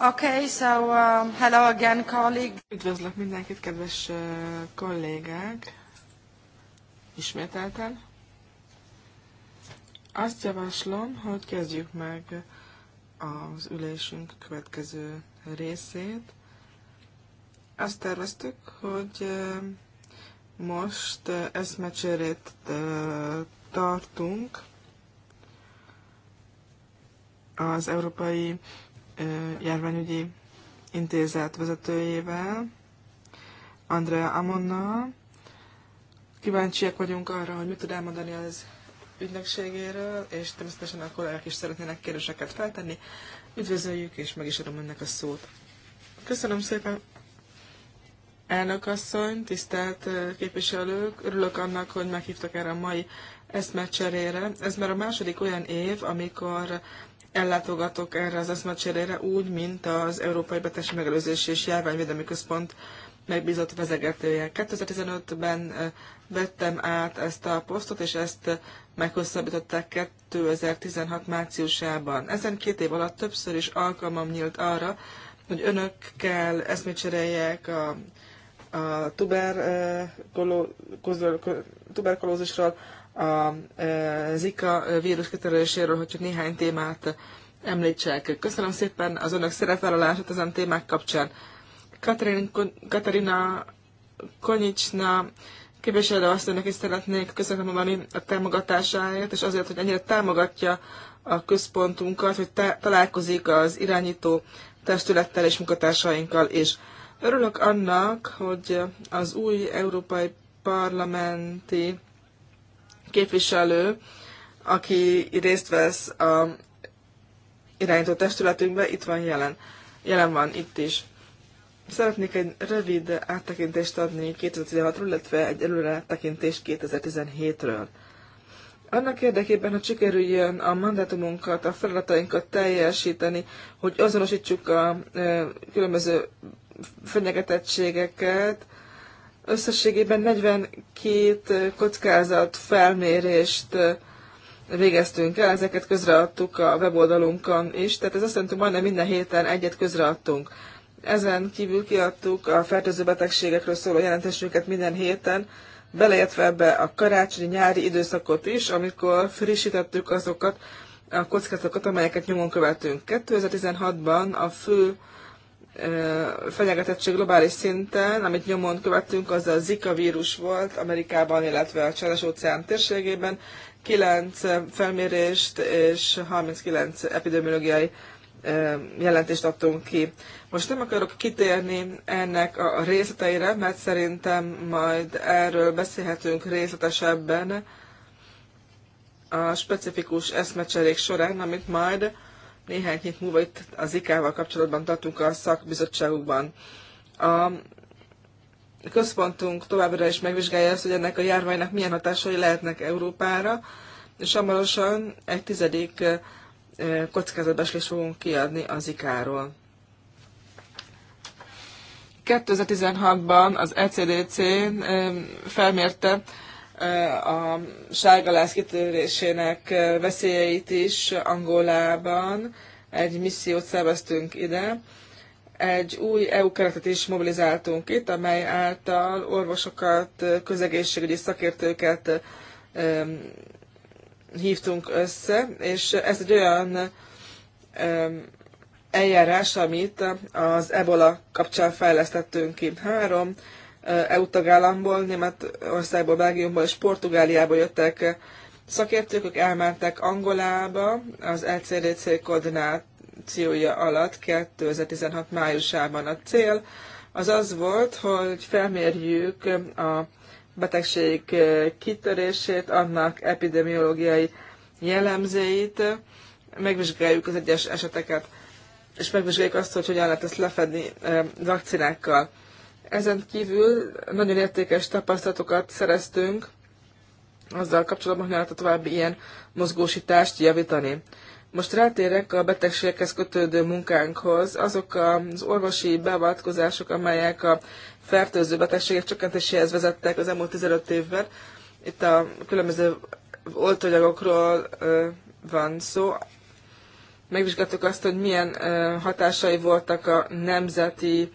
Okay, so um, hello again, colleague. Üdvözlök mindenkit, kedves uh, kollégák. Ismételten. Azt javaslom, hogy kezdjük meg az ülésünk következő részét. Azt terveztük, hogy uh, most uh, eszmecserét uh, tartunk az Európai járványügyi intézet vezetőjével, Andrea Amonna. Kíváncsiak vagyunk arra, hogy mit tud elmondani az ügynökségéről, és természetesen a kollégák is szeretnének kérdéseket feltenni. Üdvözöljük, és meg is adom ennek a szót. Köszönöm szépen, elnök asszony, tisztelt képviselők, örülök annak, hogy meghívtak erre a mai eszmecserére. Ez már a második olyan év, amikor ellátogatok erre az eszmecserére úgy, mint az Európai Betegség Megelőzési és Járványvédelmi Központ megbízott vezegetője. 2015-ben vettem át ezt a posztot, és ezt meghosszabbították 2016 márciusában. Ezen két év alatt többször is alkalmam nyílt arra, hogy önökkel eszmét a, a tuberkulózisról, a e, Zika vírus kitöröléséről, hogy csak néhány témát említsek. Köszönöm szépen az önök szerepvállalását ezen témák kapcsán. Katerin, Katerina Konyicsna képviselő asszonynak is szeretnék köszönöm mondani a támogatásáért, és azért, hogy ennyire támogatja a központunkat, hogy te, találkozik az irányító testülettel és munkatársainkkal is. Örülök annak, hogy az új európai parlamenti képviselő, aki részt vesz a irányító testületünkbe, itt van jelen. Jelen van itt is. Szeretnék egy rövid áttekintést adni 2016-ról, illetve egy előre áttekintést 2017-ről. Annak érdekében, hogy sikerüljön a mandátumunkat, a feladatainkat teljesíteni, hogy azonosítsuk a különböző fenyegetettségeket, Összességében 42 kockázat felmérést végeztünk el, ezeket közreadtuk a weboldalunkon is, tehát ez azt jelenti, majdnem minden héten egyet közreadtunk. Ezen kívül kiadtuk a fertőző betegségekről szóló jelentésünket minden héten, beleértve ebbe a karácsonyi nyári időszakot is, amikor frissítettük azokat a kockázatokat, amelyeket nyomon követünk. 2016-ban a fő fenyegetettség globális szinten, amit nyomon követtünk, az a Zika vírus volt Amerikában, illetve a Csendes óceán térségében. 9 felmérést és 39 epidemiológiai jelentést adtunk ki. Most nem akarok kitérni ennek a részleteire, mert szerintem majd erről beszélhetünk részletesebben a specifikus eszmecserék során, amit majd néhány hét múlva itt az IK-val kapcsolatban tartunk a szakbizottságukban. A központunk továbbra is megvizsgálja azt, hogy ennek a járványnak milyen hatásai lehetnek Európára, és hamarosan egy tizedik kockázatbeslés fogunk kiadni az IK-ról. 2016-ban az ECDC felmérte a sárgalász kitörésének veszélyeit is Angolában. Egy missziót szerveztünk ide. Egy új EU keretet is mobilizáltunk itt, amely által orvosokat, közegészségügyi szakértőket hívtunk össze, és ez egy olyan eljárás, amit az ebola kapcsán fejlesztettünk ki. Három E, EU tagállamból, Németországból, Belgiumból és Portugáliából jöttek szakértők, ők elmentek Angolába az LCDC e koordinációja alatt 2016 májusában. A cél az az volt, hogy felmérjük a betegség kitörését, annak epidemiológiai jellemzéit, megvizsgáljuk az egyes eseteket, és megvizsgáljuk azt, hogy hogyan lehet ezt lefedni e, vakcinákkal. Ezen kívül nagyon értékes tapasztalatokat szereztünk azzal kapcsolatban, hogy lehet a további ilyen mozgósítást javítani. Most rátérek a betegségekhez kötődő munkánkhoz. Azok az orvosi beavatkozások, amelyek a fertőző betegségek csökkentéséhez vezettek az elmúlt 15 évben. Itt a különböző oltóanyagokról van szó. Megvizsgáltuk azt, hogy milyen hatásai voltak a nemzeti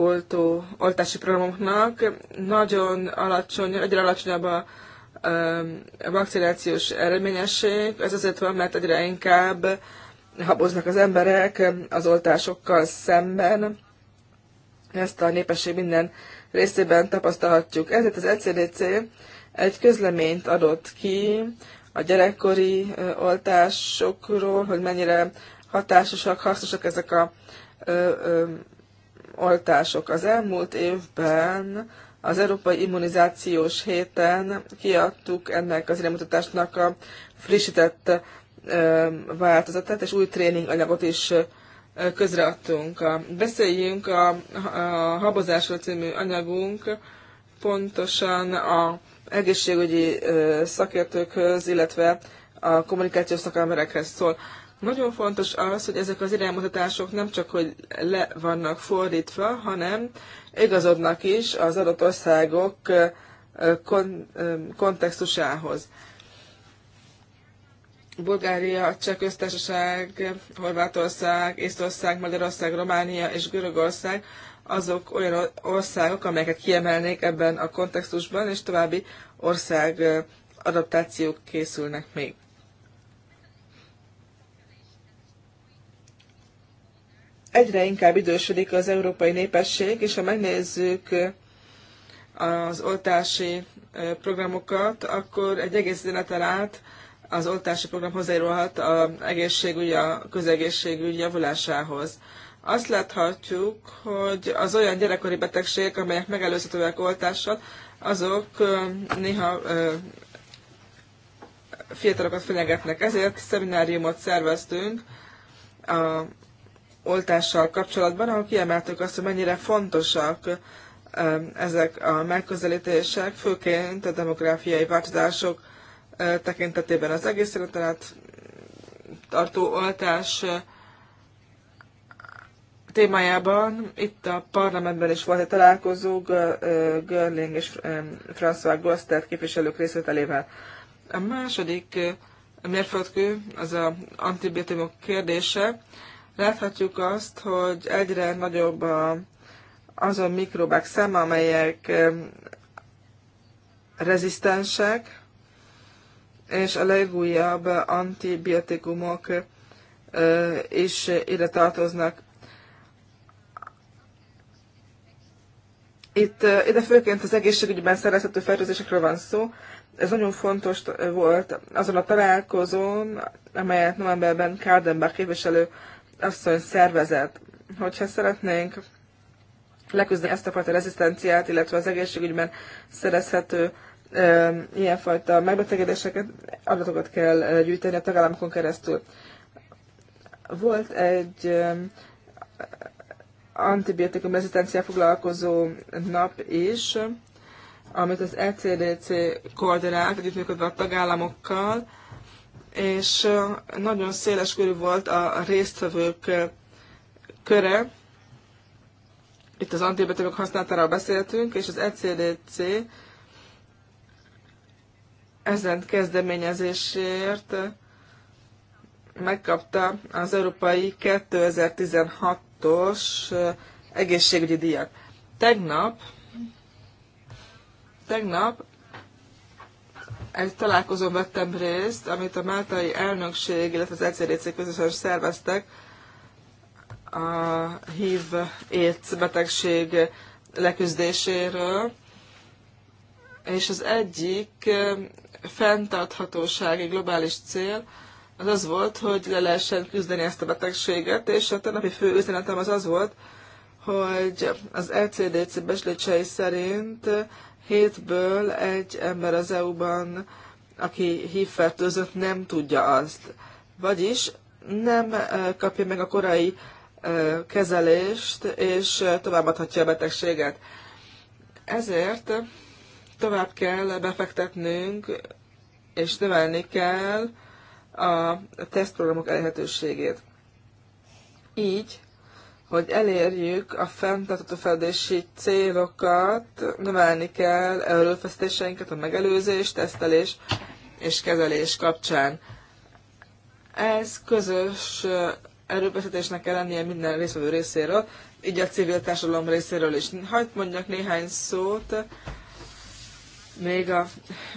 oltó, oltási programoknak. Nagyon alacsony, egyre alacsonyabb a, um, a vakcinációs eredményesség. Ez azért van, mert egyre inkább haboznak az emberek az oltásokkal szemben. Ezt a népesség minden részében tapasztalhatjuk. Ezért az ECDC egy közleményt adott ki a gyerekkori oltásokról, hogy mennyire hatásosak, hasznosak ezek a oltások. Az elmúlt évben az Európai Immunizációs Héten kiadtuk ennek az iránymutatásnak a frissített változatát, és új tréninganyagot is közreadtunk. Beszéljünk a, a Habozásról című anyagunk pontosan a egészségügyi szakértőkhöz, illetve a kommunikációs szakemberekhez szól. Nagyon fontos az, hogy ezek az iránymutatások nem csak, hogy le vannak fordítva, hanem igazodnak is az adott országok kon- kontextusához. Bulgária, Cseh köztársaság, Horvátország, Észtország, Magyarország, Románia és Görögország azok olyan országok, amelyeket kiemelnék ebben a kontextusban, és további ország adaptációk készülnek még. egyre inkább idősödik az európai népesség, és ha megnézzük az oltási programokat, akkor egy egész életen át az oltási program hozzájárulhat az egészségügy, a közegészségügy javulásához. Azt láthatjuk, hogy az olyan gyerekkori betegségek, amelyek megelőzhetőek oltással, azok néha fiatalokat fenyegetnek. Ezért szemináriumot szerveztünk a oltással kapcsolatban, ahol kiemeltük azt, hogy mennyire fontosak um, ezek a megközelítések, főként a demográfiai változások uh, tekintetében az egész életen tartó oltás uh, témájában. Itt a parlamentben is volt egy találkozó uh, Görling és um, François Gostert képviselők részvételével. A második mérföldkő, az a antibiotikumok kérdése. Láthatjuk azt, hogy egyre nagyobb a, azon mikrobák száma, amelyek rezisztensek, és a legújabb antibiotikumok is ide tartoznak. Itt ide főként az egészségügyben szerezhető fertőzésekről van szó. Ez nagyon fontos volt azon a találkozón, amelyet novemberben Kárdenbach képviselő asszony szervezet. Hogyha szeretnénk leküzdeni ezt a fajta rezisztenciát, illetve az egészségügyben szerezhető e, ilyenfajta megbetegedéseket, adatokat kell gyűjteni a tagállamokon keresztül. Volt egy e, antibiotikum rezisztenciá foglalkozó nap is, amit az ECDC koordinált, együttműködve a tagállamokkal, és nagyon széles körű volt a résztvevők köre. Itt az antibiotikumok használatára beszéltünk, és az ECDC ezen kezdeményezésért megkapta az európai 2016-os egészségügyi díjat. Tegnap, tegnap egy találkozón vettem részt, amit a Máltai elnökség, illetve az ECDC közösen szerveztek a HIV AIDS betegség leküzdéséről, és az egyik fenntarthatósági globális cél az az volt, hogy le lehessen küzdeni ezt a betegséget, és a tegnapi fő üzenetem az az volt, hogy az ECDC beslései szerint hétből egy ember az EU-ban, aki hívfertőzött, nem tudja azt. Vagyis nem kapja meg a korai kezelést, és továbbadhatja a betegséget. Ezért tovább kell befektetnünk, és növelni kell a tesztprogramok elérhetőségét. Így hogy elérjük a fenntartható fejlődési célokat, növelni kell erőfeszítéseinket a megelőzés, tesztelés és kezelés kapcsán. Ez közös eh, erőfeszítésnek kell lennie minden részvevő részéről, így a civil társadalom részéről is. Hagyd mondjak néhány szót még a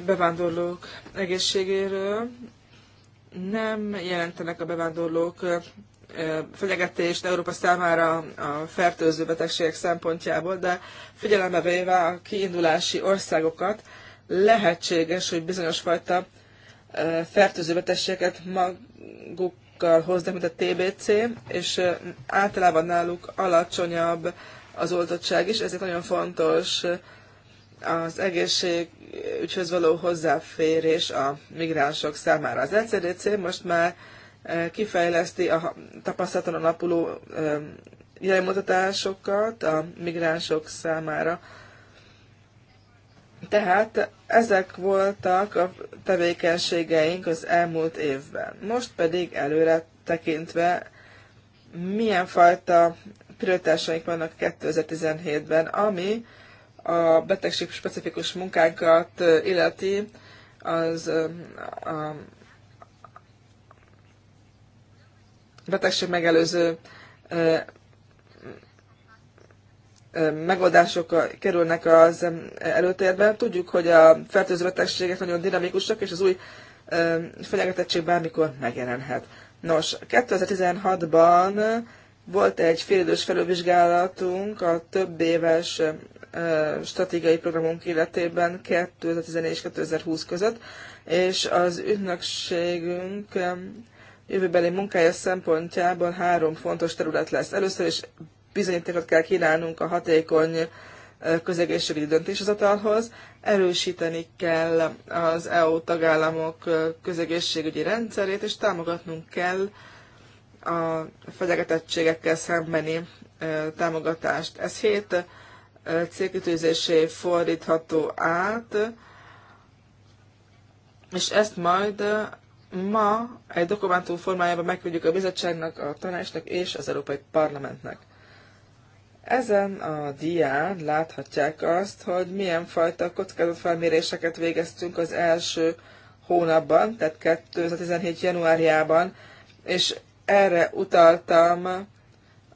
bevándorlók egészségéről. Nem jelentenek a bevándorlók eh, fenyegetést Európa számára a fertőző betegségek szempontjából, de figyelembe véve a kiindulási országokat, lehetséges, hogy bizonyos fajta fertőző betegségeket magukkal hoznak, mint a TBC, és általában náluk alacsonyabb az oltottság is, ezért nagyon fontos az egészségügyhöz való hozzáférés a migránsok számára. Az ECDC most már kifejleszti a tapasztalaton alapuló jelmutatásokat a migránsok számára. Tehát ezek voltak a tevékenységeink az elmúlt évben. Most pedig előre tekintve, milyen fajta prioritásaink vannak 2017-ben, ami a betegség specifikus munkánkat illeti, az a betegség megelőző megoldások kerülnek az előtérbe. Tudjuk, hogy a fertőző betegségek nagyon dinamikusak, és az új fenyegetettség bármikor megjelenhet. Nos, 2016-ban volt egy félidős felülvizsgálatunk a több éves stratégiai programunk életében 2014 és 2020 között, és az ügynökségünk jövőbeli munkája szempontjából három fontos terület lesz. Először is bizonyítékot kell kínálnunk a hatékony közegészségügyi döntéshozatalhoz, erősíteni kell az EU tagállamok közegészségügyi rendszerét, és támogatnunk kell a fenyegetettségekkel szembeni támogatást. Ez hét célkitűzésé fordítható át, és ezt majd ma egy dokumentum formájában megküldjük a bizottságnak, a tanácsnak és az Európai Parlamentnek. Ezen a dián láthatják azt, hogy milyen fajta kockázatfelméréseket végeztünk az első hónapban, tehát 2017. januárjában, és erre utaltam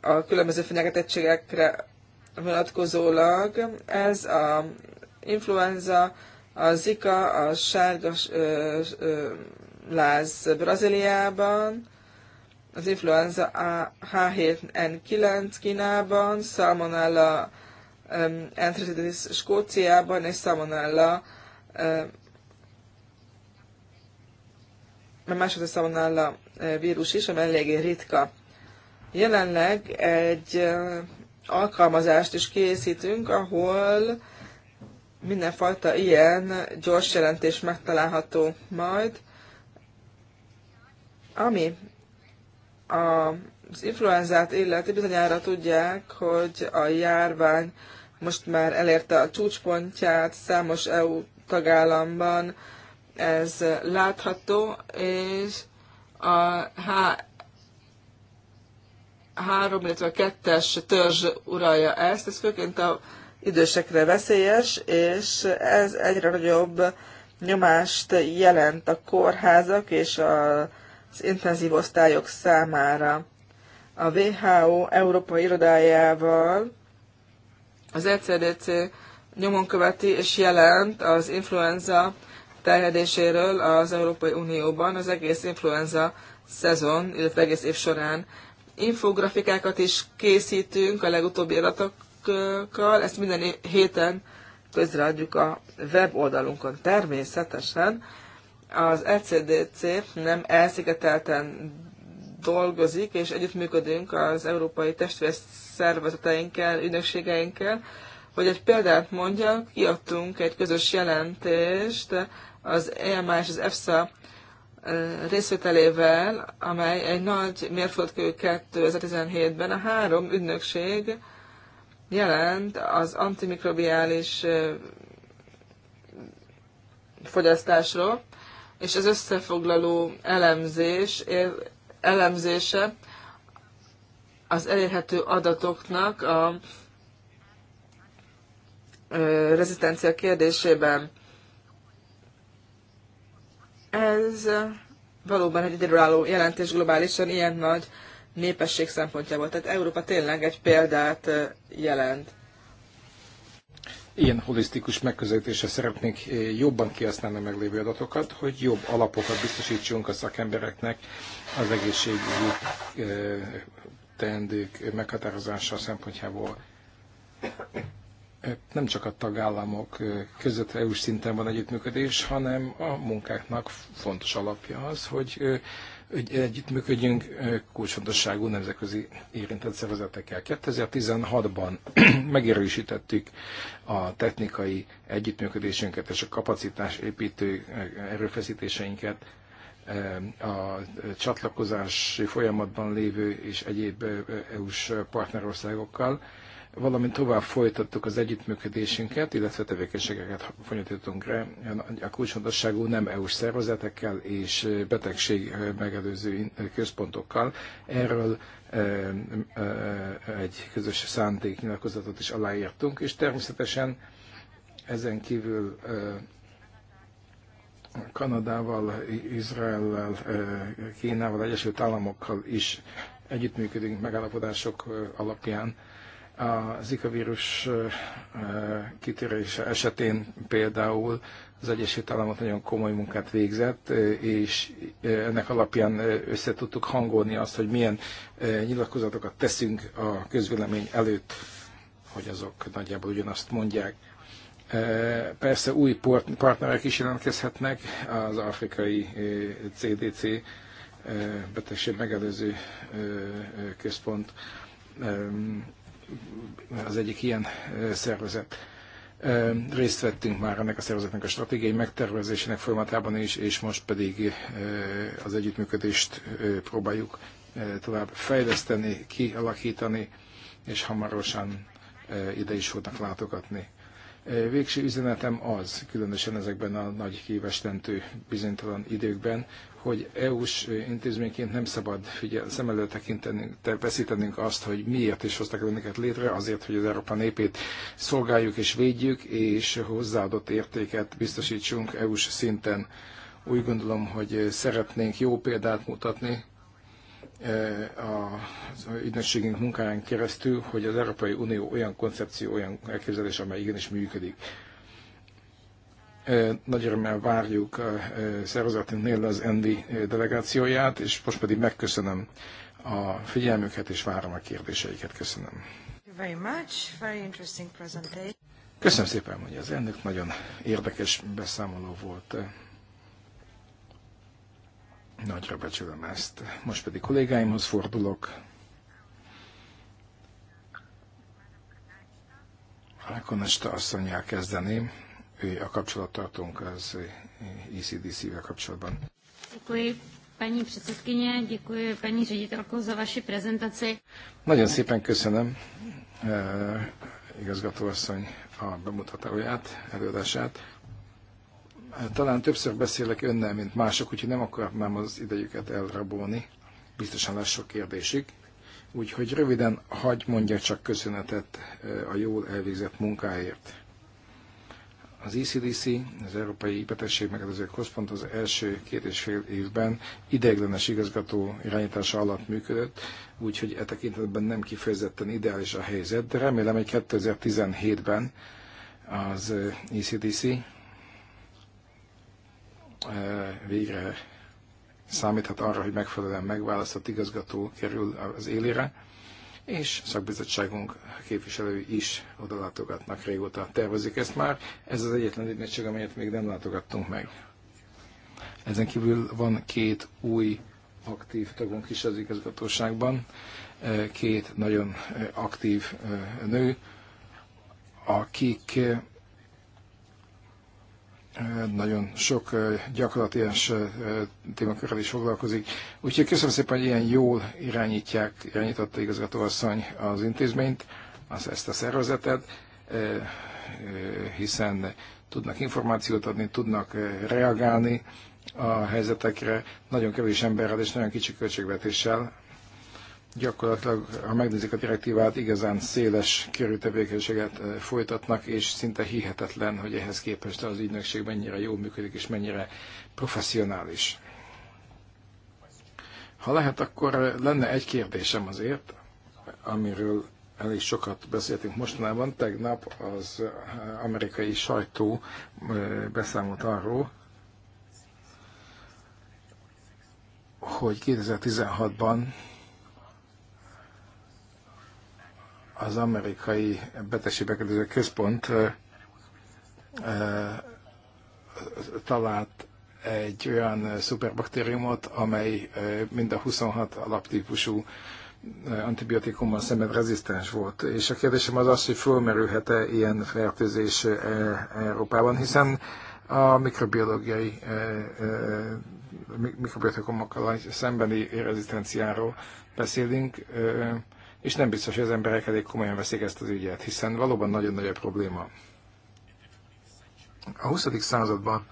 a különböző fenyegetettségekre vonatkozólag. Ez a influenza, a zika, a sárga ö, ö, láz Brazíliában, az influenza H7N9 Kínában, Salmonella um, enteritis Skóciában és Salmonella mert másodra salmonella eh, vírus is, ami eléggé ritka. Jelenleg egy eh, alkalmazást is készítünk, ahol mindenfajta ilyen gyors jelentés megtalálható majd. Ami a, az influenzát illeti, bizonyára tudják, hogy a járvány most már elérte a csúcspontját számos EU tagállamban, ez látható, és a H három, illetve a kettes törzs uralja ezt, ez főként a idősekre veszélyes, és ez egyre nagyobb nyomást jelent a kórházak és a az intenzív osztályok számára. A WHO Európai Irodájával az ECDC nyomon követi és jelent az influenza terjedéséről az Európai Unióban az egész influenza szezon, illetve egész év során. Infografikákat is készítünk a legutóbbi adatokkal, ezt minden héten közreadjuk a weboldalunkon természetesen. Az ECDC nem elszigetelten dolgozik, és együttműködünk az európai testvérszervezeteinkkel, ügynökségeinkkel, hogy egy példát mondjak, kiadtunk egy közös jelentést az EMA és az EFSA eh, részvételével, amely egy nagy mérföldkő 2017-ben a három ügynökség jelent az antimikrobiális eh, fogyasztásról, és az összefoglaló elemzés, elemzése az elérhető adatoknak a rezisztencia kérdésében. Ez valóban egy időálló jelentés globálisan ilyen nagy népesség szempontjából. Tehát Európa tényleg egy példát jelent ilyen holisztikus megközelítése szeretnénk eh, jobban kihasználni a meglévő adatokat, hogy jobb alapokat biztosítsunk a szakembereknek az egészségügyi eh, teendők meghatározása szempontjából eh, nem csak a tagállamok között EU-s szinten van együttműködés, hanem a munkáknak fontos alapja az, hogy hogy együttműködjünk kulcsfontosságú nemzetközi érintett szervezetekkel. 2016-ban megerősítettük a technikai együttműködésünket és a kapacitásépítő erőfeszítéseinket a csatlakozási folyamatban lévő és egyéb EU-s partnerországokkal valamint tovább folytattuk az együttműködésünket, illetve tevékenységeket fonyolítottunk rá a kulcsfontosságú nem EU-s szervezetekkel és betegség megelőző központokkal. Erről e, e, egy közös szándéknyilatkozatot is aláírtunk, és természetesen ezen kívül e, Kanadával, Izraellel, Kínával, Egyesült Államokkal is együttműködünk megállapodások alapján a Zika vírus kitörése esetén például az Egyesült Államok nagyon komoly munkát végzett, és ennek alapján össze tudtuk hangolni azt, hogy milyen nyilatkozatokat teszünk a közvélemény előtt, hogy azok nagyjából ugyanazt mondják. Persze új partnerek is jelentkezhetnek, az afrikai CDC betegség megelőző központ az egyik ilyen szervezet. Részt vettünk már ennek a szervezetnek a stratégiai megtervezésének folyamatában is, és most pedig az együttműködést próbáljuk tovább fejleszteni, kialakítani, és hamarosan ide is fognak látogatni. Végső üzenetem az, különösen ezekben a nagy kívestentő bizonytalan időkben, hogy EU-s intézményként nem szabad figyel, szem előtt tekintenünk, te veszítenünk azt, hogy miért is hoztak önöket létre, azért, hogy az Európa népét szolgáljuk és védjük, és hozzáadott értéket biztosítsunk EU-s szinten. Úgy gondolom, hogy szeretnénk jó példát mutatni e, az ügynökségünk munkáján keresztül, hogy az Európai Unió olyan koncepció, olyan elképzelés, amely igenis működik. Nagy örömmel várjuk a szervezetünknél az ENVI delegációját, és most pedig megköszönöm a figyelmüket, és várom a kérdéseiket. Köszönöm. Köszönöm szépen, hogy az elnök nagyon érdekes beszámoló volt. Nagyra becsülöm ezt. Most pedig kollégáimhoz fordulok. Alkonesta asszonyjal kezdeném a kapcsolattartónk az ECDC-vel kapcsolatban. Děkuji, paní předsedkyně, děkuji, paní ředitelko, za vaši prezentaci. Nagyon szépen köszönöm, eh, igazgatóasszony, a bemutatóját, előadását. Eh, talán többször beszélek önnel, mint mások, úgyhogy nem akarnám az idejüket elrabolni. Biztosan lesz sok kérdésük. Úgyhogy röviden hagy mondja csak köszönetet eh, a jól elvégzett munkáért. Az ECDC, az Európai Betegség Megelőző Központ az első két és fél évben ideiglenes igazgató irányítása alatt működött, úgyhogy e tekintetben nem kifejezetten ideális a helyzet, de remélem, hogy 2017-ben az ECDC e e, végre számíthat arra, hogy megfelelően megválasztott igazgató kerül az élére és szakbizottságunk képviselői is oda látogatnak, régóta tervezik ezt már. Ez az egyetlen ügynökség, amelyet még nem látogattunk meg. Ezen kívül van két új aktív tagunk is az igazgatóságban, e, két nagyon e, aktív e, nő, akik nagyon sok gyakorlatilag témakörrel is foglalkozik. Úgyhogy köszönöm szépen, hogy ilyen jól irányítják, irányította igazgatóasszony az intézményt, az ezt a szervezetet, hiszen tudnak információt adni, tudnak reagálni a helyzetekre, nagyon kevés emberrel és nagyon kicsi költségvetéssel, gyakorlatilag, ha megnézik a direktívát, igazán széles körű tevékenységet eh, folytatnak, és szinte hihetetlen, hogy ehhez képest az ügynökség mennyire jól működik, és mennyire professzionális. Ha lehet, akkor eh, lenne egy kérdésem azért, amiről elég sokat beszéltünk mostanában. Tegnap az eh, amerikai sajtó beszámolt arról, hogy 2016-ban az amerikai betegségbekerülő központ talált egy olyan szuperbaktériumot, amely mind a 26 alaptípusú antibiotikummal szemben rezisztens volt. És a kérdésem az az, hogy fölmerülhet-e ilyen fertőzés e, Európában, hiszen a mikrobiológiai mikrobiotikumokkal szembeni rezisztenciáról beszélünk és nem biztos, hogy az emberek elég komolyan veszik ezt az ügyet, hiszen valóban nagyon nagy a probléma. A 20. században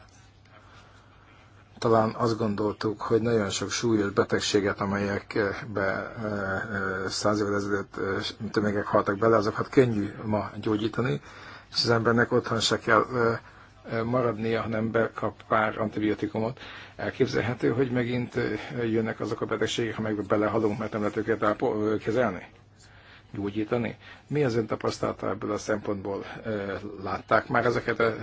talán azt gondoltuk, hogy nagyon sok súlyos betegséget, amelyekbe eh, eh, száz évvel ezelőtt eh, tömegek haltak bele, azokat könnyű ma gyógyítani, és az embernek otthon se kell maradnia, hanem bekap pár antibiotikumot. Elképzelhető, hogy megint jönnek azok a betegségek, amelyekbe belehalunk, mert nem lehet őket kezelni? gyógyítani. Mi az ön tapasztalata ebből a szempontból? Látták már ezeket a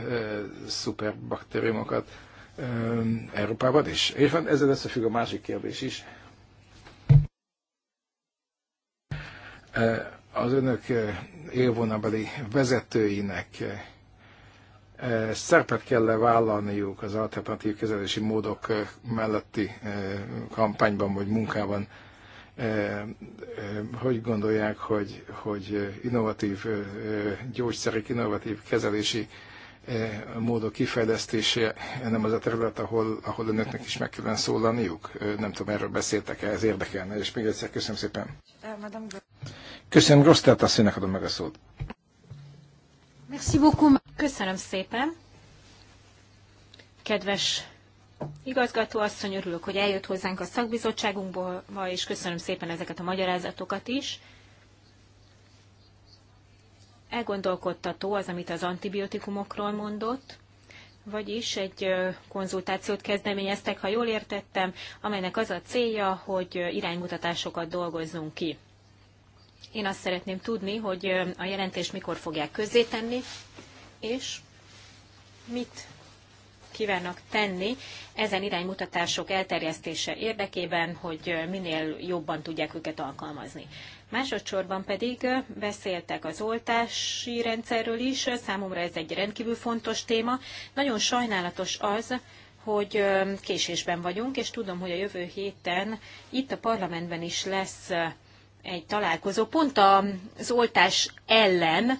szuperbaktériumokat Európában is? És van ezzel összefügg a másik kérdés is. Az önök élvonabeli vezetőinek Eh, szerepet kell -e vállalniuk az alternatív kezelési módok eh, melletti eh, kampányban vagy munkában? Hogy gondolják, hogy, hogy innovatív gyógyszerek, innovatív kezelési módok kifejlesztése nem az a terület, ahol, ahol önöknek is meg kellene szólalniuk? Nem tudom, erről beszéltek-e, ez érdekelne. És még egyszer köszönöm szépen. Köszönöm, Grosztelt asszonynak adom meg a szót. Köszönöm szépen. Kedves igazgató asszony, örülök, hogy eljött hozzánk a szakbizottságunkba, és köszönöm szépen ezeket a magyarázatokat is. Elgondolkodtató az, amit az antibiotikumokról mondott, vagyis egy konzultációt kezdeményeztek, ha jól értettem, amelynek az a célja, hogy iránymutatásokat dolgozzunk ki. Én azt szeretném tudni, hogy a jelentést mikor fogják közzétenni, és mit kívánnak tenni ezen iránymutatások elterjesztése érdekében, hogy minél jobban tudják őket alkalmazni. Másodszorban pedig beszéltek az oltási rendszerről is, számomra ez egy rendkívül fontos téma. Nagyon sajnálatos az, hogy késésben vagyunk, és tudom, hogy a jövő héten itt a parlamentben is lesz egy találkozó, pont az oltás ellen,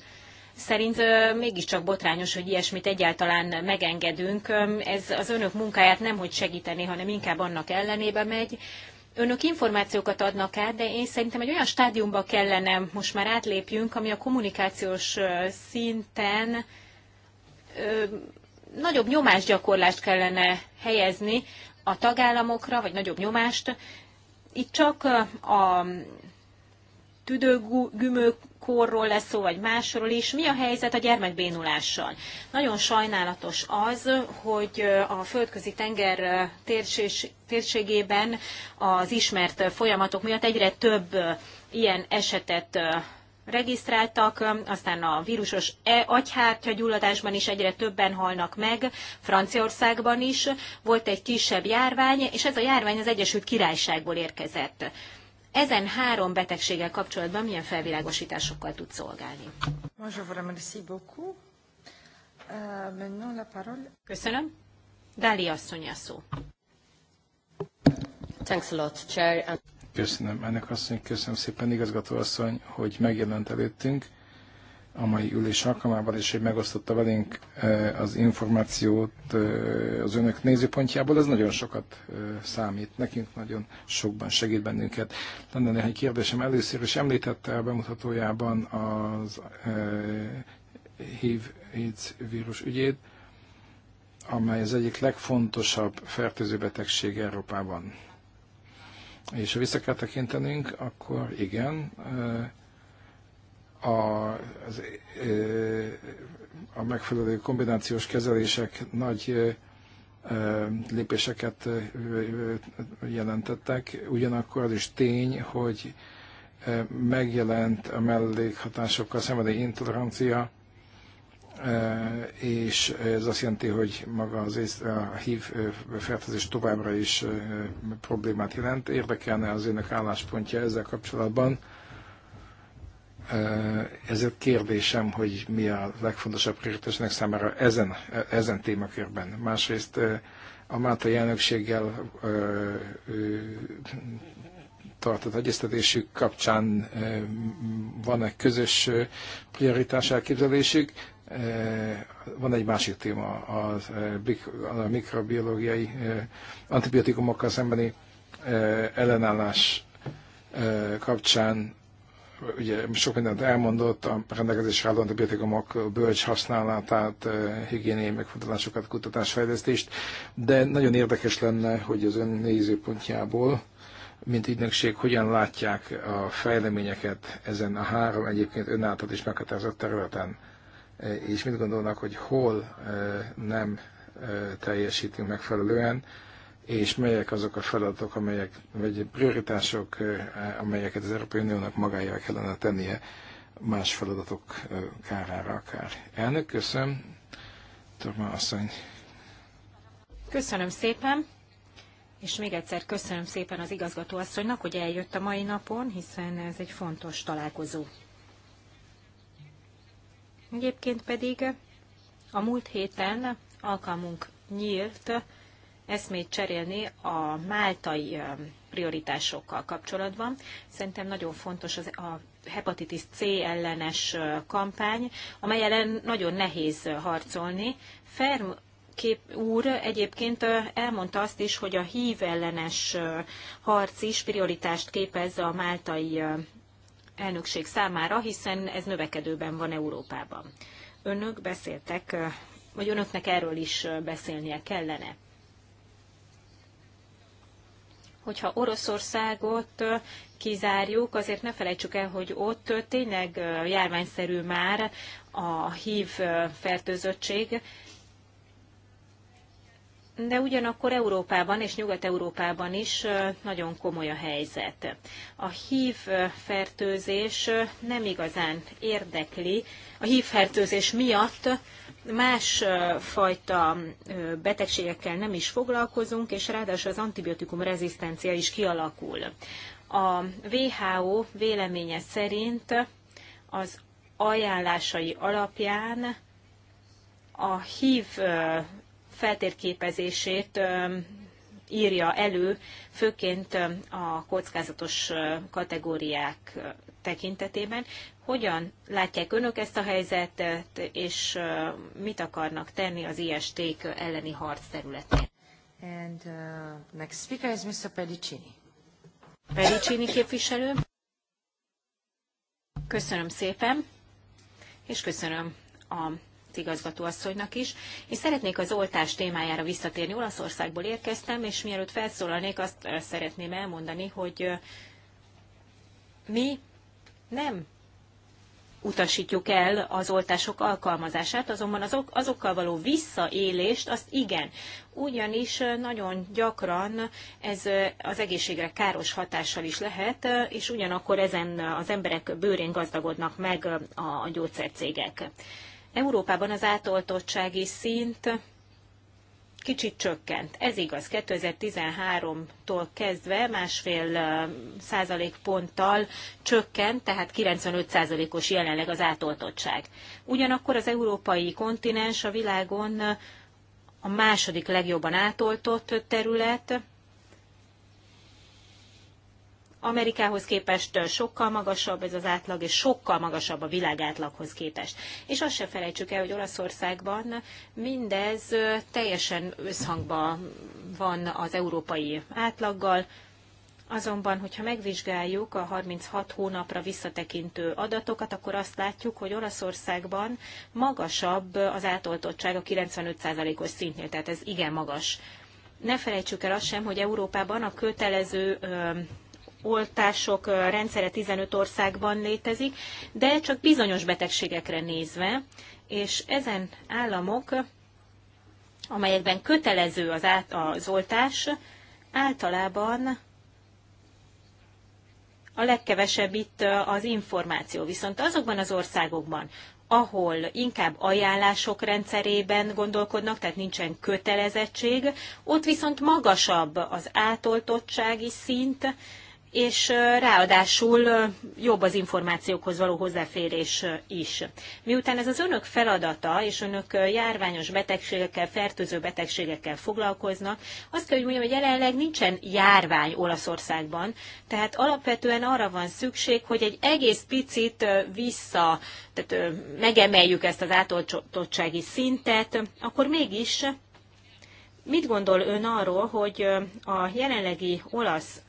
szerint mégiscsak botrányos, hogy ilyesmit egyáltalán megengedünk. Ez az önök munkáját nem hogy segíteni, hanem inkább annak ellenébe megy. Önök információkat adnak át, de én szerintem egy olyan stádiumba kellene most már átlépjünk, ami a kommunikációs szinten nagyobb nyomásgyakorlást kellene helyezni a tagállamokra, vagy nagyobb nyomást. Itt csak a korról lesz szó, vagy másról is. Mi a helyzet a gyermekbénulással? Nagyon sajnálatos az, hogy a földközi tenger térségében az ismert folyamatok miatt egyre több ilyen esetet regisztráltak, aztán a vírusos e agyhártya gyulladásban is egyre többen halnak meg, Franciaországban is volt egy kisebb járvány, és ez a járvány az Egyesült Királyságból érkezett ezen három betegséggel kapcsolatban milyen felvilágosításokkal tud szolgálni. Euh, köszönöm. Dáli asszony a szó. Thanks a lot, Chair. Köszönöm, ennek asszony, köszönöm szépen, igazgató asszony, hogy megjelent előttünk a mai ülés alkalmával, és hogy megosztotta velünk e, az információt e, az önök nézőpontjából, ez nagyon sokat e, számít nekünk, nagyon sokban segít bennünket. Lenne néhány kérdésem először, és említette a bemutatójában az HIV AIDS vírus ügyét, amely az egyik legfontosabb fertőző betegség Európában. És ha vissza kell tekintenünk, akkor igen, a, az, a megfelelő kombinációs kezelések nagy lépéseket jelentettek. Ugyanakkor az is tény, hogy megjelent a mellékhatásokkal szembeni intolerancia, és ez azt jelenti, hogy maga az ész, a HIV fertőzés továbbra is problémát jelent. Érdekelne az önök álláspontja ezzel kapcsolatban, Eh, ezért kérdésem, hogy mi a legfontosabb prioritásnak számára ezen, ezen témakörben. Másrészt eh, a Máta elnökséggel eh, tartott egyeztetésük kapcsán van-e közös prioritás elképzelésük? Van egy másik téma, a, a mikrobiológiai antibiotikumokkal szembeni ellenállás kapcsán ugye sok mindent elmondott, a rendelkezésre álló antibiotikumok bölcs használatát, eh, higiéniai megfontolásokat, kutatásfejlesztést, de nagyon érdekes lenne, hogy az ön nézőpontjából, mint ügynökség, hogyan látják a fejleményeket ezen a három egyébként ön által is meghatározott területen, eh, és mit gondolnak, hogy hol eh, nem teljesítünk megfelelően, és melyek azok a feladatok, amelyek, vagy prioritások, eh, amelyeket az Európai Uniónak magájára kellene tennie más feladatok eh, kárára akár. Elnök, köszönöm. Torma asszony. Köszönöm szépen, és még egyszer köszönöm szépen az igazgatóasszonynak, hogy eljött a mai napon, hiszen ez egy fontos találkozó. Egyébként pedig a múlt héten alkalmunk nyílt, eszmét cserélni a máltai prioritásokkal kapcsolatban. Szerintem nagyon fontos az, a hepatitis C ellenes kampány, amely ellen nagyon nehéz harcolni. Ferm kép úr egyébként elmondta azt is, hogy a hív ellenes harc is prioritást képez a máltai elnökség számára, hiszen ez növekedőben van Európában. Önök beszéltek, vagy önöknek erről is beszélnie kellene hogyha Oroszországot kizárjuk, azért ne felejtsük el, hogy ott tényleg járványszerű már a hív fertőzöttség, de ugyanakkor Európában és Nyugat-Európában is nagyon komoly a helyzet. A HIV fertőzés nem igazán érdekli. A HIV fertőzés miatt más fajta betegségekkel nem is foglalkozunk, és ráadásul az antibiotikum rezisztencia is kialakul. A WHO véleménye szerint az ajánlásai alapján a HIV feltérképezését írja elő, főként a kockázatos kategóriák tekintetében. Hogyan látják önök ezt a helyzetet, és mit akarnak tenni az IST-k elleni harc területén? And uh, next speaker is Mr. Pedicini. Pedicini képviselő. Köszönöm szépen, és köszönöm a igazgatóasszonynak is. És szeretnék az oltás témájára visszatérni. Olaszországból érkeztem, és mielőtt felszólalnék, azt szeretném elmondani, hogy mi nem utasítjuk el az oltások alkalmazását, azonban azok, azokkal való visszaélést, azt igen. Ugyanis nagyon gyakran ez az egészségre káros hatással is lehet, és ugyanakkor ezen az emberek bőrén gazdagodnak meg a gyógyszercégek. Európában az átoltottsági szint kicsit csökkent. Ez igaz, 2013-tól kezdve másfél százalékponttal ponttal csökkent, tehát 95 százalékos jelenleg az átoltottság. Ugyanakkor az európai kontinens a világon a második legjobban átoltott terület, Amerikához képest sokkal magasabb ez az átlag, és sokkal magasabb a világ átlaghoz képest. És azt se felejtsük el, hogy Olaszországban mindez teljesen összhangban van az európai átlaggal, Azonban, hogyha megvizsgáljuk a 36 hónapra visszatekintő adatokat, akkor azt látjuk, hogy Olaszországban magasabb az átoltottság a 95%-os szintnél, tehát ez igen magas. Ne felejtsük el azt sem, hogy Európában a kötelező oltások rendszere 15 országban létezik, de csak bizonyos betegségekre nézve, és ezen államok, amelyekben kötelező az, át, az oltás, általában a legkevesebb itt az információ. Viszont azokban az országokban, ahol inkább ajánlások rendszerében gondolkodnak, tehát nincsen kötelezettség, ott viszont magasabb az átoltottsági szint, és ráadásul jobb az információkhoz való hozzáférés is. Miután ez az önök feladata, és önök járványos betegségekkel, fertőző betegségekkel foglalkoznak, azt kell, hogy mondjam, hogy jelenleg nincsen járvány Olaszországban, tehát alapvetően arra van szükség, hogy egy egész picit vissza, tehát megemeljük ezt az átoltottsági szintet, akkor mégis Mit gondol ön arról, hogy a jelenlegi olasz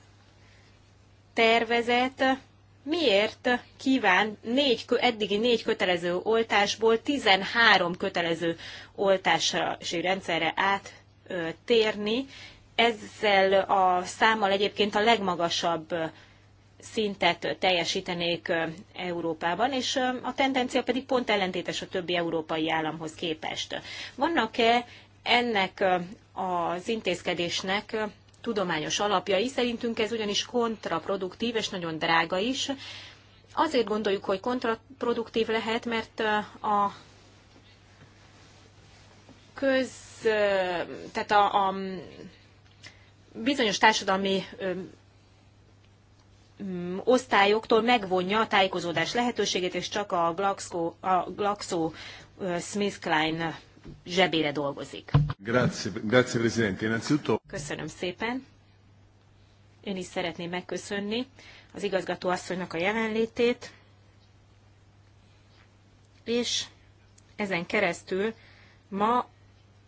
tervezet miért kíván négy, eddigi négy kötelező oltásból 13 kötelező oltási rendszerre áttérni. Ezzel a számmal egyébként a legmagasabb szintet teljesítenék Európában, és a tendencia pedig pont ellentétes a többi európai államhoz képest. Vannak-e ennek az intézkedésnek tudományos alapjai. Szerintünk ez ugyanis kontraproduktív és nagyon drága is. Azért gondoljuk, hogy kontraproduktív lehet, mert a köz, tehát a, a bizonyos társadalmi osztályoktól megvonja a tájékozódás lehetőségét, és csak a Glaxo, a Glaxo Smith Klein zsebére dolgozik. Grazie, grazie Presidente. Innanzitutto... Köszönöm szépen. Én is szeretném megköszönni az igazgató asszonynak a jelenlétét, és ezen keresztül ma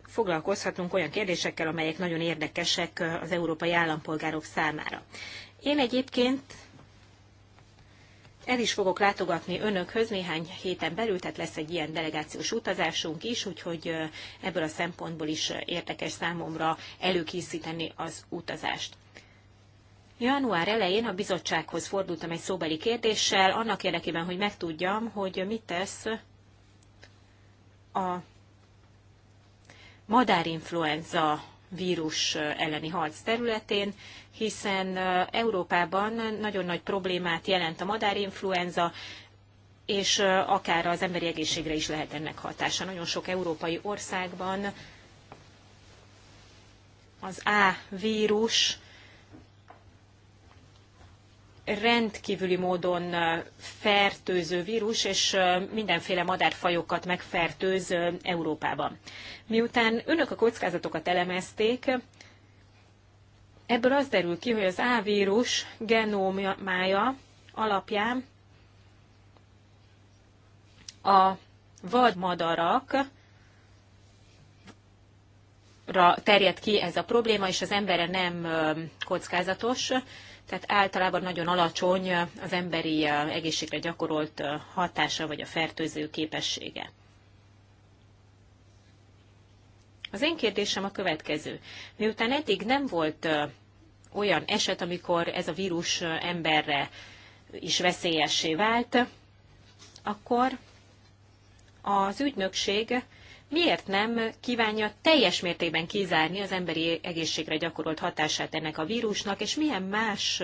foglalkozhatunk olyan kérdésekkel, amelyek nagyon érdekesek az európai állampolgárok számára. Én egyébként el is fogok látogatni önökhöz néhány héten belül, tehát lesz egy ilyen delegációs utazásunk is, úgyhogy ebből a szempontból is érdekes számomra előkészíteni az utazást. Január elején a bizottsághoz fordultam egy szóbeli kérdéssel, annak érdekében, hogy megtudjam, hogy mit tesz a madárinfluenza vírus eh, elleni harc területén, hiszen eh, Európában nagyon nagy problémát jelent a madárinfluenza, és eh, akár az emberi egészségre is lehet ennek hatása. Nagyon sok európai országban az A vírus rendkívüli módon fertőző vírus, és mindenféle madárfajokat megfertőz Európában. Miután önök a kockázatokat elemezték, ebből az derül ki, hogy az A-vírus genómája alapján a vadmadarak terjed ki ez a probléma, és az emberre nem kockázatos, tehát általában nagyon alacsony az emberi egészségre gyakorolt hatása vagy a fertőző képessége. Az én kérdésem a következő. Miután eddig nem volt olyan eset, amikor ez a vírus emberre is veszélyessé vált, akkor az ügynökség miért nem kívánja teljes mértékben kizárni az emberi egészségre gyakorolt hatását ennek a vírusnak, és milyen más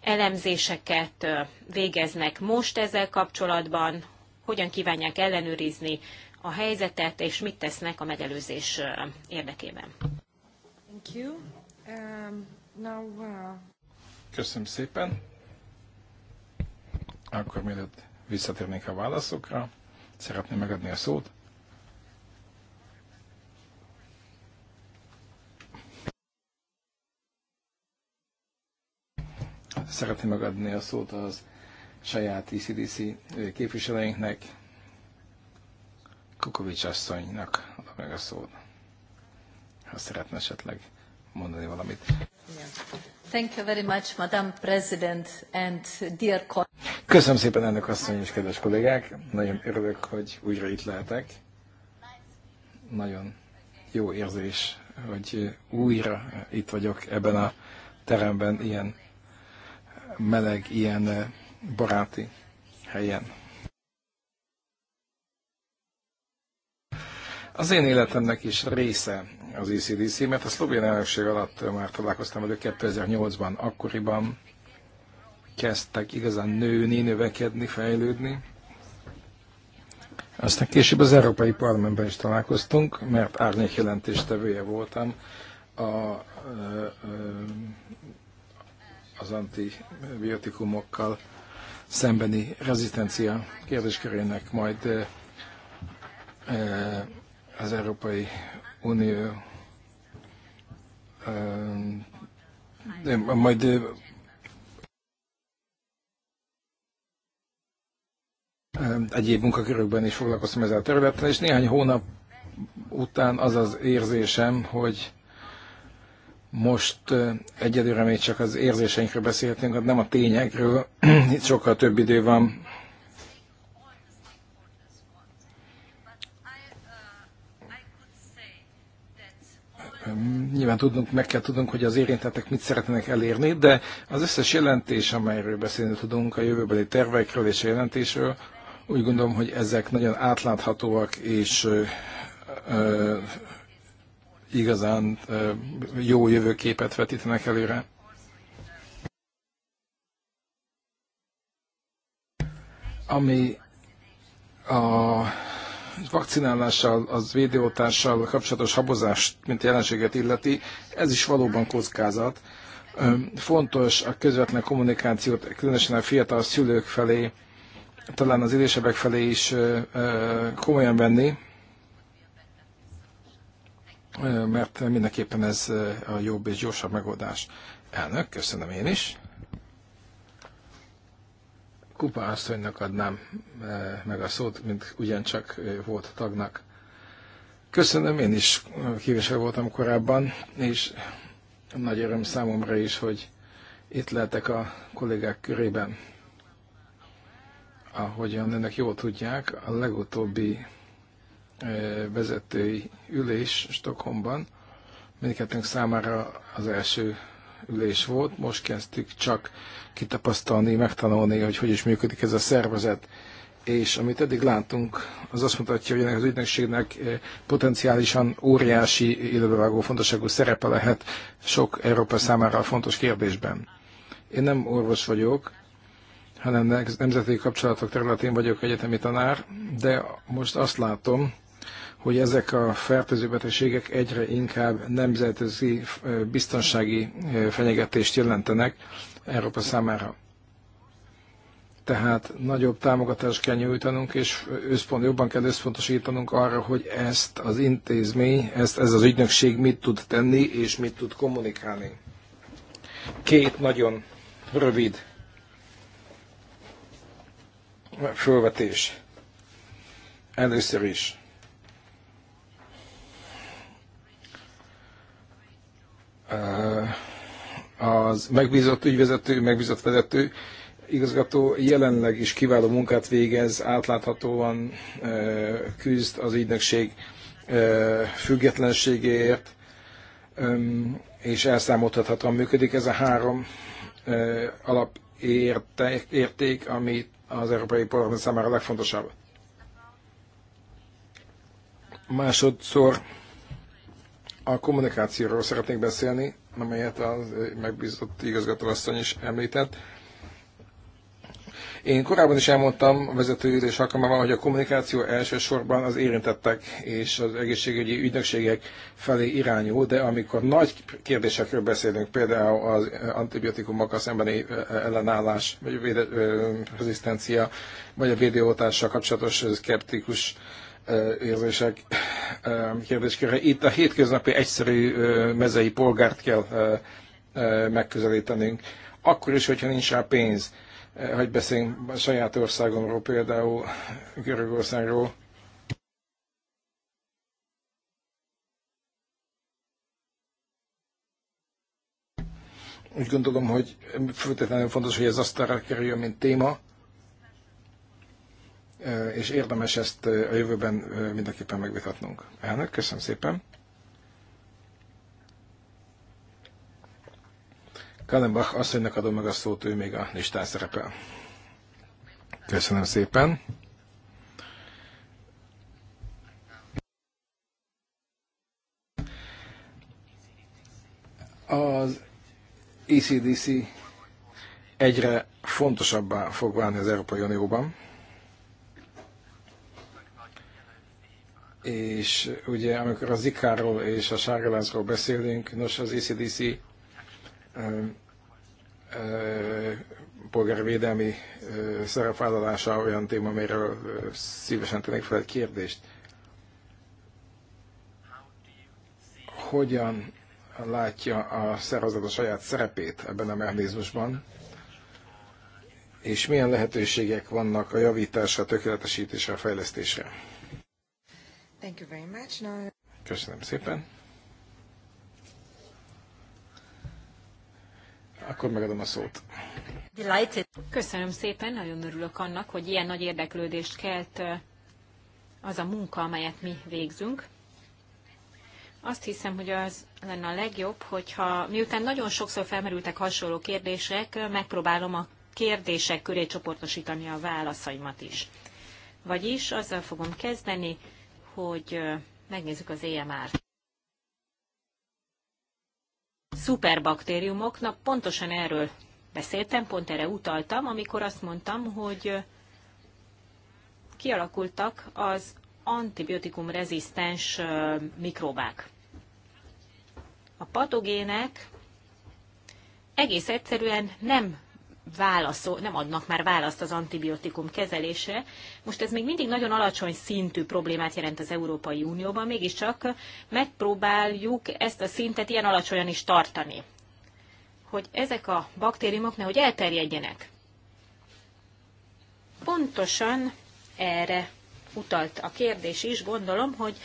elemzéseket végeznek most ezzel kapcsolatban, hogyan kívánják ellenőrizni a helyzetet, és mit tesznek a megelőzés érdekében. Thank you. Um, now, uh... Köszönöm szépen. Akkor mielőtt visszatérnék a válaszokra, szeretném megadni a szót Szeretném megadni a szót az saját ICDC e képviselőinknek, Kukovics asszonynak adom meg a szót, ha szeretne esetleg mondani valamit. Thank you very much, Madam President and dear Köszönöm szépen ennek asszony és kedves kollégák. Nagyon örülök, hogy újra itt lehetek. Nagyon jó érzés, hogy újra itt vagyok ebben a teremben ilyen meleg, ilyen eh, baráti helyen. Az én életemnek is része az ECDC, mert a szlovén elnökség alatt már találkoztam velük 2008-ban, akkoriban kezdtek igazán nőni, növekedni, fejlődni. Aztán később az Európai Parlamentben is találkoztunk, mert árnyék jelentéstevője voltam a eh, eh, az antibiotikumokkal szembeni rezisztencia kérdéskörének majd az Európai Unió majd egyéb munkakörökben is foglalkoztam ezzel a területen, és néhány hónap után az az érzésem, hogy most egyedülre még csak az érzéseinkről beszélhetünk, nem a tényekről, itt sokkal több idő van. Nyilván tudunk, meg kell tudnunk, hogy az érintettek mit szeretnének elérni, de az összes jelentés, amelyről beszélni tudunk, a jövőbeli tervekről és a jelentésről, úgy gondolom, hogy ezek nagyon átláthatóak és igazán jó jövőképet vetítenek előre. Ami a vakcinálással, az védőoltással kapcsolatos habozást, mint jelenséget illeti, ez is valóban kockázat. Fontos a közvetlen kommunikációt, különösen a fiatal szülők felé, talán az idősebbek felé is komolyan venni, mert mindenképpen ez a jobb és gyorsabb megoldás. Elnök, köszönöm én is. Kupa asszonynak adnám meg a szót, mint ugyancsak volt tagnak. Köszönöm, én is kívesel voltam korábban, és nagy öröm számomra is, hogy itt lehetek a kollégák körében. Ahogyan önök jól tudják, a legutóbbi vezetői ülés Stockholmban. Mindkettőnk számára az első ülés volt, most kezdtük csak kitapasztalni, megtanulni, hogy hogy is működik ez a szervezet. És amit eddig látunk, az azt mutatja, hogy ennek az ügynökségnek potenciálisan óriási, illetővágó fontosságú szerepe lehet sok Európa számára fontos kérdésben. Én nem orvos vagyok, hanem nemzeti kapcsolatok területén vagyok egyetemi tanár, de most azt látom, hogy ezek a fertőző betegségek egyre inkább nemzetközi eh, biztonsági eh, fenyegetést jelentenek Európa számára. Tehát nagyobb támogatást kell nyújtanunk, és összpont, jobban kell összpontosítanunk arra, hogy ezt az intézmény, ezt ez az ügynökség mit tud tenni, és mit tud kommunikálni. Két nagyon rövid fölvetés. Először is Az megbízott ügyvezető, megbízott vezető, igazgató jelenleg is kiváló munkát végez, átláthatóan küzd az ügynökség függetlenségéért, és elszámoltathatóan működik ez a három alapérték, ami az Európai Parlament számára a legfontosabb. Másodszor a kommunikációról szeretnék beszélni, amelyet a eh, megbízott igazgatóasszony is említett. Én korábban is elmondtam a vezetőülés alkalmával, hogy a kommunikáció elsősorban az érintettek és az egészségügyi ügynökségek felé irányul, de amikor nagy kérdésekről beszélünk, például az antibiotikumokkal szembeni eh, ellenállás, vagy véde, eh, rezisztencia, vagy a védőoltással kapcsolatos szkeptikus érzések kérdésköre. Itt a hétköznapi egyszerű mezei polgárt kell megközelítenünk. Akkor is, hogyha nincs rá pénz. Hogy beszéljünk a saját országomról, például Görögországról. Úgy gondolom, hogy feltétlenül fontos, hogy ez azt kerüljön, mint téma és érdemes ezt a jövőben mindenképpen megvitatnunk. Elnök, köszönöm szépen. Kallenbach asszonynak adom meg a szót, ő még a listán szerepel. Köszönöm szépen. Az ECDC egyre fontosabbá fog válni az Európai Unióban. és ugye amikor a Zikáról és a Sárgaláncról beszélünk, nos az ACDC polgárvédelmi szerepvállalása olyan téma, amiről szívesen tennék fel egy kérdést. Hogyan látja a szervezet a saját szerepét ebben a mechanizmusban, és milyen lehetőségek vannak a javításra, tökéletesítésre, a fejlesztésre? Thank you very much. Köszönöm szépen. Akkor megadom a szót. Delighted. Köszönöm szépen, nagyon örülök annak, hogy ilyen nagy érdeklődést kelt az a munka, amelyet mi végzünk. Azt hiszem, hogy az lenne a legjobb, hogyha miután nagyon sokszor felmerültek hasonló kérdések, megpróbálom a kérdések köré csoportosítani a válaszaimat is. Vagyis azzal fogom kezdeni, hogy megnézzük az EMR-t. Szuperbaktériumoknak pontosan erről beszéltem, pont erre utaltam, amikor azt mondtam, hogy kialakultak az antibiotikum rezisztens mikrobák. A patogének egész egyszerűen nem válaszol, nem adnak már választ az antibiotikum kezelésre. Most ez még mindig nagyon alacsony szintű problémát jelent az Európai Unióban, mégiscsak megpróbáljuk ezt a szintet ilyen alacsonyan is tartani, hogy ezek a baktériumok nehogy elterjedjenek. Pontosan erre utalt a kérdés is, gondolom, hogy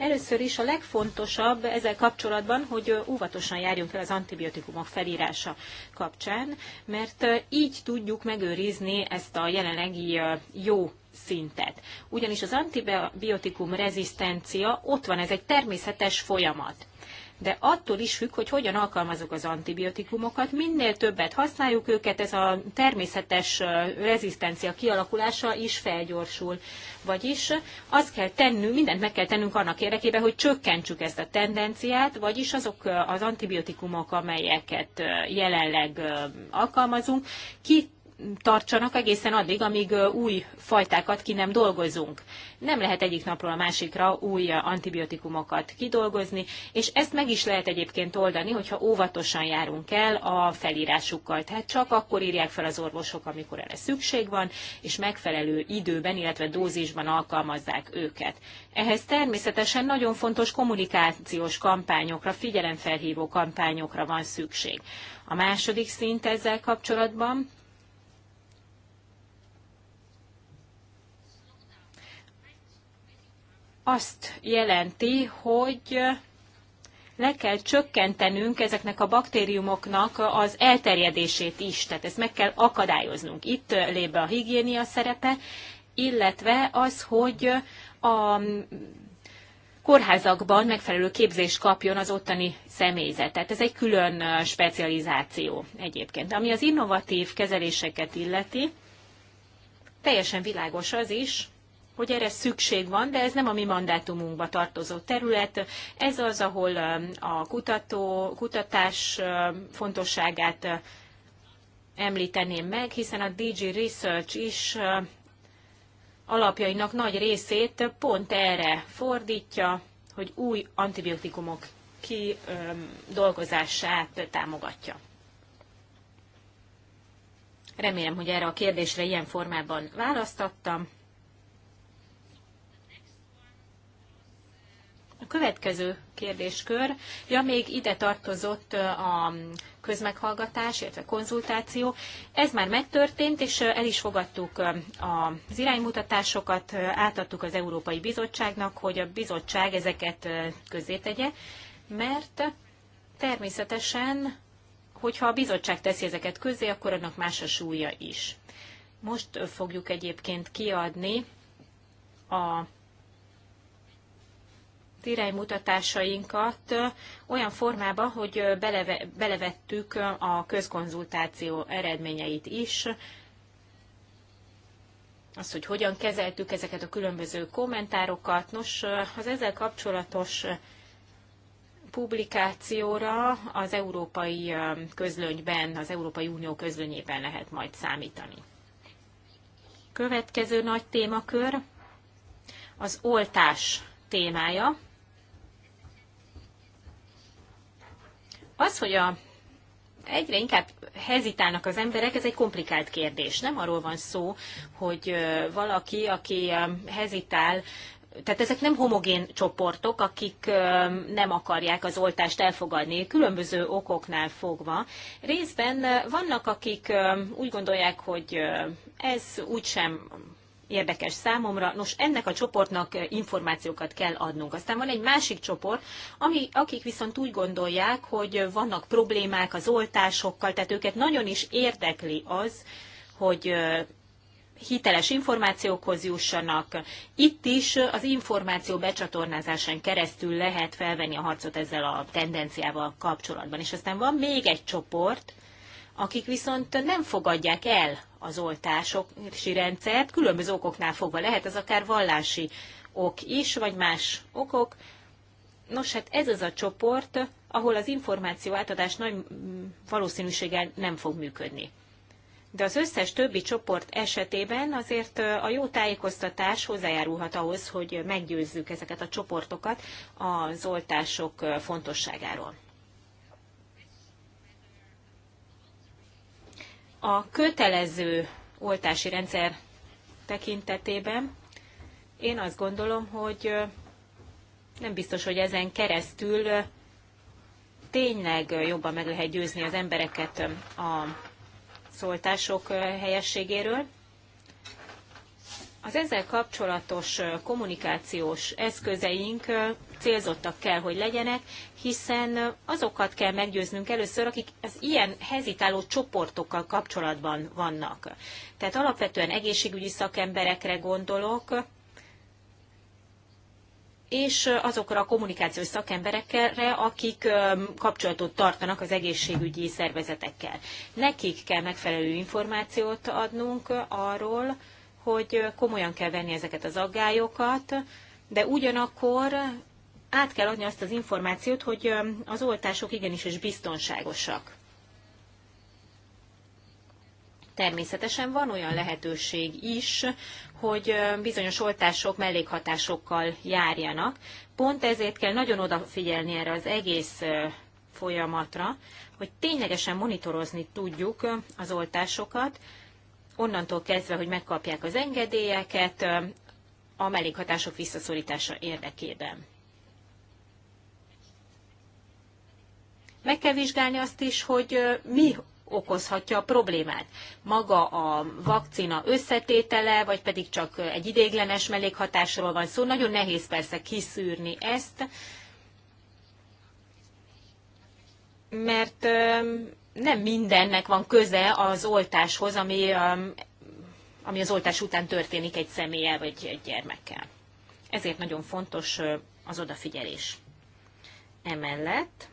Először is a legfontosabb ezzel kapcsolatban, hogy óvatosan járjunk el az antibiotikumok felírása kapcsán, mert így tudjuk megőrizni ezt a jelenlegi jó szintet. Ugyanis az antibiotikum rezisztencia ott van, ez egy természetes folyamat de attól is függ, hogy hogyan alkalmazok az antibiotikumokat. Minél többet használjuk őket, ez a természetes rezisztencia kialakulása is felgyorsul. Vagyis azt kell tennünk, mindent meg kell tennünk annak érdekében, hogy csökkentsük ezt a tendenciát, vagyis azok az antibiotikumok, amelyeket jelenleg alkalmazunk, ki tartsanak egészen addig, amíg új fajtákat ki nem dolgozunk. Nem lehet egyik napról a másikra új antibiotikumokat kidolgozni, és ezt meg is lehet egyébként oldani, hogyha óvatosan járunk el a felírásukkal. Tehát csak akkor írják fel az orvosok, amikor erre szükség van, és megfelelő időben, illetve dózisban alkalmazzák őket. Ehhez természetesen nagyon fontos kommunikációs kampányokra, figyelemfelhívó kampányokra van szükség. A második szint ezzel kapcsolatban azt jelenti, hogy le kell csökkentenünk ezeknek a baktériumoknak az elterjedését is, tehát ezt meg kell akadályoznunk. Itt lép be a higiénia szerepe, illetve az, hogy a kórházakban megfelelő képzést kapjon az ottani személyzet. Tehát ez egy külön specializáció egyébként. Ami az innovatív kezeléseket illeti, teljesen világos az is, hogy erre szükség van, de ez nem a mi mandátumunkba tartozó terület. Ez az, ahol um, a kutató, kutatás um, fontosságát uh, említeném meg, hiszen a DG Research is uh, alapjainak nagy részét pont erre fordítja, hogy új antibiotikumok kidolgozását um, támogatja. Remélem, hogy erre a kérdésre ilyen formában választattam. A következő kérdéskör, ja még ide tartozott a közmeghallgatás, illetve konzultáció. Ez már megtörtént, és el is fogadtuk az iránymutatásokat, átadtuk az Európai Bizottságnak, hogy a bizottság ezeket közzé tegye, mert természetesen, hogyha a bizottság teszi ezeket közzé, akkor annak más a súlya is. Most fogjuk egyébként kiadni a iránymutatásainkat olyan formába, hogy beleve, belevettük a közkonzultáció eredményeit is, az, hogy hogyan kezeltük ezeket a különböző kommentárokat. Nos, az ezzel kapcsolatos publikációra az európai közlönyben, az Európai Unió közlönyében lehet majd számítani. Következő nagy témakör az oltás témája. Az, hogy a egyre inkább hezitálnak az emberek, ez egy komplikált kérdés. Nem arról van szó, hogy valaki, aki hezitál, tehát ezek nem homogén csoportok, akik nem akarják az oltást elfogadni, különböző okoknál fogva. Részben vannak, akik úgy gondolják, hogy ez úgysem érdekes számomra. Nos, ennek a csoportnak eh, információkat kell adnunk. Aztán van egy másik csoport, ami, akik viszont úgy gondolják, hogy eh, vannak problémák az oltásokkal, tehát őket nagyon is érdekli az, hogy eh, hiteles információkhoz jussanak. Itt is az információ becsatornázásán keresztül lehet felvenni a harcot ezzel a tendenciával kapcsolatban. És aztán van még egy csoport, akik viszont nem fogadják el az oltási rendszert. Különböző okoknál fogva lehet, ez akár vallási ok is, vagy más okok. Nos, hát ez az a csoport, ahol az információ átadás nagy valószínűséggel nem fog működni. De az összes többi csoport esetében azért a jó tájékoztatás hozzájárulhat ahhoz, hogy meggyőzzük ezeket a csoportokat az oltások fontosságáról. A kötelező oltási rendszer tekintetében én azt gondolom, hogy nem biztos, hogy ezen keresztül tényleg jobban meg lehet győzni az embereket a szoltások helyességéről. Az ezzel kapcsolatos kommunikációs eszközeink célzottak kell, hogy legyenek, hiszen azokat kell meggyőznünk először, akik az ilyen hezitáló csoportokkal kapcsolatban vannak. Tehát alapvetően egészségügyi szakemberekre gondolok, és azokra a kommunikációs szakemberekre, akik kapcsolatot tartanak az egészségügyi szervezetekkel. Nekik kell megfelelő információt adnunk arról, hogy komolyan kell venni ezeket az aggályokat, de ugyanakkor át kell adni azt az információt, hogy az oltások igenis is biztonságosak. Természetesen van olyan lehetőség is, hogy bizonyos oltások mellékhatásokkal járjanak. Pont ezért kell nagyon odafigyelni erre az egész folyamatra, hogy ténylegesen monitorozni tudjuk az oltásokat, onnantól kezdve, hogy megkapják az engedélyeket a mellékhatások visszaszorítása érdekében. Meg kell vizsgálni azt is, hogy mi okozhatja a problémát. Maga a vakcina összetétele, vagy pedig csak egy idéglenes mellékhatásról van szó. Nagyon nehéz persze kiszűrni ezt, mert nem mindennek van köze az oltáshoz, ami, um, ami az oltás után történik egy személlyel vagy egy gyermekkel. Ezért nagyon fontos az odafigyelés. Emellett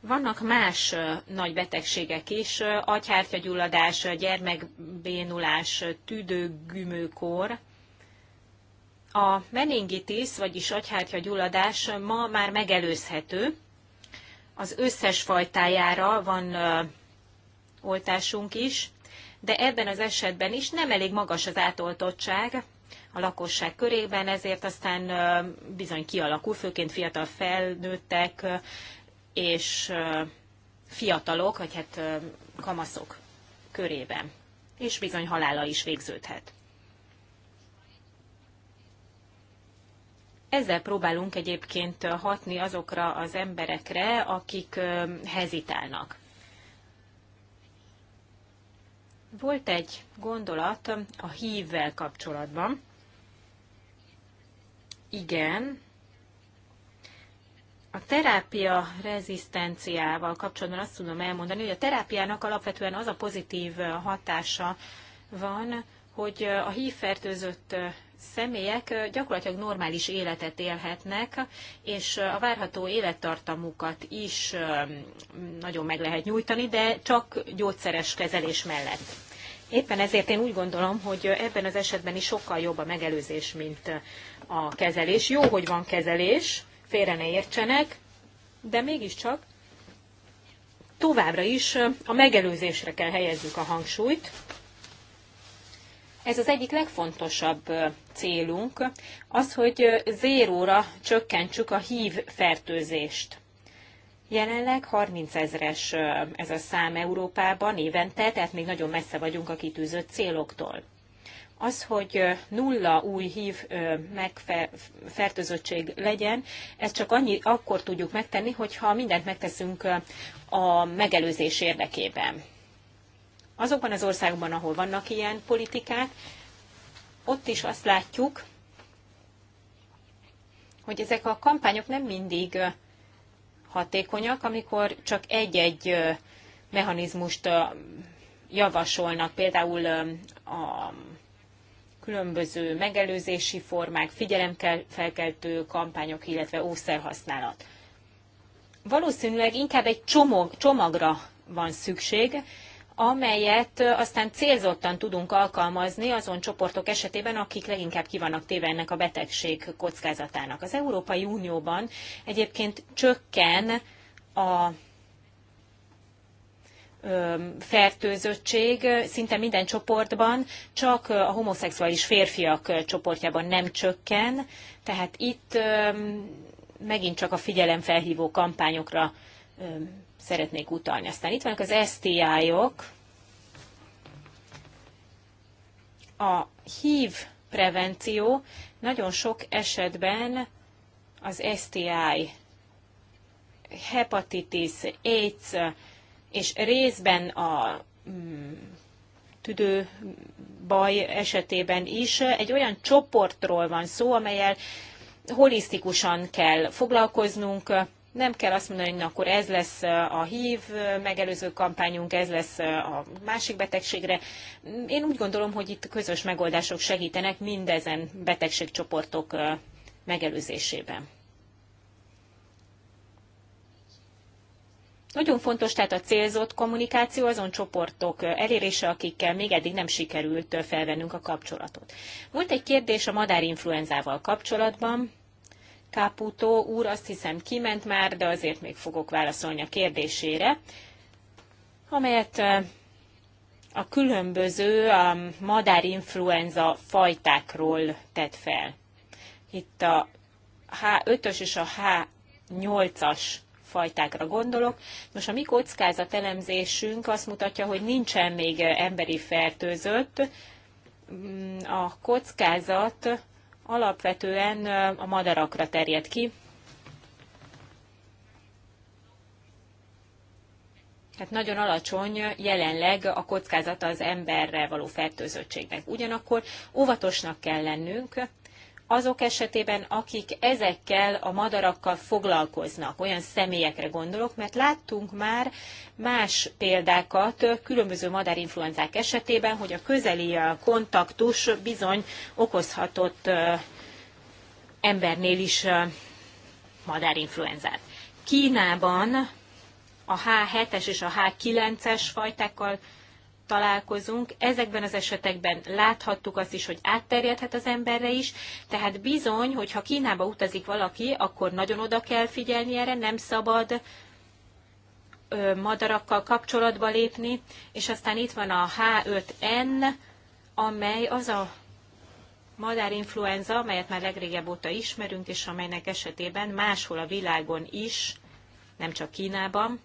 Vannak más nagy betegségek is, agyhártyagyulladás, gyermekbénulás, tüdőgümőkor, a meningitis, vagyis agyhártya gyulladás ma már megelőzhető. Az összes fajtájára van oltásunk is, de ebben az esetben is nem elég magas az átoltottság a lakosság körében, ezért aztán bizony kialakul, főként fiatal felnőttek és fiatalok, vagy hát kamaszok körében. És bizony halála is végződhet. Ezzel próbálunk egyébként hatni azokra az emberekre, akik hezitálnak. Volt egy gondolat a hívvel kapcsolatban. Igen, a terápia rezisztenciával kapcsolatban azt tudom elmondani, hogy a terápiának alapvetően az a pozitív hatása van, hogy a hívfertőzött személyek gyakorlatilag normális életet élhetnek, és a várható élettartamukat is nagyon meg lehet nyújtani, de csak gyógyszeres kezelés mellett. Éppen ezért én úgy gondolom, hogy ebben az esetben is sokkal jobb a megelőzés, mint a kezelés. Jó, hogy van kezelés, félre ne értsenek, de mégiscsak továbbra is a megelőzésre kell helyezzük a hangsúlyt, ez az egyik legfontosabb célunk, az, hogy zéróra csökkentsük a hív fertőzést. Jelenleg 30 ezres ez a szám Európában évente, tehát még nagyon messze vagyunk a kitűzött céloktól. Az, hogy nulla új hív megfertőzöttség legyen, ezt csak annyi, akkor tudjuk megtenni, hogyha mindent megteszünk a megelőzés érdekében azokban az országokban, ahol vannak ilyen politikák, ott is azt látjuk, hogy ezek a kampányok nem mindig hatékonyak, amikor csak egy-egy mechanizmust javasolnak, például a különböző megelőzési formák, figyelemfelkeltő kampányok, illetve ószerhasználat. Valószínűleg inkább egy csomag, csomagra van szükség, amelyet aztán célzottan tudunk alkalmazni azon csoportok esetében, akik leginkább vannak téve ennek a betegség kockázatának. Az Európai Unióban egyébként csökken a fertőzöttség szinte minden csoportban, csak a homoszexuális férfiak csoportjában nem csökken, tehát itt megint csak a figyelemfelhívó kampányokra szeretnék utalni. Aztán itt vannak az STI-ok, -ok, a HIV prevenció nagyon sok esetben az STI, hepatitis, AIDS, és részben a mm, tüdőbaj esetében is egy olyan csoportról van szó, amelyel holisztikusan kell foglalkoznunk, nem kell azt mondani, hogy na, akkor ez lesz a hív megelőző kampányunk, ez lesz a másik betegségre. Én úgy gondolom, hogy itt közös megoldások segítenek mindezen betegségcsoportok megelőzésében. Nagyon fontos tehát a célzott kommunikáció azon csoportok elérése, akikkel még eddig nem sikerült felvennünk a kapcsolatot. Volt egy kérdés a madárinfluenzával kapcsolatban. Caputo úr azt hiszem kiment már, de azért még fogok válaszolni a kérdésére, amelyet eh, a különböző a madárinfluenza fajtákról tett fel. Itt a H5-ös és a H8-as fajtákra gondolok. Most a mi kockázatelemzésünk azt mutatja, hogy nincsen még eh, emberi fertőzött. Mm, a kockázat alapvetően a madarakra terjed ki. Tehát nagyon alacsony jelenleg a kockázata az emberre való fertőzöttségnek. Ugyanakkor óvatosnak kell lennünk, azok esetében, akik ezekkel a madarakkal foglalkoznak, olyan személyekre gondolok, mert láttunk már más példákat különböző madárinfluenzák esetében, hogy a közeli eh, kontaktus bizony okozhatott eh, embernél is eh, madárinfluenzát. Kínában a H7-es és a H9-es fajtákkal találkozunk. Ezekben az esetekben láthattuk azt is, hogy átterjedhet az emberre is, tehát bizony, hogy ha Kínába utazik valaki, akkor nagyon oda kell figyelni erre, nem szabad madarakkal kapcsolatba lépni, és aztán itt van a H5N, amely az a madárinfluenza, amelyet már legrégebb óta ismerünk, és amelynek esetében máshol a világon is, nem csak Kínában,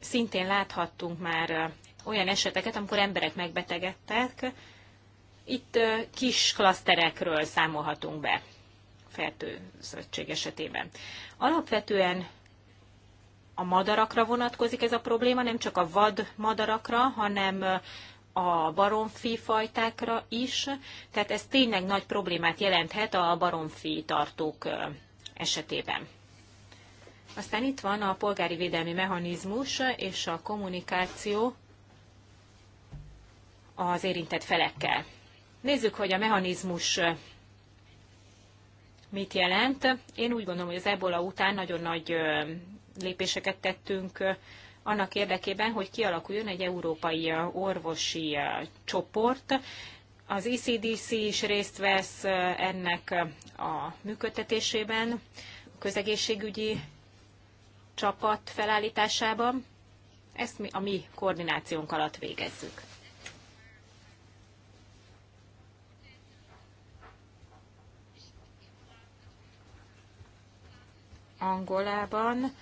szintén láthattunk már olyan eseteket, amikor emberek megbetegedtek, itt kis klaszterekről számolhatunk be fertőzöttség esetében. Alapvetően a madarakra vonatkozik ez a probléma, nem csak a vad madarakra, hanem a baromfi fajtákra is, tehát ez tényleg nagy problémát jelenthet a baromfi tartók esetében. Aztán itt van a polgári védelmi mechanizmus és a kommunikáció az érintett felekkel. Nézzük, hogy a mechanizmus mit jelent. Én úgy gondolom, hogy az ebola után nagyon nagy lépéseket tettünk annak érdekében, hogy kialakuljon egy európai orvosi csoport. Az ECDC is részt vesz ennek a működtetésében, a közegészségügyi csapat felállításában. Ezt mi, a mi koordinációnk alatt végezzük. Angolában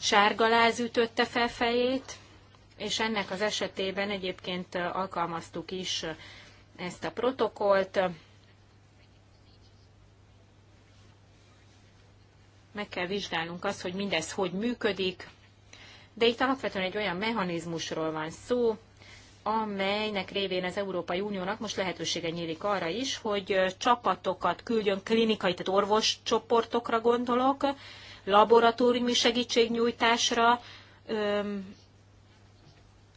sárgaláz ütötte fel fejét, és ennek az esetében egyébként alkalmaztuk is ezt a protokolt, meg kell vizsgálnunk azt, hogy mindez hogy működik, de itt alapvetően egy olyan mechanizmusról van szó, amelynek révén az Európai Uniónak most lehetősége nyílik arra is, hogy csapatokat küldjön klinikai, tehát orvoscsoportokra gondolok, laboratóriumi segítségnyújtásra,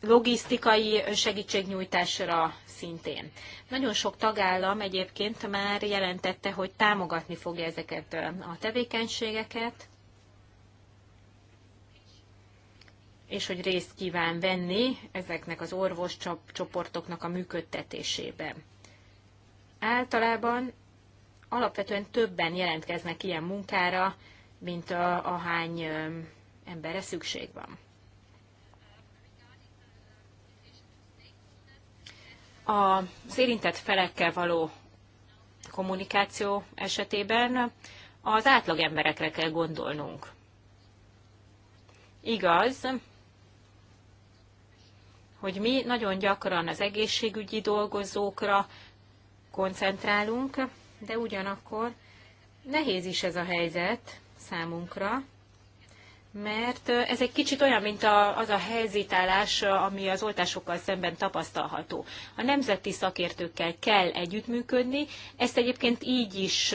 logisztikai segítségnyújtásra, szintén. Nagyon sok tagállam egyébként már jelentette, hogy támogatni fogja ezeket a tevékenységeket, és hogy részt kíván venni ezeknek az orvos csoportoknak a működtetésébe. Általában alapvetően többen jelentkeznek ilyen munkára, mint a, a hány emberre szükség van. az érintett felekkel való kommunikáció esetében az átlagemberekre kell gondolnunk. Igaz, hogy mi nagyon gyakran az egészségügyi dolgozókra koncentrálunk, de ugyanakkor nehéz is ez a helyzet számunkra, mert ez egy kicsit olyan, mint a, az a helyzítálás, ami az oltásokkal szemben tapasztalható. A nemzeti szakértőkkel kell együttműködni, ezt egyébként így is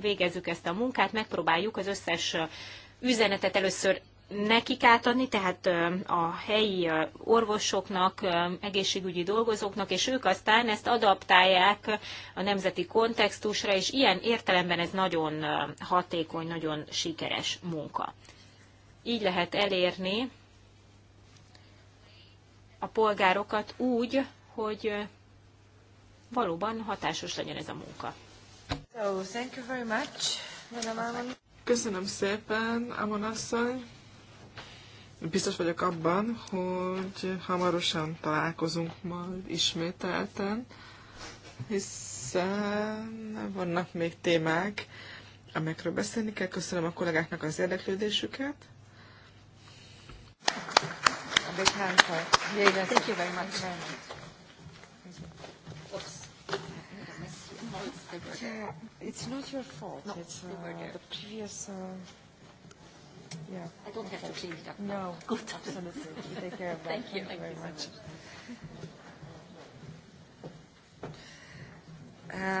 végezzük ezt a munkát, megpróbáljuk az összes üzenetet először nekik átadni, tehát a helyi orvosoknak, egészségügyi dolgozóknak, és ők aztán ezt adaptálják a nemzeti kontextusra, és ilyen értelemben ez nagyon hatékony, nagyon sikeres munka. Így lehet elérni a polgárokat úgy, hogy valóban hatásos legyen ez a munka. So, thank you very much, Köszönöm szépen, Amon asszony. Biztos vagyok abban, hogy hamarosan találkozunk majd ismételten, hiszen vannak még témák, amelyekről beszélni kell. Köszönöm a kollégáknak az érdeklődésüket. A big hand for. Thank you very much. It's not your fault. No, it's uh, the previous. Uh Yeah. I don't have to clean it up. Now. No. Good. Absolutely. Take care of that. Thank you. Thank, Thank you very you much. So much.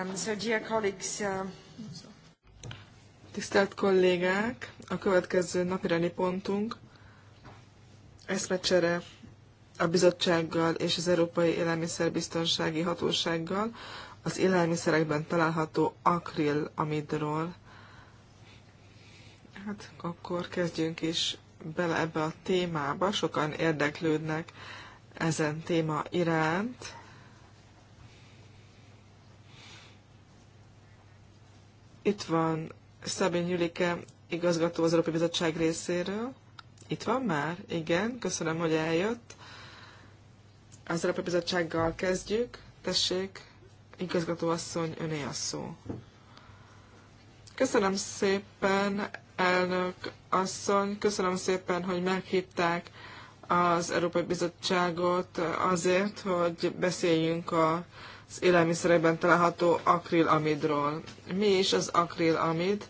Um, so, dear colleagues, um, Tisztelt kollégák, a következő napirendi pontunk eszmecsere a bizottsággal és az Európai Élelmiszerbiztonsági Hatósággal az élelmiszerekben található akril amidról. Hát akkor kezdjünk is bele ebbe a témába. Sokan érdeklődnek ezen téma iránt. Itt van Szabin Jülike, igazgató az Európai Bizottság részéről. Itt van már? Igen, köszönöm, hogy eljött. Az Európai Bizottsággal kezdjük. Tessék, igazgató asszony, öné a szó. Köszönöm szépen, elnök asszony. Köszönöm szépen, hogy meghívták az Európai Bizottságot azért, hogy beszéljünk az élelmiszerekben található akrilamidról. Mi is az akrilamid,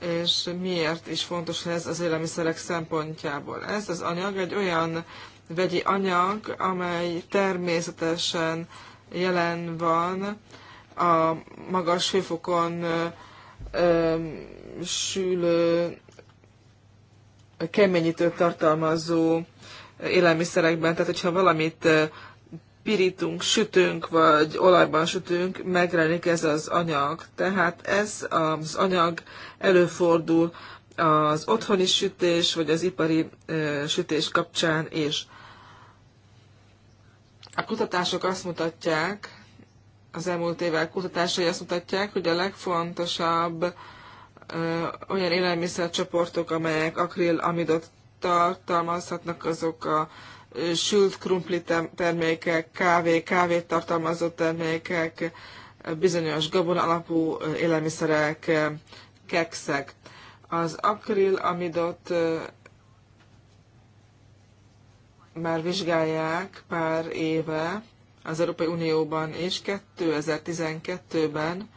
és miért is fontos ez az élelmiszerek szempontjából? Ez az anyag egy olyan vegyi anyag, amely természetesen jelen van a magas hőfokon ö, sűlő, keményítőt tartalmazó élelmiszerekben, tehát hogyha valamit pirítunk, sütünk, vagy olajban sütünk, megjelenik ez az anyag. Tehát ez az anyag előfordul az otthoni sütés, vagy az ipari sütés kapcsán is. A kutatások azt mutatják, az elmúlt évek kutatásai azt mutatják, hogy a legfontosabb ö, olyan élelmiszercsoportok, amelyek akrilamidot tartalmazhatnak, azok a sült krumpli termékek, kávé, kávét tartalmazó termékek, bizonyos gabon alapú élelmiszerek, kekszek. Az akrilamidot amidot már vizsgálják pár éve, az Európai Unióban, és 2012-ben,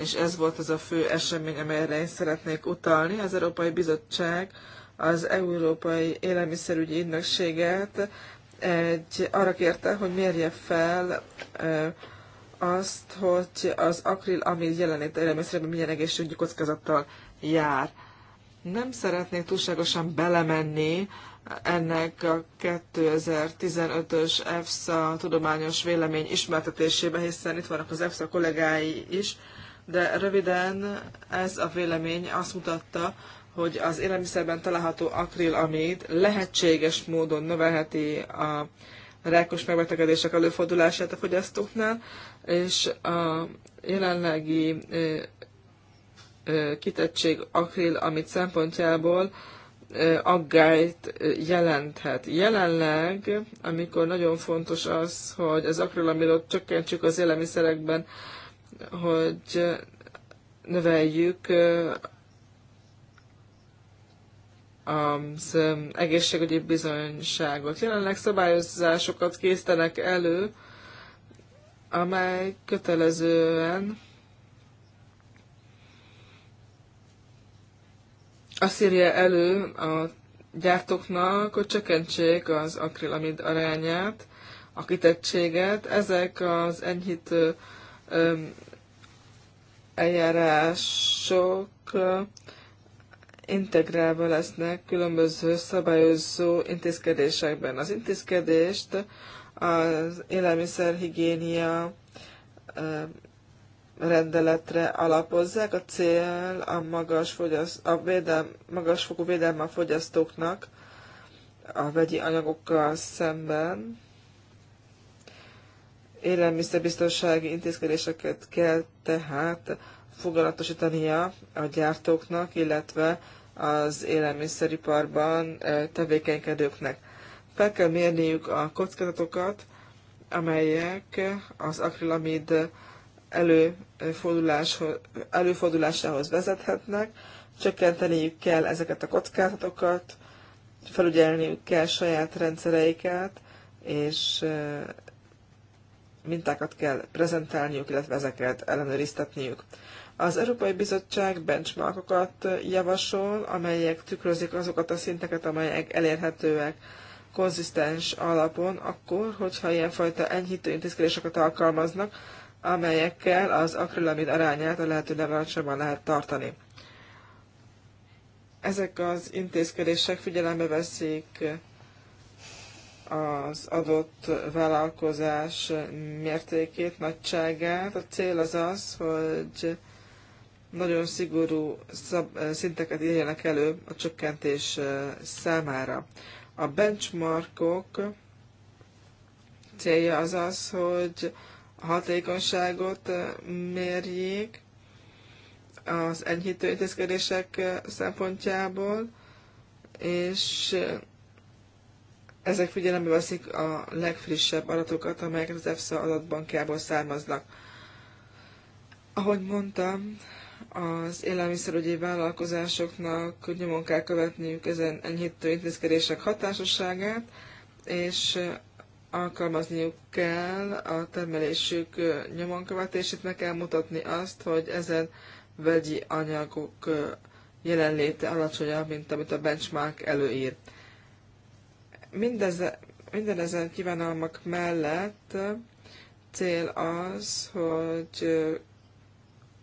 és ez volt az a fő esemény, amelyre én szeretnék utalni, az Európai Bizottság az Európai Élelmiszerügyi Ügynökséget egy, arra kérte, hogy mérje fel azt, hogy az akril, ami jelenít élelmiszerben, milyen egészségügyi kockázattal jár. Nem szeretnék túlságosan belemenni ennek a 2015-ös EFSA tudományos vélemény ismertetésébe, hiszen itt vannak az EFSA kollégái is, de röviden ez a vélemény azt mutatta, hogy az élelmiszerben található akrilamid lehetséges módon növelheti a rákos megbetegedések előfordulását a fogyasztóknál, és a jelenlegi kitettség akrilamid szempontjából aggályt jelenthet. Jelenleg, amikor nagyon fontos az, hogy az akrilamidot csökkentsük az élelmiszerekben, hogy növeljük az egészségügyi bizonyságot. Jelenleg szabályozásokat késztenek elő, amely kötelezően azt írja elő a gyártóknak, hogy csökkentsék az akrilamid arányát, a kitettséget. Ezek az enyhítő eljárások integrálva lesznek különböző szabályozó intézkedésekben. Az intézkedést az élelmiszerhigiénia rendeletre alapozzák. A cél a magas, fogyaszt, a védel, magas fokú védelme a fogyasztóknak a vegyi anyagokkal szemben. Élelmiszerbiztonsági intézkedéseket kell tehát fogalatosítania a gyártóknak, illetve az élelmiszeriparban tevékenykedőknek. Fel kell mérniük a kockázatokat, amelyek az akrilamid előfordulásához vezethetnek, csökkenteniük kell ezeket a kockázatokat, felügyelniük kell saját rendszereiket, és mintákat kell prezentálniuk, illetve ezeket ellenőriztetniük. Az Európai Bizottság benchmarkokat javasol, amelyek tükrözik azokat a szinteket, amelyek elérhetőek konzisztens alapon, akkor, hogyha ilyenfajta enyhítő intézkedéseket alkalmaznak, amelyekkel az akrilamid arányát a lehető legalacsonyabban lehet tartani. Ezek az intézkedések figyelembe veszik az adott vállalkozás mértékét, nagyságát. A cél az az, hogy nagyon szigorú szab- szinteket írjanak elő a csökkentés számára. A benchmarkok célja az az, hogy hatékonyságot mérjék az enyhítő intézkedések szempontjából, és ezek figyelembe veszik a legfrissebb adatokat, amelyek az EFSA adatbankjából származnak. Ahogy mondtam, az élelmiszerügyi vállalkozásoknak nyomon kell követniük ezen enyhítő intézkedések hatásosságát, és alkalmazniuk kell a termelésük nyomonkövetését, meg kell mutatni azt, hogy ezen vegyi anyagok jelenléte alacsonyabb, mint amit a benchmark előír. Mindez, minden ezen kívánalmak mellett cél az, hogy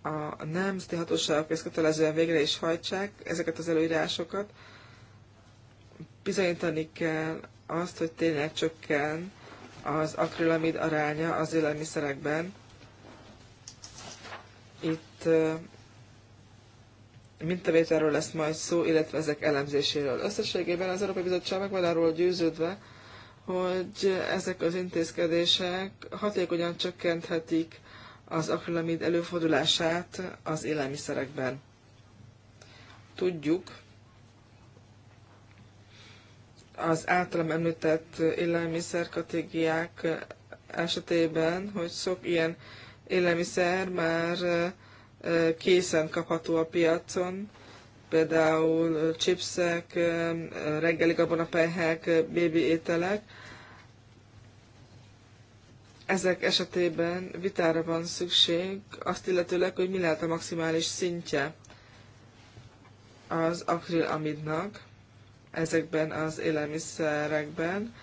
a nemzeti hatóságok ezt kötelezően végre is hajtsák ezeket az előírásokat. Bizonyítani kell azt, hogy tényleg csökken az akrilamid aránya az élelmiszerekben. Itt mintavételről lesz majd szó, illetve ezek elemzéséről. Összességében az Európai Bizottság meg van arról győződve, hogy ezek az intézkedések hatékonyan csökkenthetik az akrilamid előfordulását az élelmiszerekben. Tudjuk, az általam említett élelmiszerkategóriák esetében, hogy sok ilyen élelmiszer már készen kapható a piacon, például chipsek, reggeli gabonapelyhek, bébi ételek. Ezek esetében vitára van szükség, azt illetőleg, hogy mi lehet a maximális szintje az akrilamidnak ezekben az élelmiszerekben.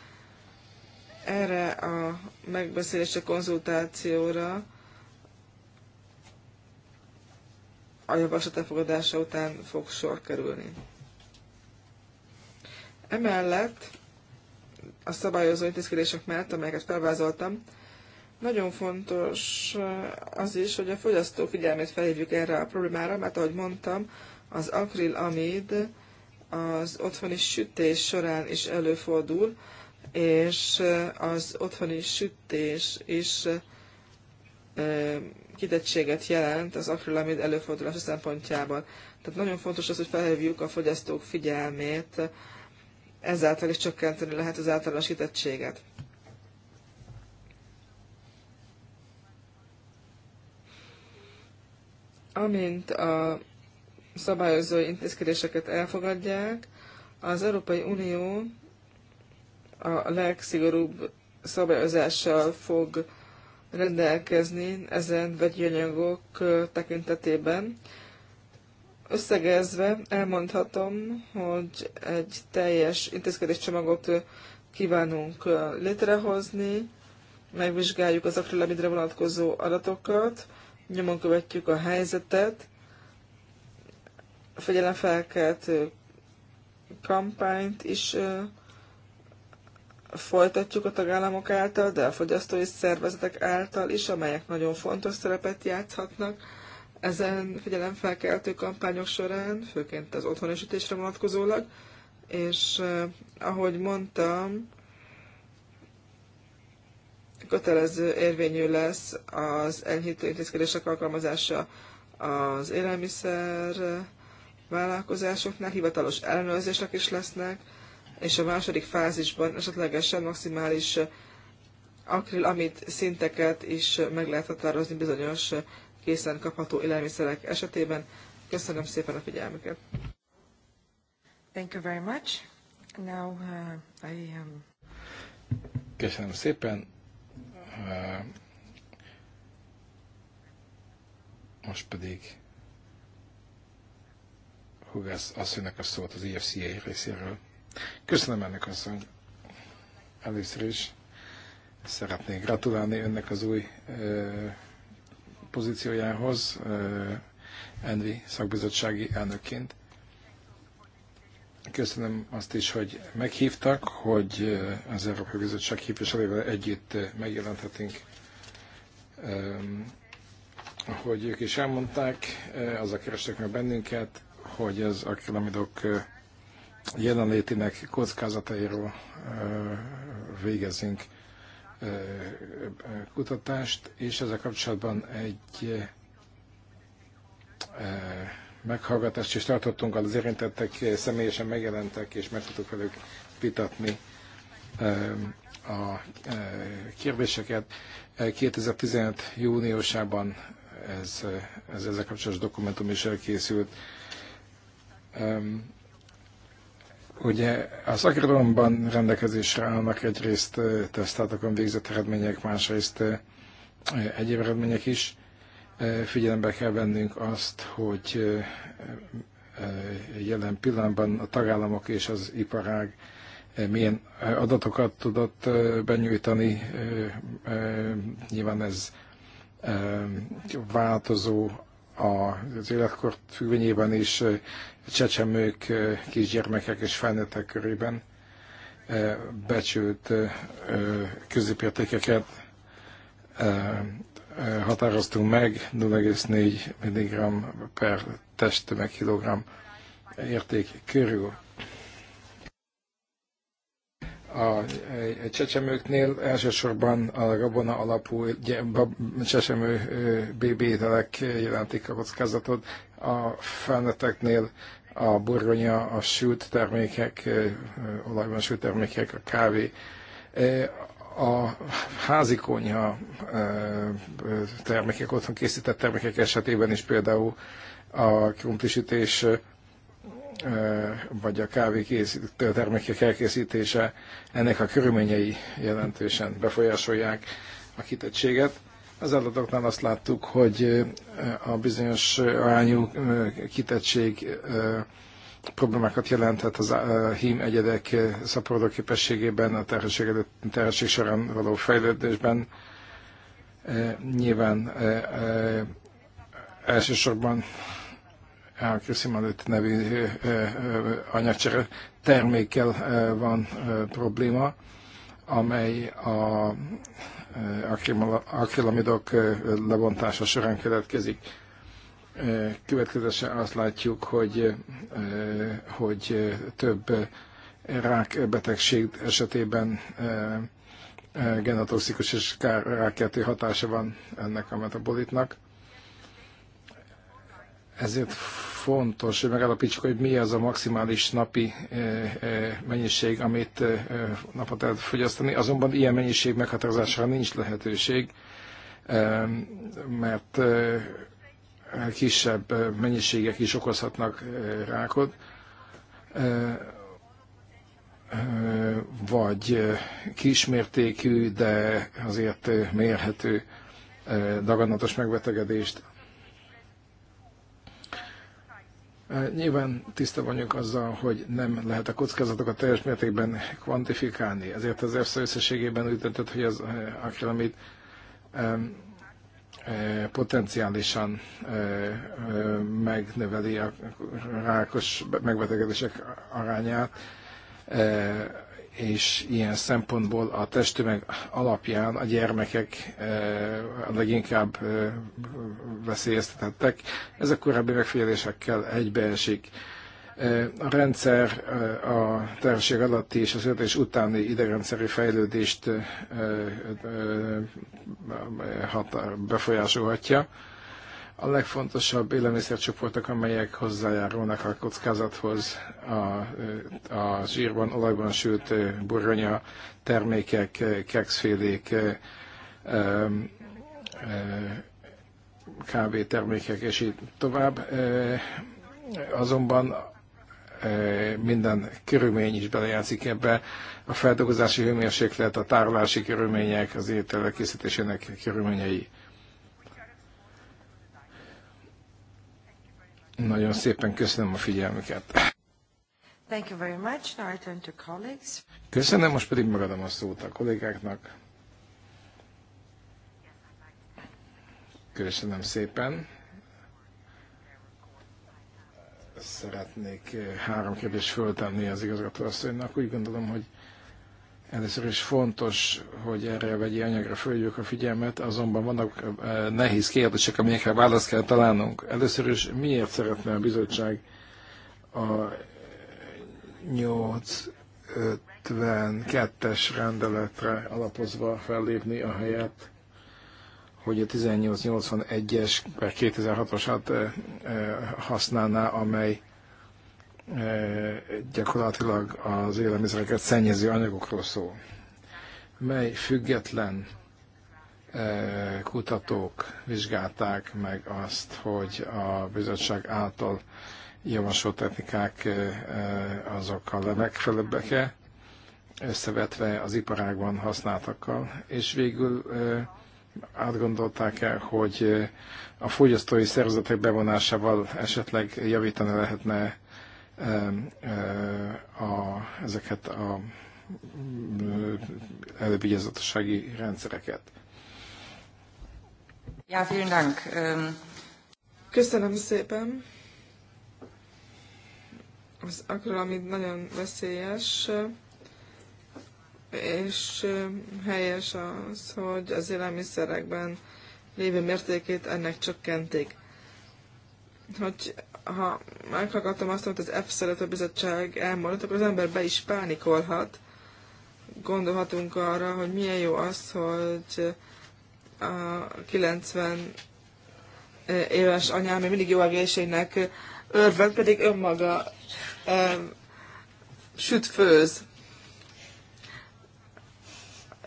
Erre a megbeszélésre, konzultációra a javaslat elfogadása után fog sor kerülni. Emellett a szabályozó intézkedések mellett, amelyeket felvázoltam, nagyon fontos az is, hogy a fogyasztó figyelmét felhívjuk erre a problémára, mert ahogy mondtam, az akrilamid az otthoni sütés során is előfordul, és az otthoni sütés is kitettséget jelent az akrilamid előfordulása szempontjából. Tehát nagyon fontos az, hogy felhívjuk a fogyasztók figyelmét, ezáltal is csökkenteni lehet az általános kitettséget. Amint a szabályozó intézkedéseket elfogadják. Az Európai Unió a legszigorúbb szabályozással fog rendelkezni ezen vegyanyagok tekintetében. Összegezve elmondhatom, hogy egy teljes intézkedéscsomagot kívánunk létrehozni, megvizsgáljuk az akrilamidre vonatkozó adatokat, nyomon követjük a helyzetet, figyelemfelkeltő kampányt is folytatjuk a tagállamok által, de a fogyasztói szervezetek által is, amelyek nagyon fontos szerepet játszhatnak ezen figyelemfelkeltő kampányok során, főként az otthonosítésre vonatkozólag, és ahogy mondtam, kötelező érvényű lesz az enyhítő intézkedések alkalmazása az élelmiszer vállalkozásoknál, hivatalos ellenőrzések is lesznek, és a második fázisban esetlegesen maximális akril, amit szinteket is meg lehet határozni bizonyos készen kapható élelmiszerek esetében. Köszönöm szépen a figyelmüket! Thank you very much. Now, uh, I, um... Köszönöm szépen. Uh, most pedig Hugász asszonynak a szót az IFCA e részéről. Köszönöm ennek asszony. Először is szeretnék gratulálni önnek az új ö, pozíciójához, ö, Envi szakbizottsági elnökként. Köszönöm azt is, hogy meghívtak, hogy az Európai Bizottság képviselővel együtt megjelenthetünk. Ahogy ők is elmondták, a kerestek meg bennünket, hogy az akrilamidok jelenlétének kockázatairól végezünk kutatást, és ezzel kapcsolatban egy meghallgatást is tartottunk, az érintettek személyesen megjelentek, és meg tudtuk velük vitatni a kérdéseket. 2015 júniusában ez, ez ezzel kapcsolatos dokumentum is elkészült Ugye a szakirodalomban rendelkezésre állnak egyrészt tesztátokon végzett eredmények, másrészt egyéb eredmények is. Figyelembe kell vennünk azt, hogy jelen pillanatban a tagállamok és az iparág milyen adatokat tudott benyújtani. Nyilván ez változó az életkor függvényében is csecsemők, kisgyermekek és felnőttek körében becsült középértékeket határoztunk meg, 0,4 mg per meg kilogram érték körül a csecsemőknél, elsősorban a gabona alapú csecsemő BB jelentik a kockázatot, a felnőtteknél a burgonya, a sült termékek, olajban sült termékek, a kávé, a házi konyha termékek, otthon készített termékek esetében is például a krumplisítés vagy a kávékészítő termékek elkészítése, ennek a körülményei jelentősen befolyásolják a kitettséget. Az adatoknál azt láttuk, hogy a bizonyos arányú kitettség problémákat jelenthet az hím egyedek szaporodó képességében, a terhesség, előtt, terhesség során való fejlődésben. Nyilván elsősorban a Krisztimanőt nevű anyagcsere termékkel van probléma, amely a akrilamidok levontása során keletkezik. Következősen azt látjuk, hogy, hogy több rákbetegség esetében genotoxikus és kárkeltő hatása van ennek a metabolitnak ezért fontos, hogy megállapítsuk, hogy mi az a maximális napi eh, eh, mennyiség, amit eh, napot lehet fogyasztani. Azonban ilyen mennyiség meghatározására nincs lehetőség, mert kisebb mennyiségek is okozhatnak rákot, vagy kismértékű, de azért mérhető daganatos megbetegedést Nyilván tiszta vagyok azzal, hogy nem lehet a kockázatokat teljes mértékben kvantifikálni, ezért az EFSA összességében úgy döntött, hogy az akrilamid potenciálisan megnöveli a rákos megbetegedések arányát, és ilyen szempontból a testtömeg alapján a gyermekek eh, leginkább eh, veszélyeztetettek. Ez a korábbi megfigyelésekkel egybeesik. Eh, a rendszer a terhesség alatti és a születés utáni idegrendszeri fejlődést befolyásolhatja a legfontosabb élelmiszercsoportok, amelyek hozzájárulnak a kockázathoz a, a zsírban, olajban sült burgonya termékek, kekszfélék, termékek és így tovább. Azonban minden körülmény is belejátszik ebbe. A feldolgozási hőmérséklet, a tárolási körülmények, az étel készítésének körülményei. Nagyon szépen köszönöm a figyelmüket. Thank you very much. Now I turn to colleagues. Köszönöm, most pedig megadom a szót a kollégáknak. Köszönöm szépen. Szeretnék eh, három kérdést föltenni az igazgatóasszonynak. Úgy gondolom, hogy Először is fontos, hogy erre a vegyi anyagra följük a figyelmet, azonban vannak nehéz kérdések, amelyekre választ kell találnunk. Először is miért szeretne a bizottság a 852-es rendeletre alapozva fellépni a helyet, hogy a 1881-es per 2006-osat használná, amely gyakorlatilag az élelmiszereket szennyező anyagokról szól, mely független e, kutatók vizsgálták meg azt, hogy a bizottság által javasolt technikák e, e, azok a legfelebbek-e, összevetve az iparágban használtakkal, és végül átgondolták-e, hogy a fogyasztói szervezetek bevonásával esetleg javítani lehetne a, ezeket a elővigyázatossági rendszereket. Ja, vielen Dank. Köszönöm szépen. Az akkor, ami nagyon veszélyes, és helyes az, hogy az élelmiszerekben lévő mértékét ennek csökkentik hogy ha meghallgatom azt, amit az F-szerető bizottság elmondott, akkor az ember be is pánikolhat. Gondolhatunk arra, hogy milyen jó az, hogy a 90 éves anyám még mindig jó egészségnek örvend, pedig önmaga süt, főz.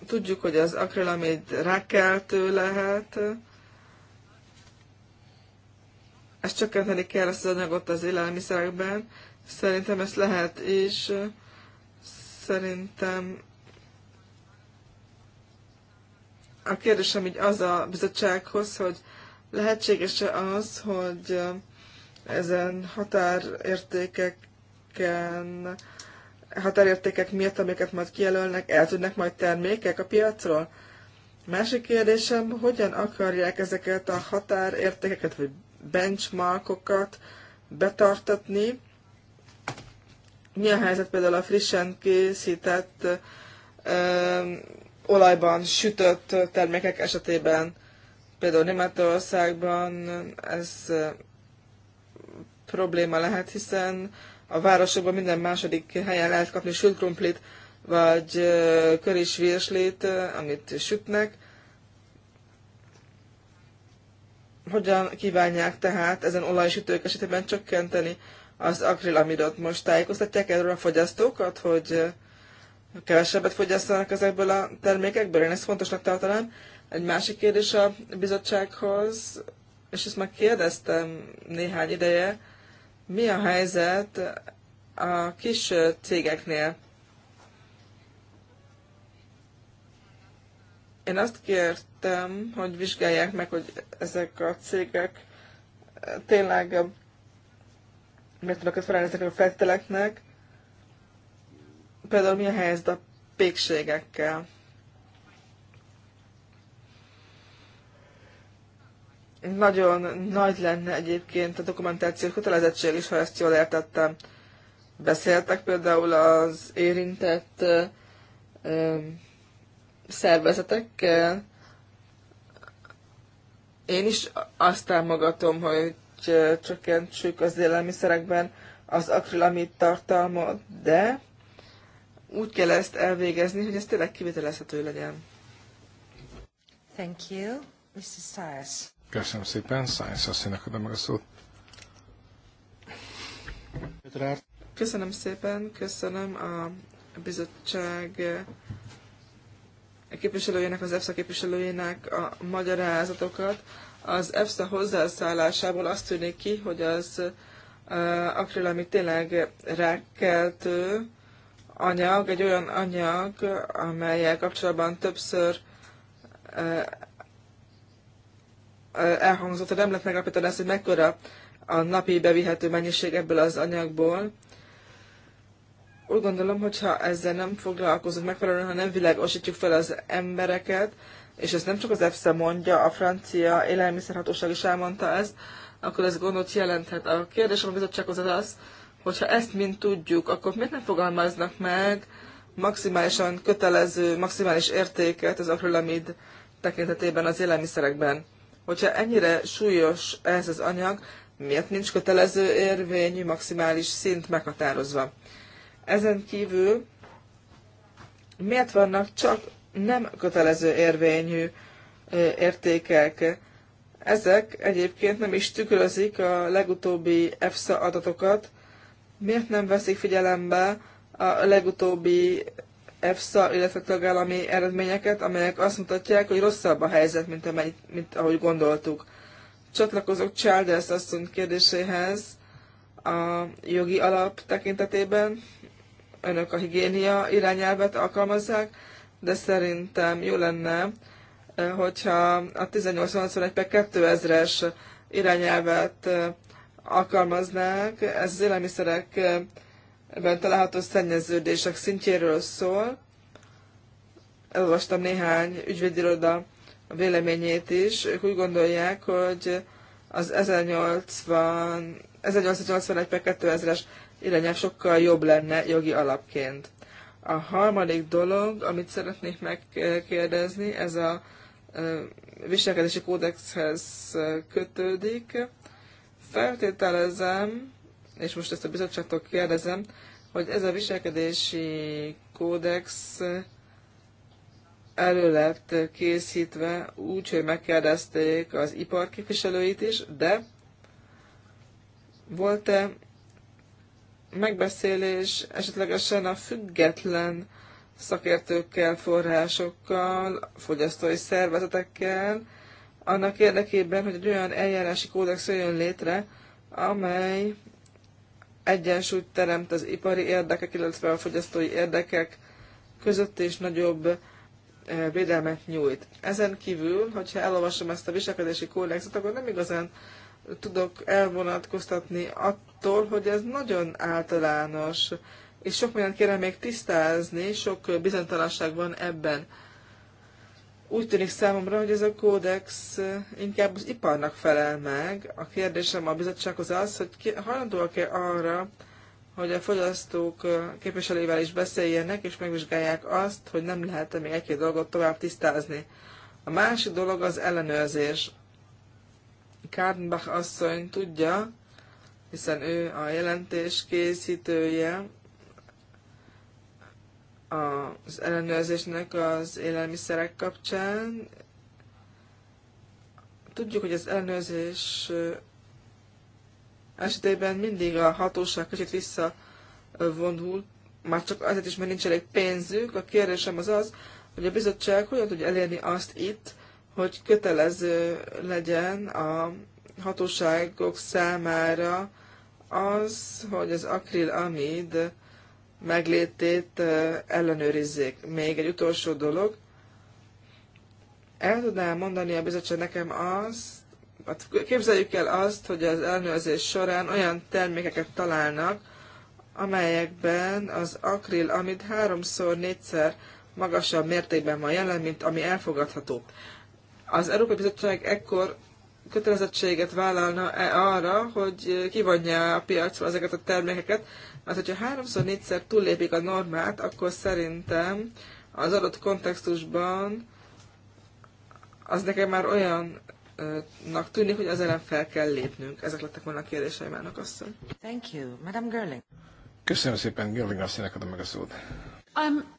Tudjuk, hogy az akrilamid rákkeltő lehet, ezt csökkenteni kell ezt az anyagot az élelmiszerekben. Szerintem ezt lehet, és szerintem a kérdésem így az a bizottsághoz, hogy lehetséges-e az, hogy ezen határértékeken, határértékek miatt, amiket majd kijelölnek, tudnak majd termékek a piacról? Másik kérdésem, hogyan akarják ezeket a határértékeket, vagy benchmarkokat betartatni. Mi a helyzet például a frissen készített ö, olajban sütött termékek esetében? Például Németországban ez probléma lehet, hiszen a városokban minden második helyen lehet kapni sült krumplit, vagy kör virslit, amit sütnek. Hogyan kívánják tehát ezen olajsütők esetében csökkenteni az akrilamidot? Most tájékoztatják erről a fogyasztókat, hogy kevesebbet fogyasztanak ezekből a termékekből? Én ezt fontosnak tartanám. Egy másik kérdés a bizottsághoz, és ezt már kérdeztem néhány ideje, mi a helyzet a kis cégeknél? Én azt kértem, hogy vizsgálják meg, hogy ezek a cégek tényleg eh, miért tudnak felállni ezeknek a feltételeknek. Például mi a helyzet a pékségekkel? Nagyon nagy lenne egyébként a dokumentáció kötelezettség is, ha ezt jól értettem. Beszéltek például az érintett eh, szervezetekkel. Én is azt támogatom, hogy csökkentsük az élelmiszerekben az akrilamid tartalmat, de úgy kell ezt elvégezni, hogy ez tényleg kivitelezhető legyen. Thank you, Mr. Sires. Köszönöm szépen, Science asszonynak adom meg a szót. Köszönöm szépen, köszönöm a bizottság E képviselőjének, az EFSA képviselőjének a magyarázatokat. Az EFSA hozzászállásából azt tűnik ki, hogy az akril, ami tényleg rákeltő anyag, egy olyan anyag, amelyel kapcsolatban többször elhangzott, hogy nem lehet megállapítani ezt, hogy mekkora a napi bevihető mennyiség ebből az anyagból, úgy gondolom, hogyha ezzel nem foglalkozunk megfelelően, ha nem világosítjuk fel az embereket, és ezt nem csak az EFSA mondja, a francia élelmiszerhatóság is elmondta ezt, akkor ez gondot jelenthet. A kérdésem a bizottsághoz az az, hogyha ezt mind tudjuk, akkor miért nem fogalmaznak meg maximálisan kötelező, maximális értéket az akrilamid tekintetében az élelmiszerekben? Hogyha ennyire súlyos ez az anyag, miért nincs kötelező érvényű maximális szint meghatározva? Ezen kívül miért vannak csak nem kötelező érvényű értékek? Ezek egyébként nem is tükrözik a legutóbbi EFSA adatokat. Miért nem veszik figyelembe a legutóbbi EFSA, illetve tagállami eredményeket, amelyek azt mutatják, hogy rosszabb a helyzet, mint, amely, mint ahogy gondoltuk. Csatlakozok Charles asszony kérdéséhez a jogi alap tekintetében önök a higiénia irányelvet alkalmazzák, de szerintem jó lenne, eh, hogyha a 1881 per 2000-es irányelvet eh, alkalmaznák. Ez az élelmiszerekben található szennyeződések szintjéről szól. Elolvastam néhány ügyvédiroda véleményét is. Ők úgy gondolják, hogy az 1080, 1881 per 2000-es irányelv sokkal jobb lenne jogi alapként. A harmadik dolog, amit szeretnék megkérdezni, ez a viselkedési kódexhez kötődik. Feltételezem, és most ezt a bizottságtól kérdezem, hogy ez a viselkedési kódex elő lett készítve úgy, hogy megkérdezték az iparképviselőit is, de volt-e megbeszélés esetlegesen a független szakértőkkel, forrásokkal, fogyasztói szervezetekkel, annak érdekében, hogy egy olyan eljárási kódex jön létre, amely egyensúlyt teremt az ipari érdekek, illetve a fogyasztói érdekek között és nagyobb eh, védelmet nyújt. Ezen kívül, hogyha elolvasom ezt a viselkedési kódexet, akkor nem igazán tudok elvonatkoztatni attól, hogy ez nagyon általános, és sok mindent kéne még tisztázni, sok bizonytalanság van ebben. Úgy tűnik számomra, hogy ez a kódex inkább az iparnak felel meg. A kérdésem a bizottsághoz az, hogy hajlandóak-e arra, hogy a fogyasztók képviselőivel is beszéljenek, és megvizsgálják azt, hogy nem lehet-e még egy-két dolgot tovább tisztázni. A másik dolog az ellenőrzés. Kárnbach asszony tudja, hiszen ő a jelentés készítője az ellenőrzésnek az élelmiszerek kapcsán. Tudjuk, hogy az ellenőrzés esetében mindig a hatóság kicsit visszavonul, már csak azért is, mert nincs elég pénzük. A kérdésem az az, hogy a bizottság hogyan tudja elérni azt itt, hogy kötelező legyen a hatóságok számára az, hogy az akrilamid meglétét ellenőrizzék. Még egy utolsó dolog. El tudnám mondani a bizottság nekem azt, hát képzeljük el azt, hogy az ellenőrzés során olyan termékeket találnak, amelyekben az akril, amit háromszor, négyszer magasabb mértékben van jelen, mint ami elfogadható. Az Európai Bizottság ekkor kötelezettséget vállalna-e arra, hogy kivonja a piacról ezeket a termékeket, mert hát, hogyha háromszor, négyszer túllépik a normát, akkor szerintem az adott kontextusban az nekem már olyannak tűnik, hogy az ellen fel kell lépnünk. Ezek lettek volna a kérdéseim, Ának asszony. Thank you. Madame Girling. Köszönöm szépen, Girling asszonynak adom meg a szót. Um...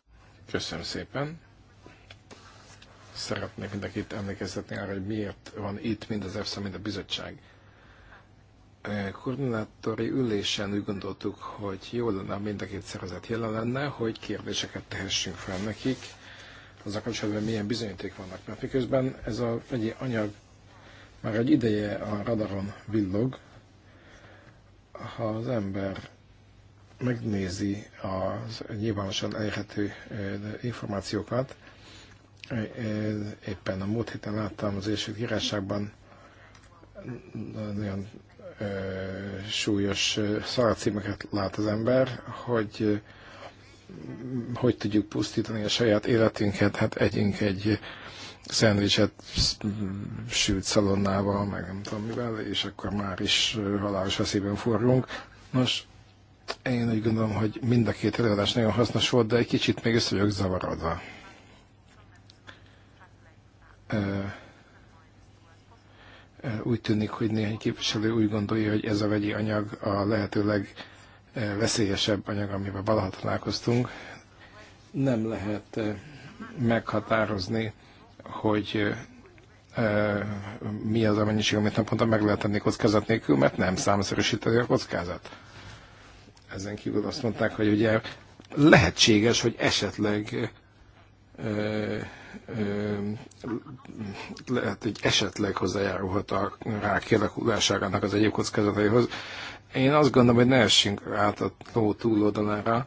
Köszönöm szépen szeretnék mindenkit emlékeztetni arra, hogy miért van itt mind az EFSA, mind a bizottság. E, koordinátori ülésen úgy gondoltuk, hogy jó lenne, mind a két szervezet jelen lenne, hogy kérdéseket tehessünk fel nekik, a kapcsolatban milyen bizonyíték vannak. Mert miközben ez a egy anyag már egy ideje a radaron villog, ha az ember megnézi az nyilvánosan elérhető e, információkat, E, e, éppen a múlt héten láttam az első Királyságban nagyon ö, e, súlyos szarcímeket lát az ember, hogy hogy tudjuk pusztítani a saját életünket, hát együnk egy szendvicset sült szalonnával, meg nem tudom mivel, és akkor már is halálos veszélyben forrunk. Nos, én úgy gondolom, hogy mind a két előadás nagyon hasznos volt, de egy kicsit még össze vagyok zavarodva úgy tűnik, hogy néhány képviselő úgy gondolja, hogy ez a vegyi anyag a lehető legveszélyesebb anyag, amivel valaha találkoztunk. Nem lehet meghatározni, hogy mi az a mennyiség, amit naponta meg lehet tenni kockázat nélkül, mert nem számszerűsíteni a kockázat. Ezen kívül azt mondták, hogy ugye lehetséges, hogy esetleg lehet, hogy esetleg hozzájárulhat a rák kialakulásának az egyéb kockázataihoz. Én azt gondolom, hogy ne essünk át a ló túloldalára.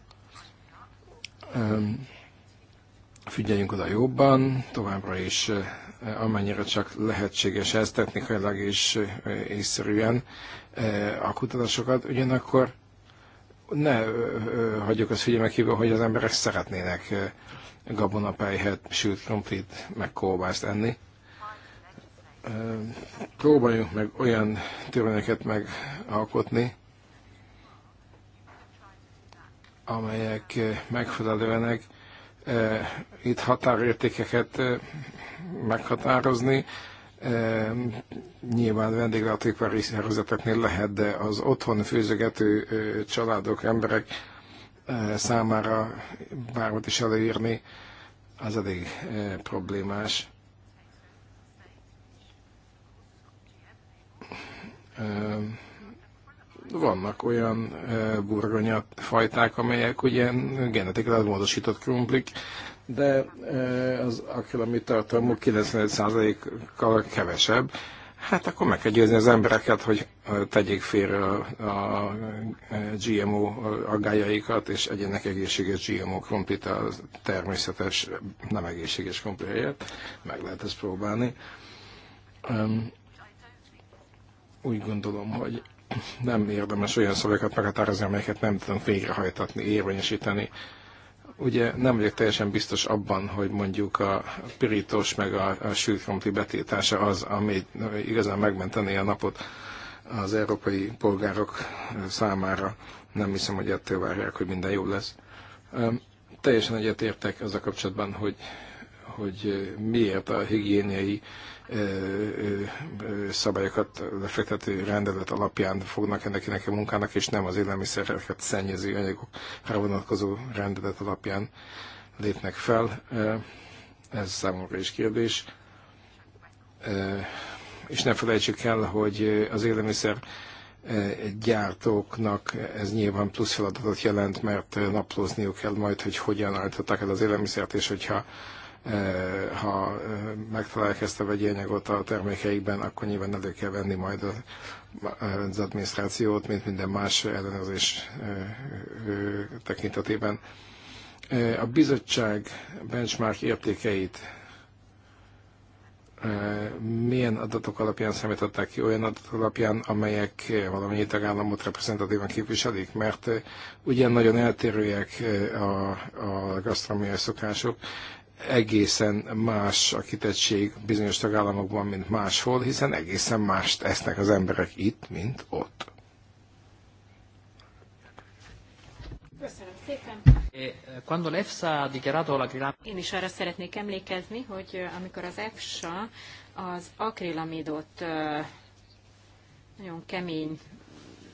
Figyeljünk oda jobban, továbbra is amennyire csak lehetséges ez technikailag és észszerűen a kutatásokat, ugyanakkor ne hagyjuk azt figyelme kívül, hogy az emberek szeretnének gabonapejhet, sült krumplit, meg kolbászt enni. Próbáljunk meg olyan törvényeket megalkotni, amelyek megfelelőenek itt határértékeket meghatározni. Nyilván vendéglátékvári szervezeteknél lehet, de az otthon főzögető családok, emberek számára bármit is előírni, az elég problémás. Vannak olyan burgonya fajták, amelyek ugye genetikailag módosított krumplik, de az akrilamid tartalmuk 95%-kal kevesebb, Hát akkor meg kell győzni az embereket, hogy tegyék félre a GMO aggájaikat, és egyenek egészséges GMO krumplit a természetes, nem egészséges krumplit Meg lehet ezt próbálni. Úgy gondolom, hogy nem érdemes olyan szavakat meghatározni, amelyeket nem tudunk végrehajtatni, érvényesíteni. Ugye nem vagyok teljesen biztos abban, hogy mondjuk a pirítós meg a, a sült betétása az, ami igazán megmenteni a napot az európai polgárok számára. Nem hiszem, hogy ettől várják, hogy minden jó lesz. Teljesen egyetértek a kapcsolatban, hogy hogy miért a higiéniai szabályokat lefektető rendelet alapján fognak ennek a munkának, és nem az élelmiszereket szennyező anyagokra vonatkozó rendelet alapján lépnek fel. Ez számomra is kérdés. És ne felejtsük el, hogy az élelmiszer gyártóknak ez nyilván plusz feladatot jelent, mert naplózniuk kell majd, hogy hogyan állították el az élelmiszert, és hogyha ha megtalálják ezt a vegyi anyagot a termékeikben, akkor nyilván elő kell venni majd az adminisztrációt, mint minden más ellenőrzés tekintetében. A bizottság benchmark értékeit milyen adatok alapján számították ki, olyan adatok alapján, amelyek valamennyi tagállamot reprezentatívan képviselik, mert ugyan nagyon eltérőek a, a gasztronómiai szokások, egészen más a kitettség bizonyos tagállamokban, mint máshol, hiszen egészen mást esznek az emberek itt, mint ott. Köszönöm szépen. Eh, Én is arra szeretnék emlékezni, hogy eh, amikor az EFSA az akrilamidot eh, nagyon kemény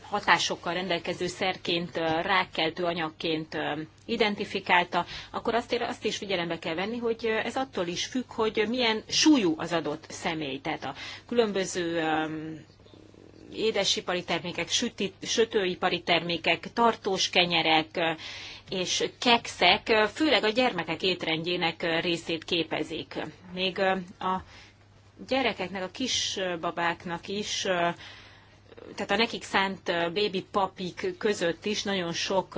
hatásokkal rendelkező szerként, rákkeltő anyagként identifikálta, akkor azt, azt is figyelembe kell venni, hogy ez attól is függ, hogy milyen súlyú az adott személy. Tehát a különböző édesipari termékek, süti, sütőipari termékek, tartós kenyerek és kekszek, főleg a gyermekek étrendjének részét képezik. Még a gyerekeknek, a kisbabáknak is tehát a nekik szánt bébi papik között is nagyon sok,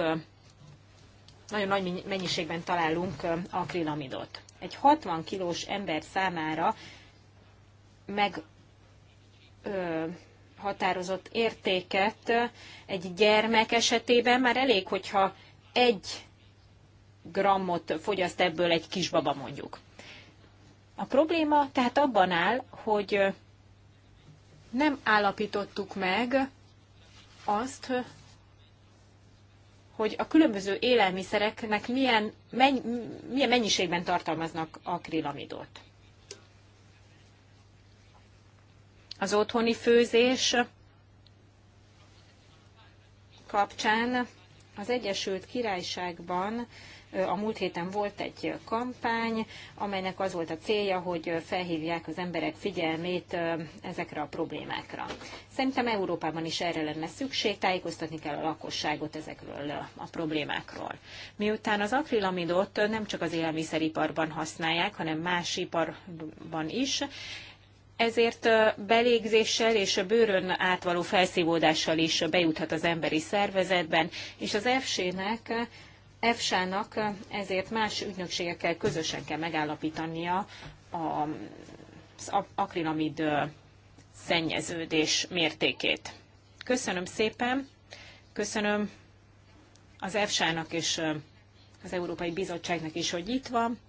nagyon nagy mennyiségben találunk akrilamidot. Egy 60 kilós ember számára meg ö, határozott értéket egy gyermek esetében már elég, hogyha egy grammot fogyaszt ebből egy kisbaba mondjuk. A probléma tehát abban áll, hogy nem állapítottuk meg azt, hogy a különböző élelmiszereknek milyen, menny, milyen mennyiségben tartalmaznak akrilamidot. Az otthoni főzés kapcsán az Egyesült Királyságban a múlt héten volt egy kampány, amelynek az volt a célja, hogy felhívják az emberek figyelmét ezekre a problémákra. Szerintem Európában is erre lenne szükség, tájékoztatni kell a lakosságot ezekről a problémákról. Miután az akrilamidot nem csak az élelmiszeriparban használják, hanem más iparban is, ezért belégzéssel és a bőrön átvaló felszívódással is bejuthat az emberi szervezetben, és az fc nek EFSA-nak ezért más ügynökségekkel közösen kell megállapítania az akrilamid szennyeződés mértékét. Köszönöm szépen, köszönöm az EFSA-nak és az Európai Bizottságnak is, hogy itt van.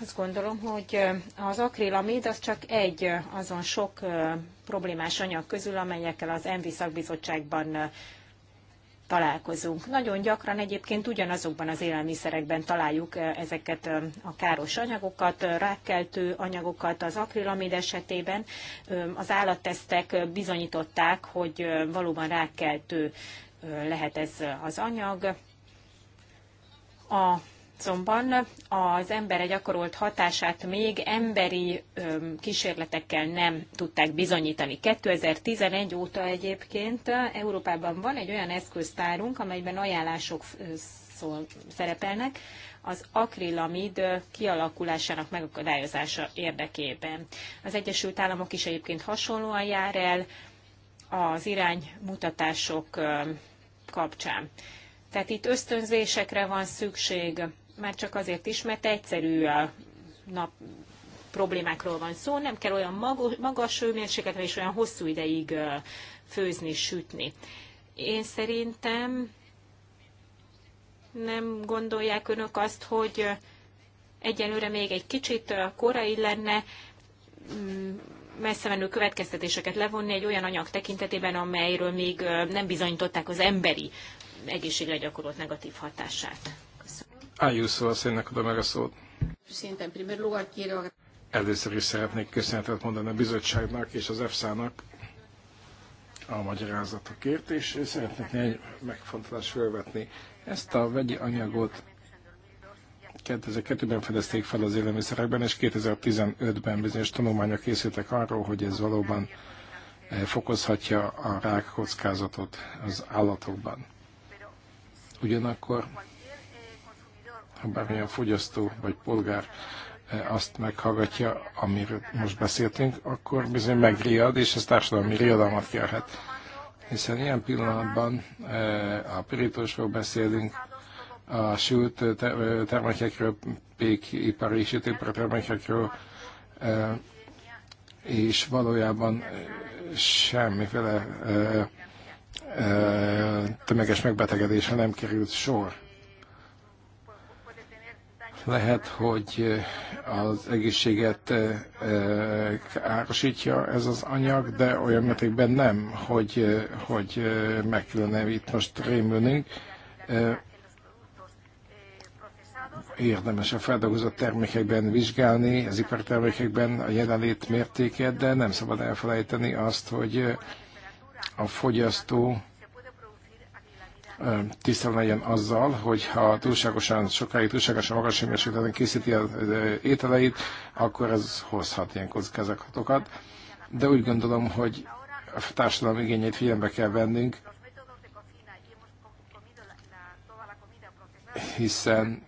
Azt gondolom, hogy az akrilamid az csak egy azon sok problémás anyag közül, amelyekkel az ENVI szakbizottságban találkozunk. Nagyon gyakran egyébként ugyanazokban az élelmiszerekben találjuk eh, ezeket eh, a káros anyagokat, eh, rákkeltő anyagokat az akrilamid esetében. Az állattesztek bizonyították, hogy valóban rákkeltő lehet ez az anyag. A azonban az emberre gyakorolt hatását még emberi kísérletekkel nem tudták bizonyítani. 2011 óta egyébként Európában van egy olyan eszköztárunk, amelyben ajánlások szól, szerepelnek, az akrilamid kialakulásának megakadályozása érdekében. Az Egyesült Államok is egyébként hasonlóan jár el az iránymutatások kapcsán. Tehát itt ösztönzésekre van szükség, már csak azért is, mert egyszerű a nap problémákról van szó, nem kell olyan magas hőmérsékletre és olyan hosszú ideig főzni, sütni. Én szerintem nem gondolják önök azt, hogy egyelőre még egy kicsit korai lenne mm, messze menő következtetéseket levonni egy olyan anyag tekintetében, amelyről még nem bizonyították az emberi egészségre gyakorolt negatív hatását. A asszonynak adom meg a szót. Először is szeretnék köszönetet mondani a bizottságnak és az EFSA-nak a magyarázatokért, és szeretnék egy megfontolás felvetni. Ezt a vegyi anyagot 2002-ben fedezték fel az élelmiszerekben, és 2015-ben bizonyos tanulmányok készültek arról, hogy ez valóban eh, fokozhatja a rák kockázatot az állatokban. Ugyanakkor ha bármilyen fogyasztó vagy polgár e, azt meghallgatja, amiről most beszéltünk, akkor bizony megriad, és ez társadalmi riadalmat kérhet. Hiszen ilyen pillanatban e, a pirítósról beszélünk, a sült e, termékekről, pékipari sütőipari termékekről, és valójában semmiféle tömeges megbetegedésre nem került sor. Lehet, hogy eh, az egészséget károsítja eh, eh, ez az anyag, de olyan mértékben nem, hogy, hogy meg kellene itt most rémülnünk érdemes a feldolgozott termékekben vizsgálni, az ipartermékekben a jelenlét mértéket, de nem szabad elfelejteni azt, hogy a fogyasztó tisztában legyen azzal, ha túlságosan sokáig, túlságosan magas hőmérsékleten készíti az ételeit, akkor ez hozhat ilyen kockázatokat. De úgy gondolom, hogy a társadalom igényeit figyelembe kell vennünk, hiszen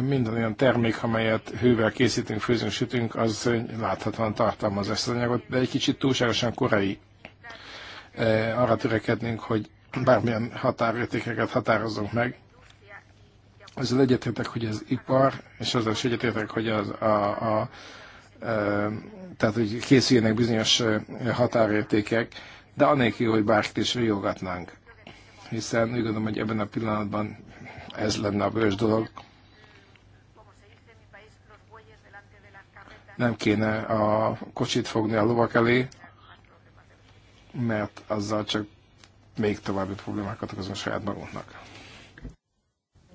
minden olyan termék, amelyet hővel készítünk, főzünk, sütünk, az láthatóan tartalmaz ezt az anyagot, de egy kicsit túlságosan korai arra törekednénk, hogy bármilyen határértékeket határozzunk meg. Az egyetértek, hogy az ipar, és azzal is egyetértek, hogy az a, a tehát hogy készüljenek bizonyos határértékek, de anélkül, hogy bárkit is riogatnánk. Hiszen úgy gondolom, hogy ebben a pillanatban ez lenne a bős dolog. Nem kéne a kocsit fogni a lovak elé, mert azzal csak még további problémákat okozunk saját magunknak.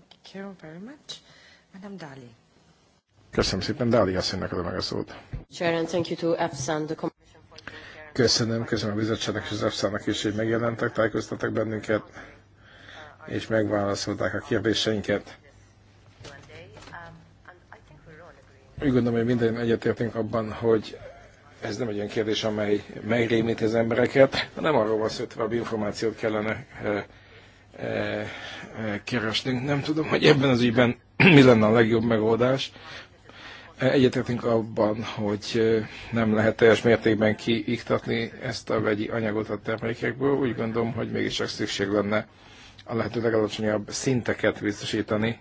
Thank you very much. Köszönöm szépen, Dali asszonynak adom meg a szót. thank you to Köszönöm, köszönöm a bizottságnak és az EFSA-nak is, hogy megjelentek, tájékoztattak bennünket, és megválaszolták a kérdéseinket. Úgy gondolom, hogy minden egyetértünk abban, hogy ez nem egy olyan kérdés, amely megrémíti az embereket, hanem arról van szó, hogy további információt kellene e, eh, e, eh, eh, keresni. Nem tudom, hogy ebben az ügyben mi lenne a legjobb megoldás. Egyetértünk abban, hogy nem lehet teljes mértékben kiiktatni ezt a vegyi anyagot a termékekből. Úgy gondolom, hogy mégis csak szükség lenne a lehető legalacsonyabb szinteket biztosítani,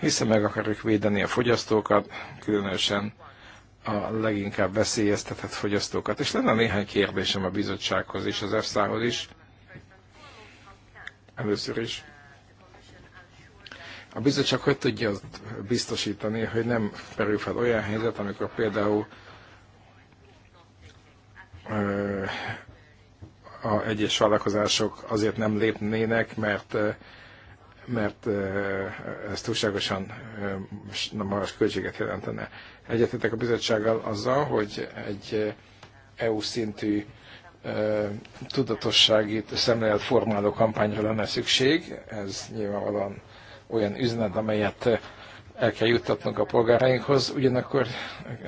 hiszen meg akarjuk védeni a fogyasztókat, különösen a leginkább veszélyeztetett fogyasztókat. És lenne néhány kérdésem a bizottsághoz és az EFSA-hoz is. Először is. A bizottság hogy tudja biztosítani, hogy nem perül fel olyan helyzet, amikor például a egyes vállalkozások azért nem lépnének, mert mert eh, ez túlságosan eh, magas költséget jelentene. Egyetetek a bizottsággal azzal, hogy egy eh, EU szintű tudatossági szemlélet formáló kampányra lenne szükség. Ez nyilvánvalóan olyan üzenet, amelyet el kell juttatnunk a polgárainkhoz. Ugyanakkor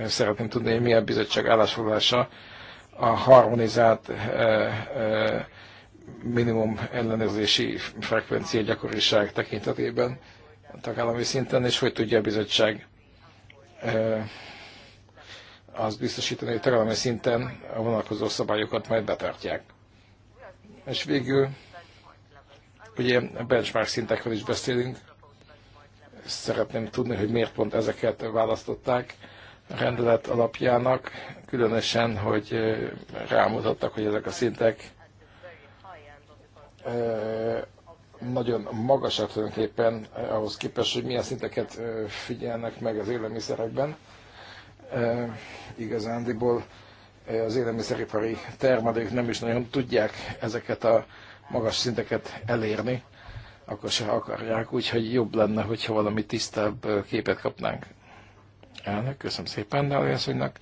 szeretném tudni, hogy mi a bizottság állásfoglalása a harmonizált minimum ellenőrzési frekvencia gyakoriság tekintetében a tagállami szinten, és hogy tudja a bizottság az biztosítani, hogy tagállami szinten a vonalkozó szabályokat majd betartják. És végül ugye benchmark szintekről is beszélünk. Szeretném tudni, hogy miért pont ezeket választották a rendelet alapjának, különösen, hogy rámutattak, hogy ezek a szintek nagyon magasak tulajdonképpen ahhoz képest, hogy milyen szinteket figyelnek meg az élelmiszerekben. Igazándiból az élelmiszeripari termelők nem is nagyon tudják ezeket a magas szinteket elérni, akkor se akarják, úgyhogy jobb lenne, hogyha valami tisztább képet kapnánk. Elnök, köszönöm szépen, de asszonynak,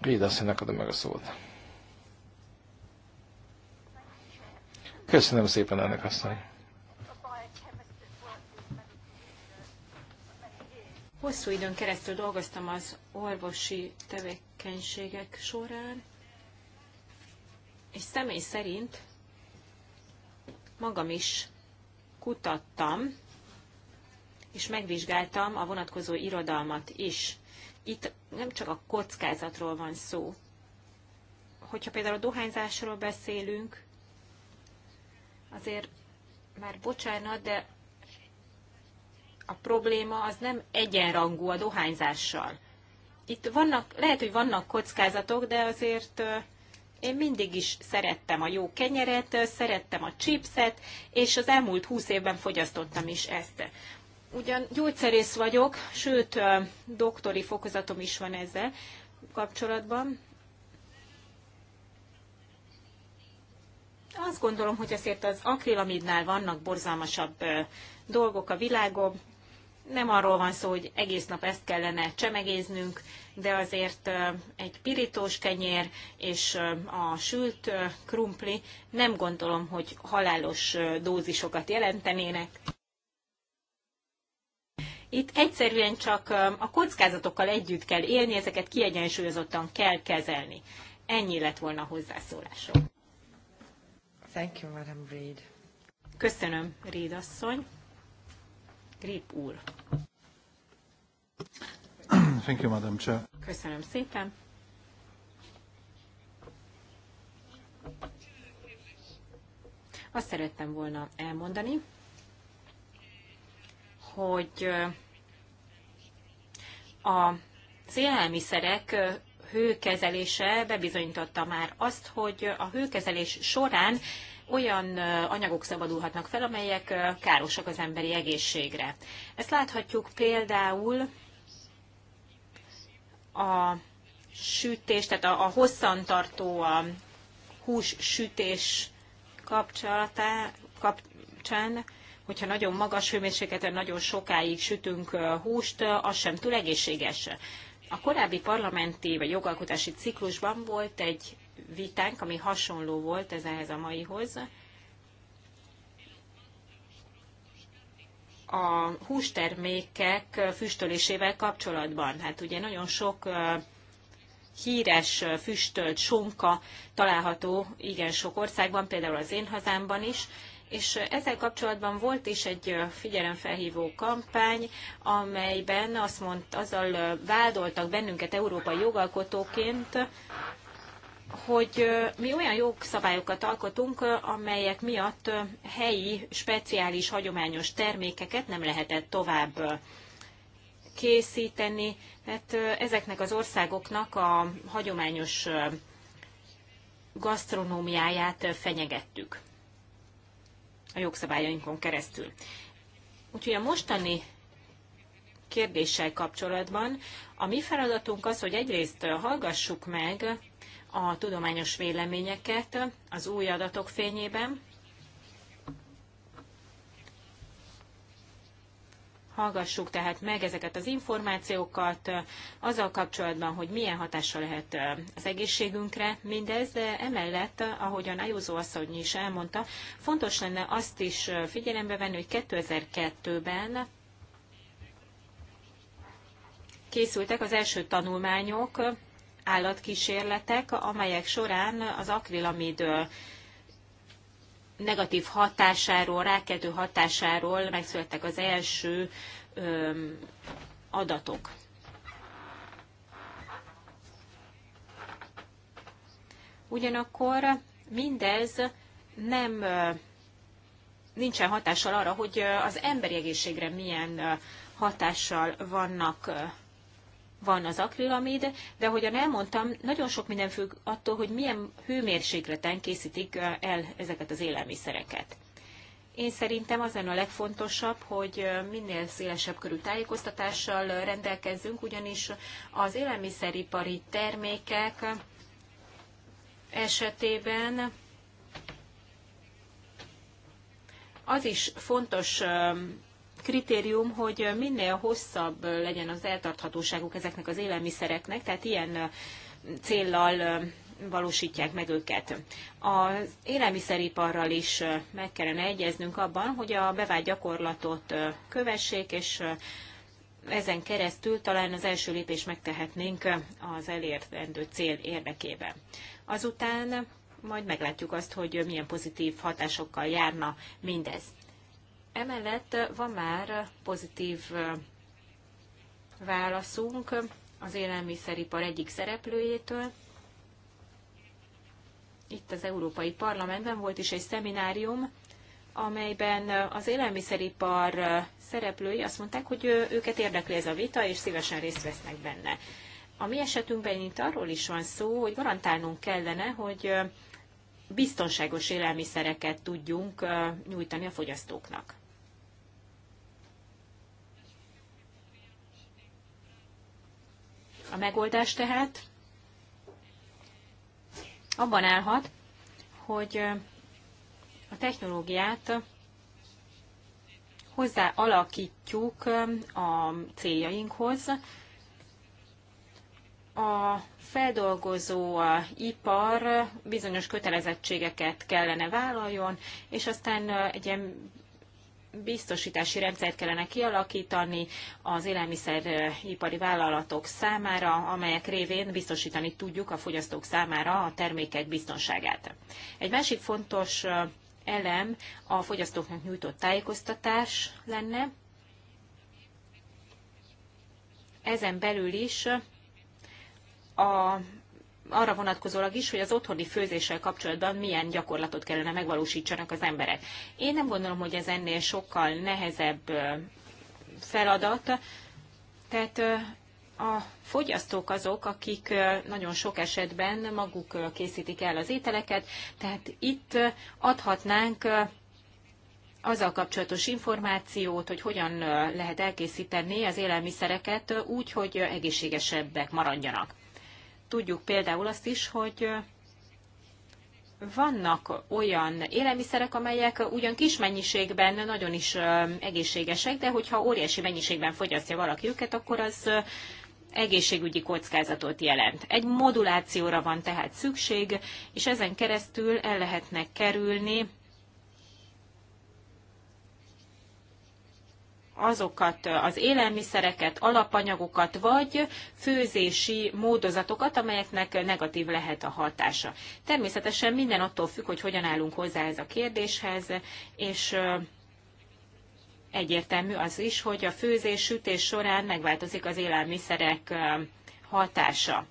Réda adom meg a szót. Köszönöm szépen ennek asszony. Hosszú időn keresztül dolgoztam az orvosi tevékenységek során, és személy szerint magam is kutattam, és megvizsgáltam a vonatkozó irodalmat is. Itt nem csak a kockázatról van szó. Hogyha például a dohányzásról beszélünk, azért már bocsánat, de a probléma az nem egyenrangú a dohányzással. Itt vannak, lehet, hogy vannak kockázatok, de azért én mindig is szerettem a jó kenyeret, szerettem a chipset, és az elmúlt húsz évben fogyasztottam is ezt. Ugyan gyógyszerész vagyok, sőt, doktori fokozatom is van ezzel kapcsolatban, Azt gondolom, hogy azért az akrilamidnál vannak borzalmasabb dolgok a világon. Nem arról van szó, hogy egész nap ezt kellene csemegéznünk, de azért egy pirítós kenyér és a sült krumpli nem gondolom, hogy halálos dózisokat jelentenének. Itt egyszerűen csak a kockázatokkal együtt kell élni, ezeket kiegyensúlyozottan kell kezelni. Ennyi lett volna a hozzászólásom. Thank you, Madam Köszönöm, Reid asszony. Grip úr. Thank you, Madam Chair. Köszönöm szépen. Azt szerettem volna elmondani, hogy a, az élelmiszerek hőkezelése bebizonyította már azt, hogy a hőkezelés során olyan anyagok szabadulhatnak fel, amelyek károsak az emberi egészségre. Ezt láthatjuk például a sütés, tehát a, a hosszantartó a hús sütés kapcsán, hogyha nagyon magas hőmérsékleten nagyon sokáig sütünk húst, az sem túl egészséges. A korábbi parlamenti vagy jogalkotási ciklusban volt egy vitánk, ami hasonló volt ez ehhez a maihoz. A hústermékek füstölésével kapcsolatban. Hát ugye nagyon sok híres füstölt sonka található igen sok országban, például az én hazámban is, és ezzel kapcsolatban volt is egy figyelemfelhívó kampány, amelyben azt mondt, azzal vádoltak bennünket európai jogalkotóként, hogy mi olyan jogszabályokat alkotunk, amelyek miatt helyi, speciális, hagyományos termékeket nem lehetett tovább készíteni. mert ezeknek az országoknak a hagyományos gasztronómiáját fenyegettük a jogszabályainkon keresztül. Úgyhogy a mostani kérdéssel kapcsolatban a mi feladatunk az, hogy egyrészt hallgassuk meg a tudományos véleményeket az új adatok fényében, hallgassuk tehát meg ezeket az információkat azzal kapcsolatban, hogy milyen hatással lehet az egészségünkre mindez, de emellett, ahogy a Ajózó asszony is elmondta, fontos lenne azt is figyelembe venni, hogy 2002-ben készültek az első tanulmányok, állatkísérletek, amelyek során az akrilamid negatív hatásáról, rákeltő hatásáról megszülettek az első adatok. Ugyanakkor mindez nem nincsen hatással arra, hogy az emberi egészségre milyen hatással vannak van az akrilamid, de ahogyan elmondtam, nagyon sok minden függ attól, hogy milyen hőmérsékleten készítik el ezeket az élelmiszereket. Én szerintem az lenne a legfontosabb, hogy minél szélesebb körű tájékoztatással rendelkezzünk, ugyanis az élelmiszeripari termékek esetében az is fontos kritérium, hogy minél hosszabb legyen az eltarthatóságuk ezeknek az élelmiszereknek, tehát ilyen céllal valósítják meg őket. Az élelmiszeriparral is meg kellene egyeznünk abban, hogy a bevált gyakorlatot kövessék, és ezen keresztül talán az első lépést megtehetnénk az elérendő cél érdekében. Azután majd meglátjuk azt, hogy milyen pozitív hatásokkal járna mindez. Emellett van már pozitív válaszunk az élelmiszeripar egyik szereplőjétől. Itt az Európai Parlamentben volt is egy szeminárium, amelyben az élelmiszeripar szereplői azt mondták, hogy őket érdekli ez a vita, és szívesen részt vesznek benne. A mi esetünkben itt arról is van szó, hogy garantálnunk kellene, hogy biztonságos élelmiszereket tudjunk nyújtani a fogyasztóknak. A megoldás tehát abban állhat, hogy a technológiát hozzá alakítjuk a céljainkhoz. A feldolgozó ipar bizonyos kötelezettségeket kellene vállaljon, és aztán egy ilyen biztosítási rendszert kellene kialakítani az élelmiszeripari vállalatok számára, amelyek révén biztosítani tudjuk a fogyasztók számára a termékek biztonságát. Egy másik fontos elem a fogyasztóknak nyújtott tájékoztatás lenne. Ezen belül is a arra vonatkozólag is, hogy az otthoni főzéssel kapcsolatban milyen gyakorlatot kellene megvalósítsanak az emberek. Én nem gondolom, hogy ez ennél sokkal nehezebb feladat, tehát a fogyasztók azok, akik nagyon sok esetben maguk készítik el az ételeket, tehát itt adhatnánk azzal kapcsolatos információt, hogy hogyan lehet elkészíteni az élelmiszereket úgy, hogy egészségesebbek maradjanak tudjuk például azt is, hogy vannak olyan élelmiszerek, amelyek ugyan kis mennyiségben nagyon is egészségesek, de hogyha óriási mennyiségben fogyasztja valaki őket, akkor az egészségügyi kockázatot jelent. Egy modulációra van tehát szükség, és ezen keresztül el lehetnek kerülni azokat az élelmiszereket, alapanyagokat, vagy főzési módozatokat, amelyeknek negatív lehet a hatása. Természetesen minden attól függ, hogy hogyan állunk hozzá ez a kérdéshez, és egyértelmű az is, hogy a főzés, sütés során megváltozik az élelmiszerek hatása.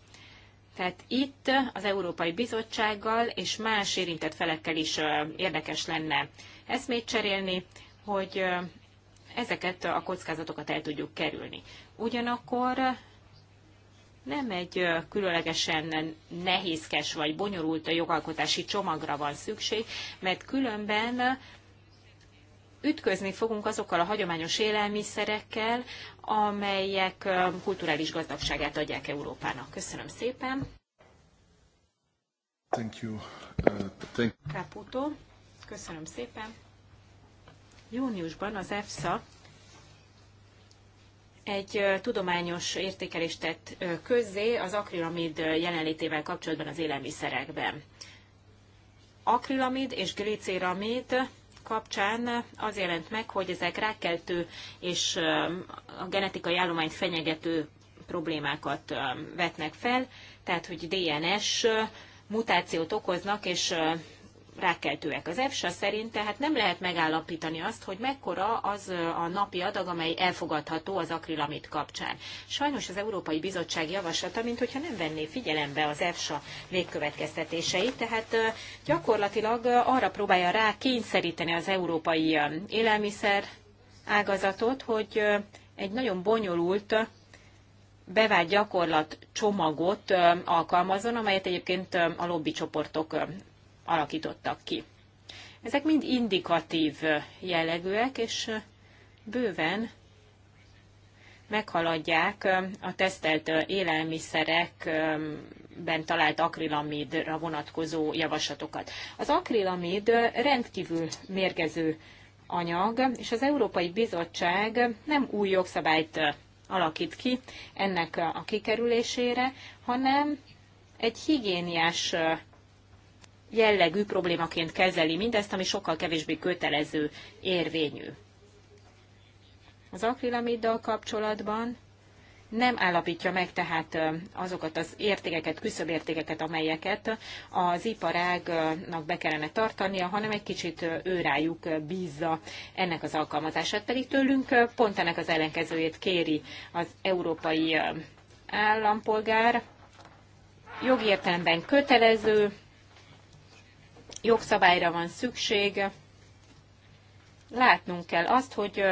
Tehát itt az Európai Bizottsággal és más érintett felekkel is érdekes lenne eszmét cserélni, hogy ezeket a kockázatokat el tudjuk kerülni. Ugyanakkor nem egy különlegesen nehézkes vagy bonyolult jogalkotási csomagra van szükség, mert különben ütközni fogunk azokkal a hagyományos élelmiszerekkel, amelyek kulturális gazdagságát adják Európának. Köszönöm szépen. Thank you. Uh, thank... Caputo. Köszönöm szépen. Júniusban az EFSA egy tudományos értékelést tett közzé az akrilamid jelenlétével kapcsolatban az élelmiszerekben. Akrilamid és glicéramid kapcsán az jelent meg, hogy ezek rákkeltő és a genetikai állományt fenyegető problémákat vetnek fel, tehát hogy DNS mutációt okoznak, és rákeltőek. Az EFSA szerint tehát nem lehet megállapítani azt, hogy mekkora az a napi adag, amely elfogadható az akrilamid kapcsán. Sajnos az Európai Bizottság javaslata, mint hogyha nem venné figyelembe az EFSA végkövetkeztetéseit, tehát gyakorlatilag arra próbálja rá kényszeríteni az európai élelmiszer ágazatot, hogy egy nagyon bonyolult bevált gyakorlat csomagot alkalmazzon, amelyet egyébként a lobby csoportok alakítottak ki. Ezek mind indikatív jellegűek, és bőven meghaladják a tesztelt élelmiszerekben talált akrilamidra vonatkozó javaslatokat. Az akrilamid rendkívül mérgező anyag, és az Európai Bizottság nem új jogszabályt alakít ki ennek a kikerülésére, hanem egy higiéniás jellegű problémaként kezeli mindezt, ami sokkal kevésbé kötelező érvényű. Az akrilamiddal kapcsolatban nem állapítja meg tehát azokat az értékeket, küszöbértékeket, amelyeket az iparágnak be kellene tartania, hanem egy kicsit őrájuk bízza ennek az alkalmazását. Pedig tőlünk pont ennek az ellenkezőjét kéri az európai állampolgár. Jogi értelemben kötelező jogszabályra van szükség. Látnunk kell azt, hogy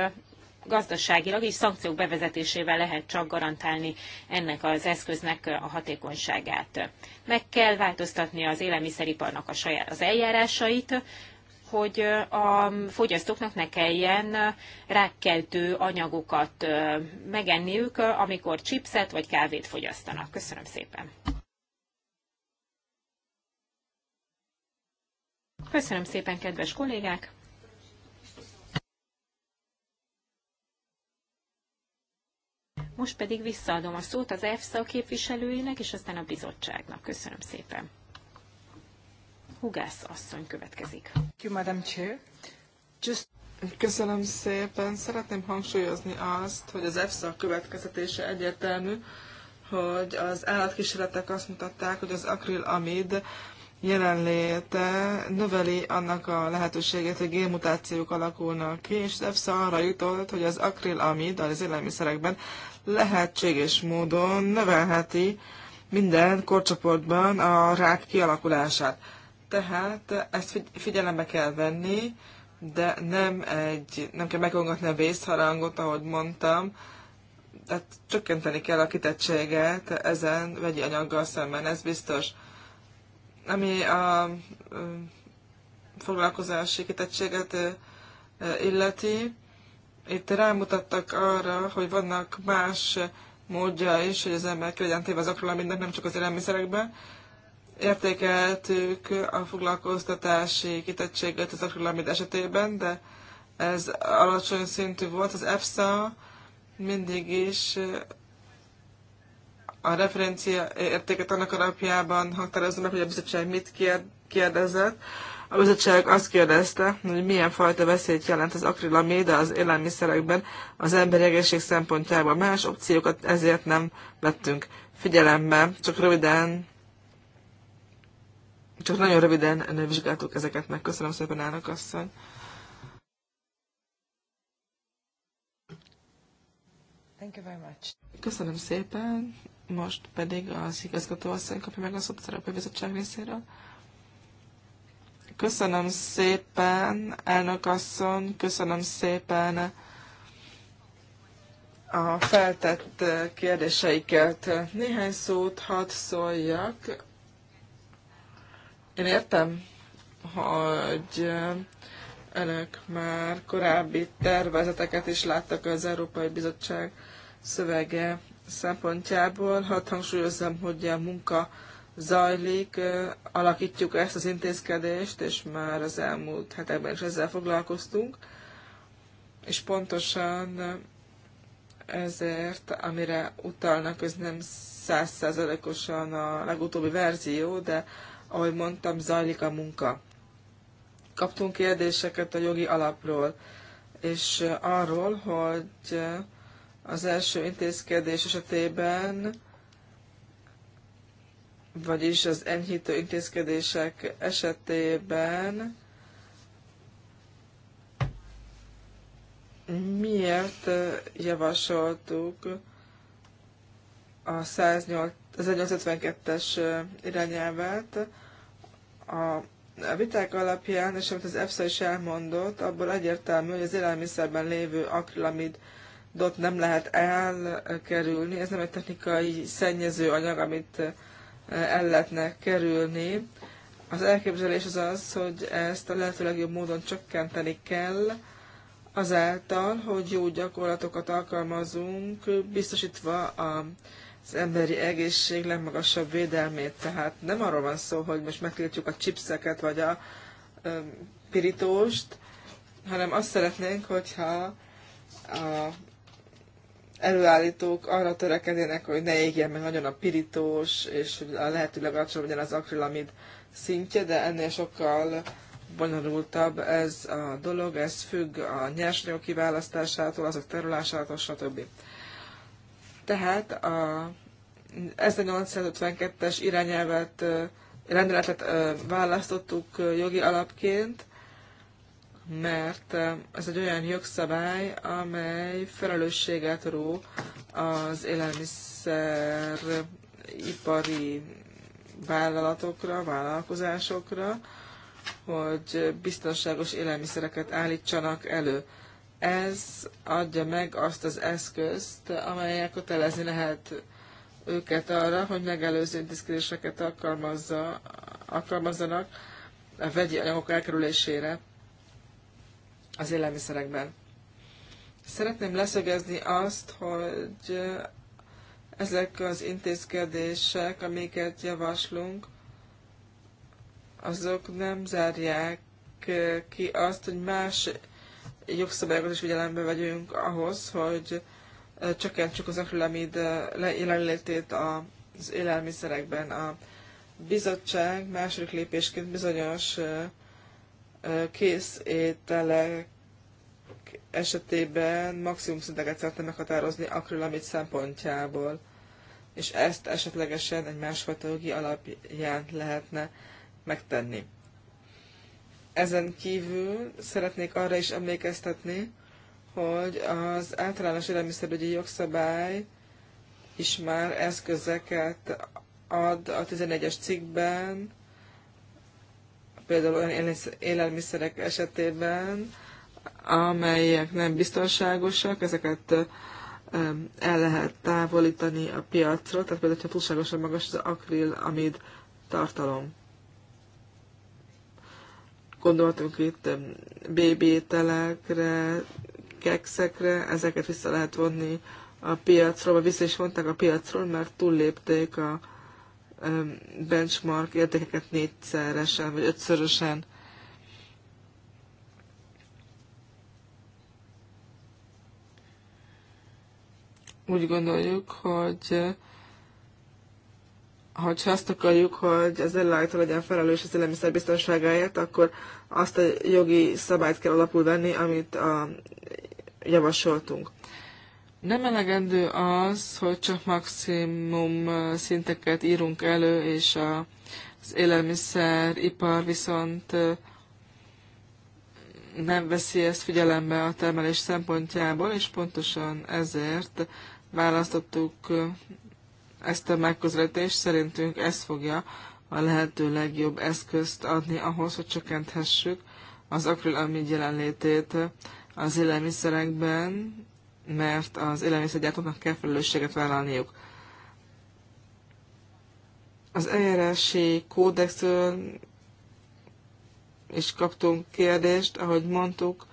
gazdaságilag és szankciók bevezetésével lehet csak garantálni ennek az eszköznek a hatékonyságát. Meg kell változtatni az élelmiszeriparnak a saját, az eljárásait, hogy a fogyasztóknak ne kelljen rákkeltő anyagokat megenniük, amikor chipset vagy kávét fogyasztanak. Köszönöm szépen! Köszönöm szépen, kedves kollégák! Most pedig visszaadom a szót az EFSA képviselőinek, és aztán a bizottságnak. Köszönöm szépen. Hugász asszony következik. Köszönöm szépen. Szeretném hangsúlyozni azt, hogy az EFSA következetése egyértelmű, hogy az állatkísérletek azt mutatták, hogy az akrilamid jelenléte növeli annak a lehetőségét, hogy génmutációk alakulnak ki, és EFSA arra jutott, hogy az akrilamid az élelmiszerekben lehetséges módon növelheti minden korcsoportban a rák kialakulását. Tehát ezt figyelembe kell venni, de nem egy, nem kell megongatni a vészharangot, ahogy mondtam, tehát csökkenteni kell a kitettséget ezen vegyi anyaggal szemben, ez biztos ami a foglalkozási kitettséget illeti, itt rámutattak arra, hogy vannak más módja is, hogy az ember ki legyen téve azokról, aminek nem csak az élelmiszerekben. Értékeltük a foglalkoztatási kitettséget az akrilamid esetében, de ez alacsony szintű volt. Az EFSA mindig is a referencia értéket annak alapjában határozza meg, hogy a bizottság mit kérdezett. A bizottság azt kérdezte, hogy milyen fajta veszélyt jelent az akrilamida az élelmiszerekben az emberi egészség szempontjából. Más opciókat ezért nem vettünk figyelembe, csak röviden csak nagyon röviden vizsgáltuk ezeket meg. Köszönöm szépen, elnök asszony. Thank you very much. Köszönöm szépen. Most pedig az igazgató asszony kapja meg a szót az Európai Bizottság részéről. Köszönöm szépen, elnök asszony, köszönöm szépen a feltett kérdéseiket. Néhány szót hadd szóljak. Én értem, hogy önök már korábbi tervezeteket is láttak az Európai Bizottság szövege szempontjából, hadd hangsúlyozzam, hogy a munka zajlik, alakítjuk ezt az intézkedést, és már az elmúlt hetekben is ezzel foglalkoztunk, és pontosan ezért, amire utalnak, ez nem százszerzelekosan a legutóbbi verzió, de ahogy mondtam, zajlik a munka. Kaptunk kérdéseket a jogi alapról, és arról, hogy az első intézkedés esetében, vagyis az enyhítő intézkedések esetében miért javasoltuk a 1852-es irányelvet a a viták alapján, és amit az EFSA is elmondott, abból egyértelmű, hogy az élelmiszerben lévő akrilamid dot nem lehet elkerülni, ez nem egy technikai szennyező anyag, amit eh, el lehetne kerülni. Az elképzelés az az, hogy ezt a lehető legjobb módon csökkenteni kell, azáltal, hogy jó gyakorlatokat alkalmazunk, biztosítva az emberi egészség legmagasabb védelmét. Tehát nem arról van szó, hogy most megtiltjuk a chipseket vagy a eh, pirítóst, hanem azt szeretnénk, hogyha a előállítók arra törekedjenek, hogy ne égjen meg nagyon a pirítós, és hogy a lehető legalacsonyabb legyen az akrilamid szintje, de ennél sokkal bonyolultabb ez a dolog, ez függ a nyersanyagok kiválasztásától, azok terülásától, stb. Tehát a 1852-es irányelvet rendeletet választottuk jogi alapként, mert ez egy olyan jogszabály, amely felelősséget ró az élelmiszer ipari vállalatokra, vállalkozásokra, hogy biztonságos élelmiszereket állítsanak elő. Ez adja meg azt az eszközt, amelyek kötelezni lehet őket arra, hogy megelőző intézkedéseket alkalmazza, alkalmazzanak a vegyi anyagok elkerülésére az élelmiszerekben. Szeretném leszögezni azt, hogy ezek az intézkedések, amiket javaslunk, azok nem zárják ki azt, hogy más jogszabályokat is figyelembe vegyünk ahhoz, hogy csökkentsük az akrilamid jelenlétét az élelmiszerekben. A bizottság második lépésként bizonyos kész ételek esetében maximum szinteket szeretne meghatározni akrilamid szempontjából, és ezt esetlegesen egy másfajta jogi alapján lehetne megtenni. Ezen kívül szeretnék arra is emlékeztetni, hogy az általános élelmiszerügyi jogszabály is már eszközeket ad a 11-es cikkben például olyan élelmiszerek esetében, amelyek nem biztonságosak, ezeket el lehet távolítani a piacról, tehát például, ha túlságosan magas az akril, amit tartalom. Gondoltunk itt bébételekre, kekszekre, ezeket vissza lehet vonni a piacról, vagy vissza is vonták a piacról, mert túllépték a benchmark értékeket négyszeresen vagy ötszörösen. Úgy gondoljuk, hogy ha azt akarjuk, hogy az előállító legyen felelős az élelmiszer biztonságáért, akkor azt a jogi szabályt kell alapul venni, amit a, javasoltunk. Nem elegendő az, hogy csak maximum szinteket írunk elő, és a, az élelmiszeripar viszont nem veszi ezt figyelembe a termelés szempontjából, és pontosan ezért választottuk ezt a megközelítést, szerintünk ez fogja a lehető legjobb eszközt adni ahhoz, hogy csökkenthessük az akrilamid jelenlétét az élelmiszerekben, mert az élelmiszergyártóknak kell felelősséget vállalniuk. Az eljárási kódexről is kaptunk kérdést, ahogy mondtuk,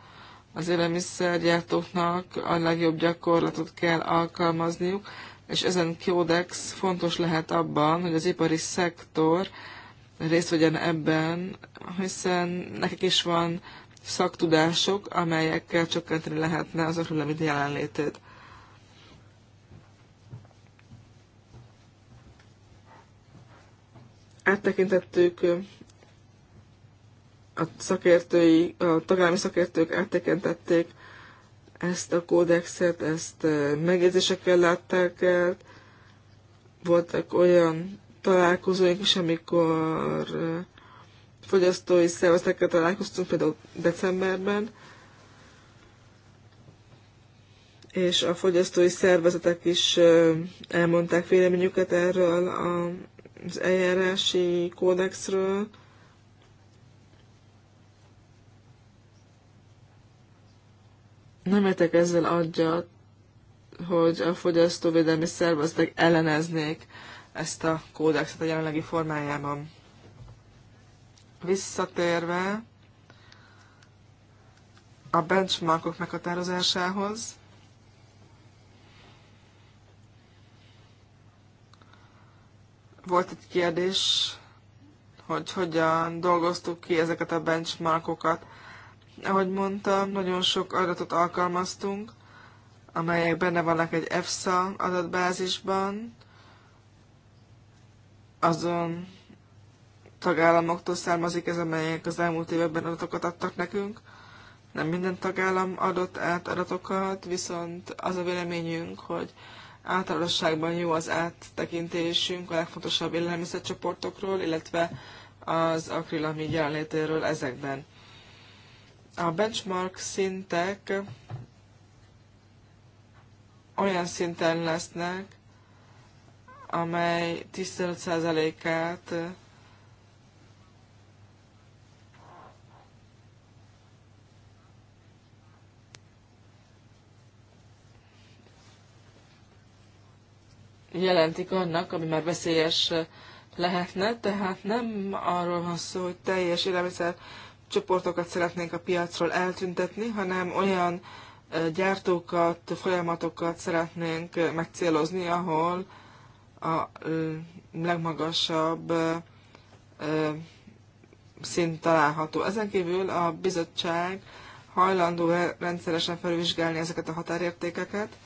az élelmiszergyártóknak a legjobb gyakorlatot kell alkalmazniuk, és ezen kódex fontos lehet abban, hogy az ipari szektor részt vegyen ebben, hiszen nekik is van szaktudások, amelyekkel csökkenteni lehetne az akrilamid jelenlétét. Áttekintettük a szakértői, a tagállami szakértők áttekintették ezt a kódexet, ezt megjegyzésekkel látták el. Voltak olyan találkozóink is, amikor fogyasztói szervezetekkel találkoztunk például decemberben, és a fogyasztói szervezetek is elmondták véleményüket erről az eljárási kódexről. Nem értek ezzel adja, hogy a fogyasztóvédelmi szervezetek elleneznék ezt a kódexet a jelenlegi formájában visszatérve a benchmarkok meghatározásához, volt egy kérdés, hogy hogyan dolgoztuk ki ezeket a benchmarkokat. Ahogy mondtam, nagyon sok adatot alkalmaztunk, amelyek benne vannak egy EFSA adatbázisban, azon tagállamoktól származik ez, amelyek az elmúlt években adatokat adtak nekünk. Nem minden tagállam adott át adatokat, viszont az a véleményünk, hogy általánosságban jó az áttekintésünk a legfontosabb élelmiszercsoportokról, illetve az akrilamid jelenlétéről ezekben. A benchmark szintek olyan szinten lesznek, amely 15%-át jelentik annak, ami már veszélyes lehetne, tehát nem arról van szó, hogy teljes élelmiszer csoportokat szeretnénk a piacról eltüntetni, hanem olyan gyártókat, folyamatokat szeretnénk megcélozni, ahol a legmagasabb szint található. Ezen kívül a bizottság hajlandó rendszeresen felvizsgálni ezeket a határértékeket,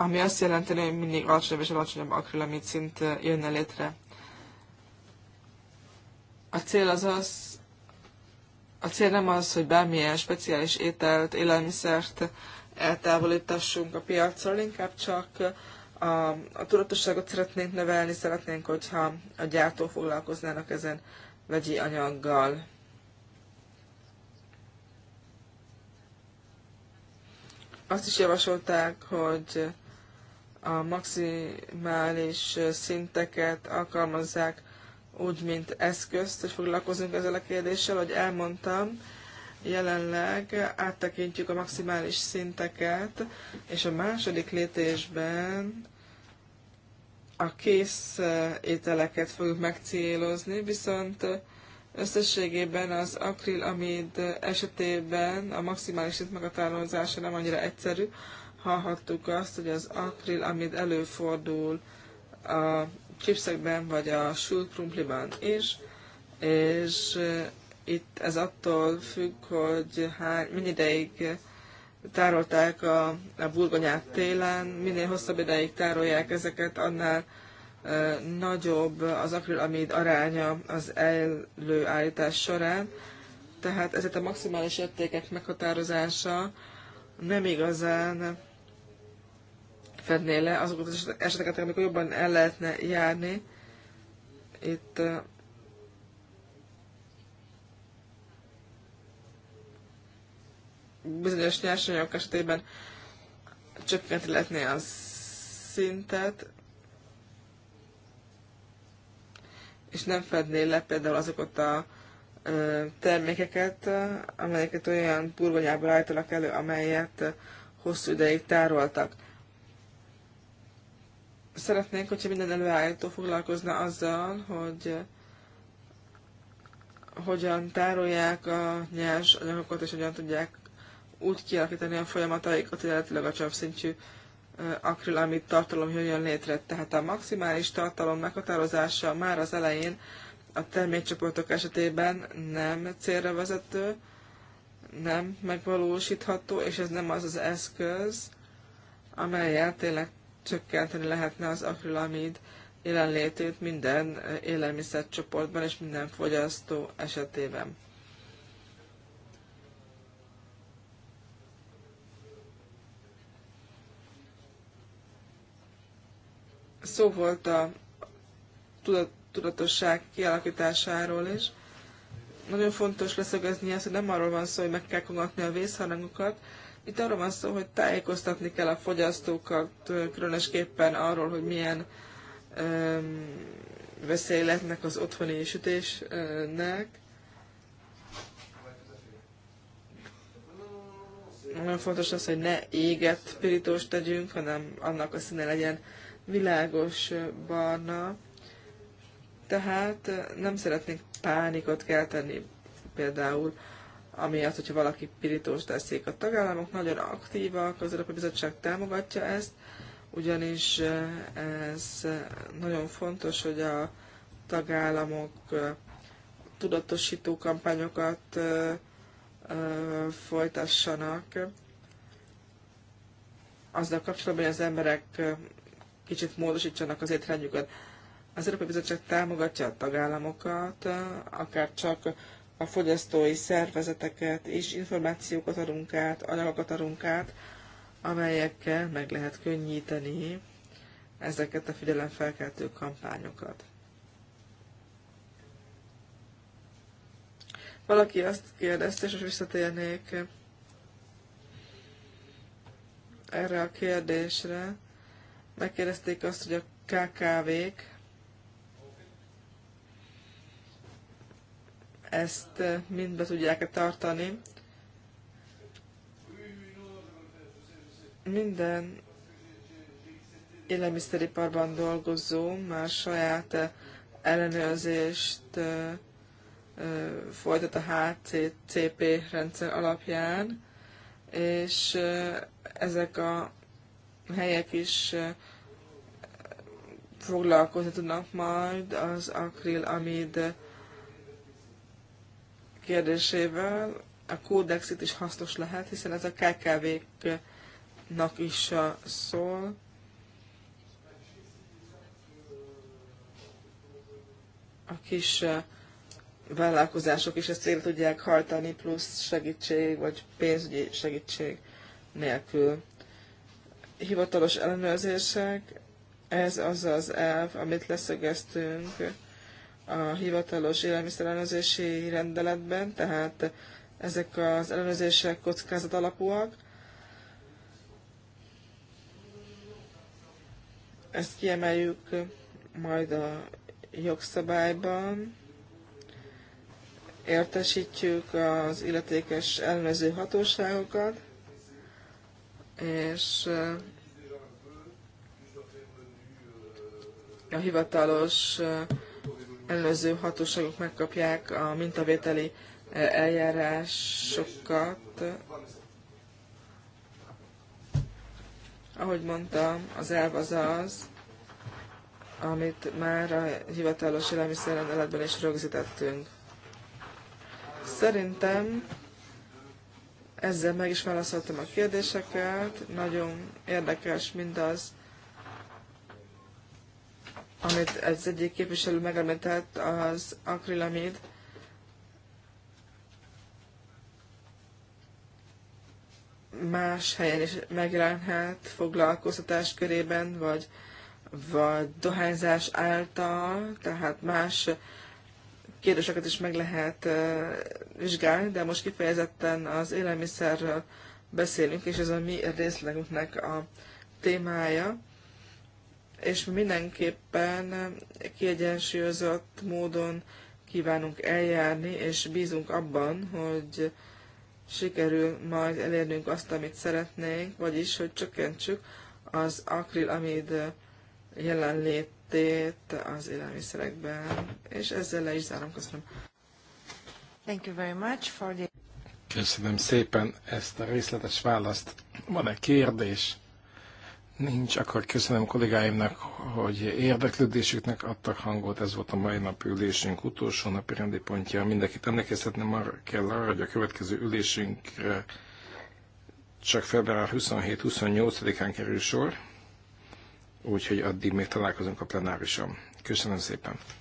ami azt jelenti, hogy mindig alacsonyabb és alacsonyabb akrilamid szint jönne létre. A cél az az, a cél nem az, hogy bármilyen speciális ételt, élelmiszert eltávolítassunk a piacról, inkább csak a, a tudatosságot szeretnénk növelni, szeretnénk, hogyha a gyártó foglalkoznának ezen vegyi anyaggal. Azt is javasolták, hogy a maximális szinteket alkalmazzák úgy, mint eszközt, és foglalkozunk ezzel a kérdéssel, hogy elmondtam, jelenleg áttekintjük a maximális szinteket, és a második lépésben a kész ételeket fogjuk megcélozni, viszont összességében az akrilamid esetében a maximális szint meghatározása nem annyira egyszerű, hallhattuk azt, hogy az akril, amit előfordul a chipsekben vagy a sült krumpliban is, és eh, itt ez attól függ, hogy hány, mennyi ideig tárolták a, a burgonyát télen, minél hosszabb ideig tárolják ezeket, annál e, nagyobb az akrilamid aránya az előállítás során. Tehát ezért a maximális értékek meghatározása nem igazán fedné le azokat az eseteket, amikor jobban el lehetne járni. Itt bizonyos nyersanyagok esetében csökkenti lehetné a szintet, és nem fedné le például azokat a termékeket, amelyeket olyan burgonyából állítanak elő, amelyet hosszú ideig tároltak szeretnénk, hogyha minden előállító foglalkozna azzal, hogy eh, hogyan tárolják a nyers anyagokat, és hogyan tudják úgy kialakítani a folyamataikat, illetve a csapszintű eh, akrilamid tartalom jöjjön létre. Tehát a maximális tartalom meghatározása már az elején a termékcsoportok esetében nem célra vezető, nem megvalósítható, és ez nem az az eszköz, amelyel tényleg csökkenteni lehetne az akrilamid jelenlétét minden eh, élelmiszercsoportban és minden fogyasztó esetében. Szó volt a tudatosság kialakításáról is. Nagyon fontos leszögezni ezt, hogy nem arról van szó, hogy meg kell kongatni a vészharangokat, itt arról van szó, hogy tájékoztatni kell a fogyasztókat, különösképpen arról, hogy milyen öm, veszély lehetnek az otthoni sütésnek. Nagyon fontos az, hogy ne éget spiritus tegyünk, hanem annak a színe legyen világos barna. Tehát nem szeretnénk pánikot kelteni például ami hogyha valaki pirítós teszik. A tagállamok nagyon aktívak, az Európai Bizottság támogatja ezt, ugyanis eh, ez nagyon fontos, hogy a tagállamok eh, tudatosító kampányokat eh, folytassanak azzal kapcsolatban, hogy az emberek kicsit módosítsanak az étrendjüket. Az Európai Bizottság támogatja a tagállamokat, akár csak a fogyasztói szervezeteket, és információkat adunk át, anyagokat adunk át, amelyekkel meg lehet könnyíteni ezeket a figyelemfelkeltő kampányokat. Valaki azt kérdezte, és most visszatérnék erre a kérdésre. Megkérdezték azt, hogy a KKV-k ezt mind be tudják-e tartani. Minden élelmiszeriparban dolgozó már saját ellenőrzést folytat a HCCP rendszer alapján, és ezek a helyek is foglalkozni tudnak majd az akrilamid kérdésével. A kódexit is hasznos lehet, hiszen ez a KKV-knak is szól. A kis vállalkozások is ezt célra tudják hajtani, plusz segítség, vagy pénzügyi segítség nélkül. Hivatalos ellenőrzések, ez az az elv, amit leszögeztünk a hivatalos élelmiszerellenőrzési rendeletben, tehát ezek az ellenőrzések kockázat alapúak. Ezt kiemeljük majd a jogszabályban, értesítjük az illetékes ellenőrző hatóságokat, és eh, a hivatalos eh, ellenőrző hatóságok megkapják a mintavételi eh, eljárásokat. Ahogy mondtam, az elv az az, amit már a hivatalos élelmiszerrendeletben is rögzítettünk. Szerintem ezzel meg is válaszoltam a kérdéseket. Nagyon érdekes mindaz, amit az egyik képviselő megemlített, az akrilamid. más helyen is megjelenhet foglalkoztatás körében, vagy, vagy dohányzás által, tehát más kérdéseket is meg lehet vizsgálni, de most kifejezetten az élelmiszerről beszélünk, és ez a mi részlegünknek a témája és mindenképpen kiegyensúlyozott módon kívánunk eljárni, és bízunk abban, hogy sikerül majd elérnünk azt, amit szeretnénk, vagyis, hogy csökkentsük az akrilamid jelenlétét az élelmiszerekben. És ezzel le is zárom. Köszönöm. Thank you very much for the... Köszönöm szépen ezt a részletes választ. Van-e kérdés? nincs, akkor köszönöm kollégáimnak, hogy érdeklődésüknek adtak hangot. Ez volt a mai nap ülésünk utolsó napi rendi pontja. Mindenkit emlékeztetnem arra kell arra, hogy a következő ülésünkre csak február 27-28-án kerül sor, úgyhogy addig még találkozunk a plenárison. Köszönöm szépen!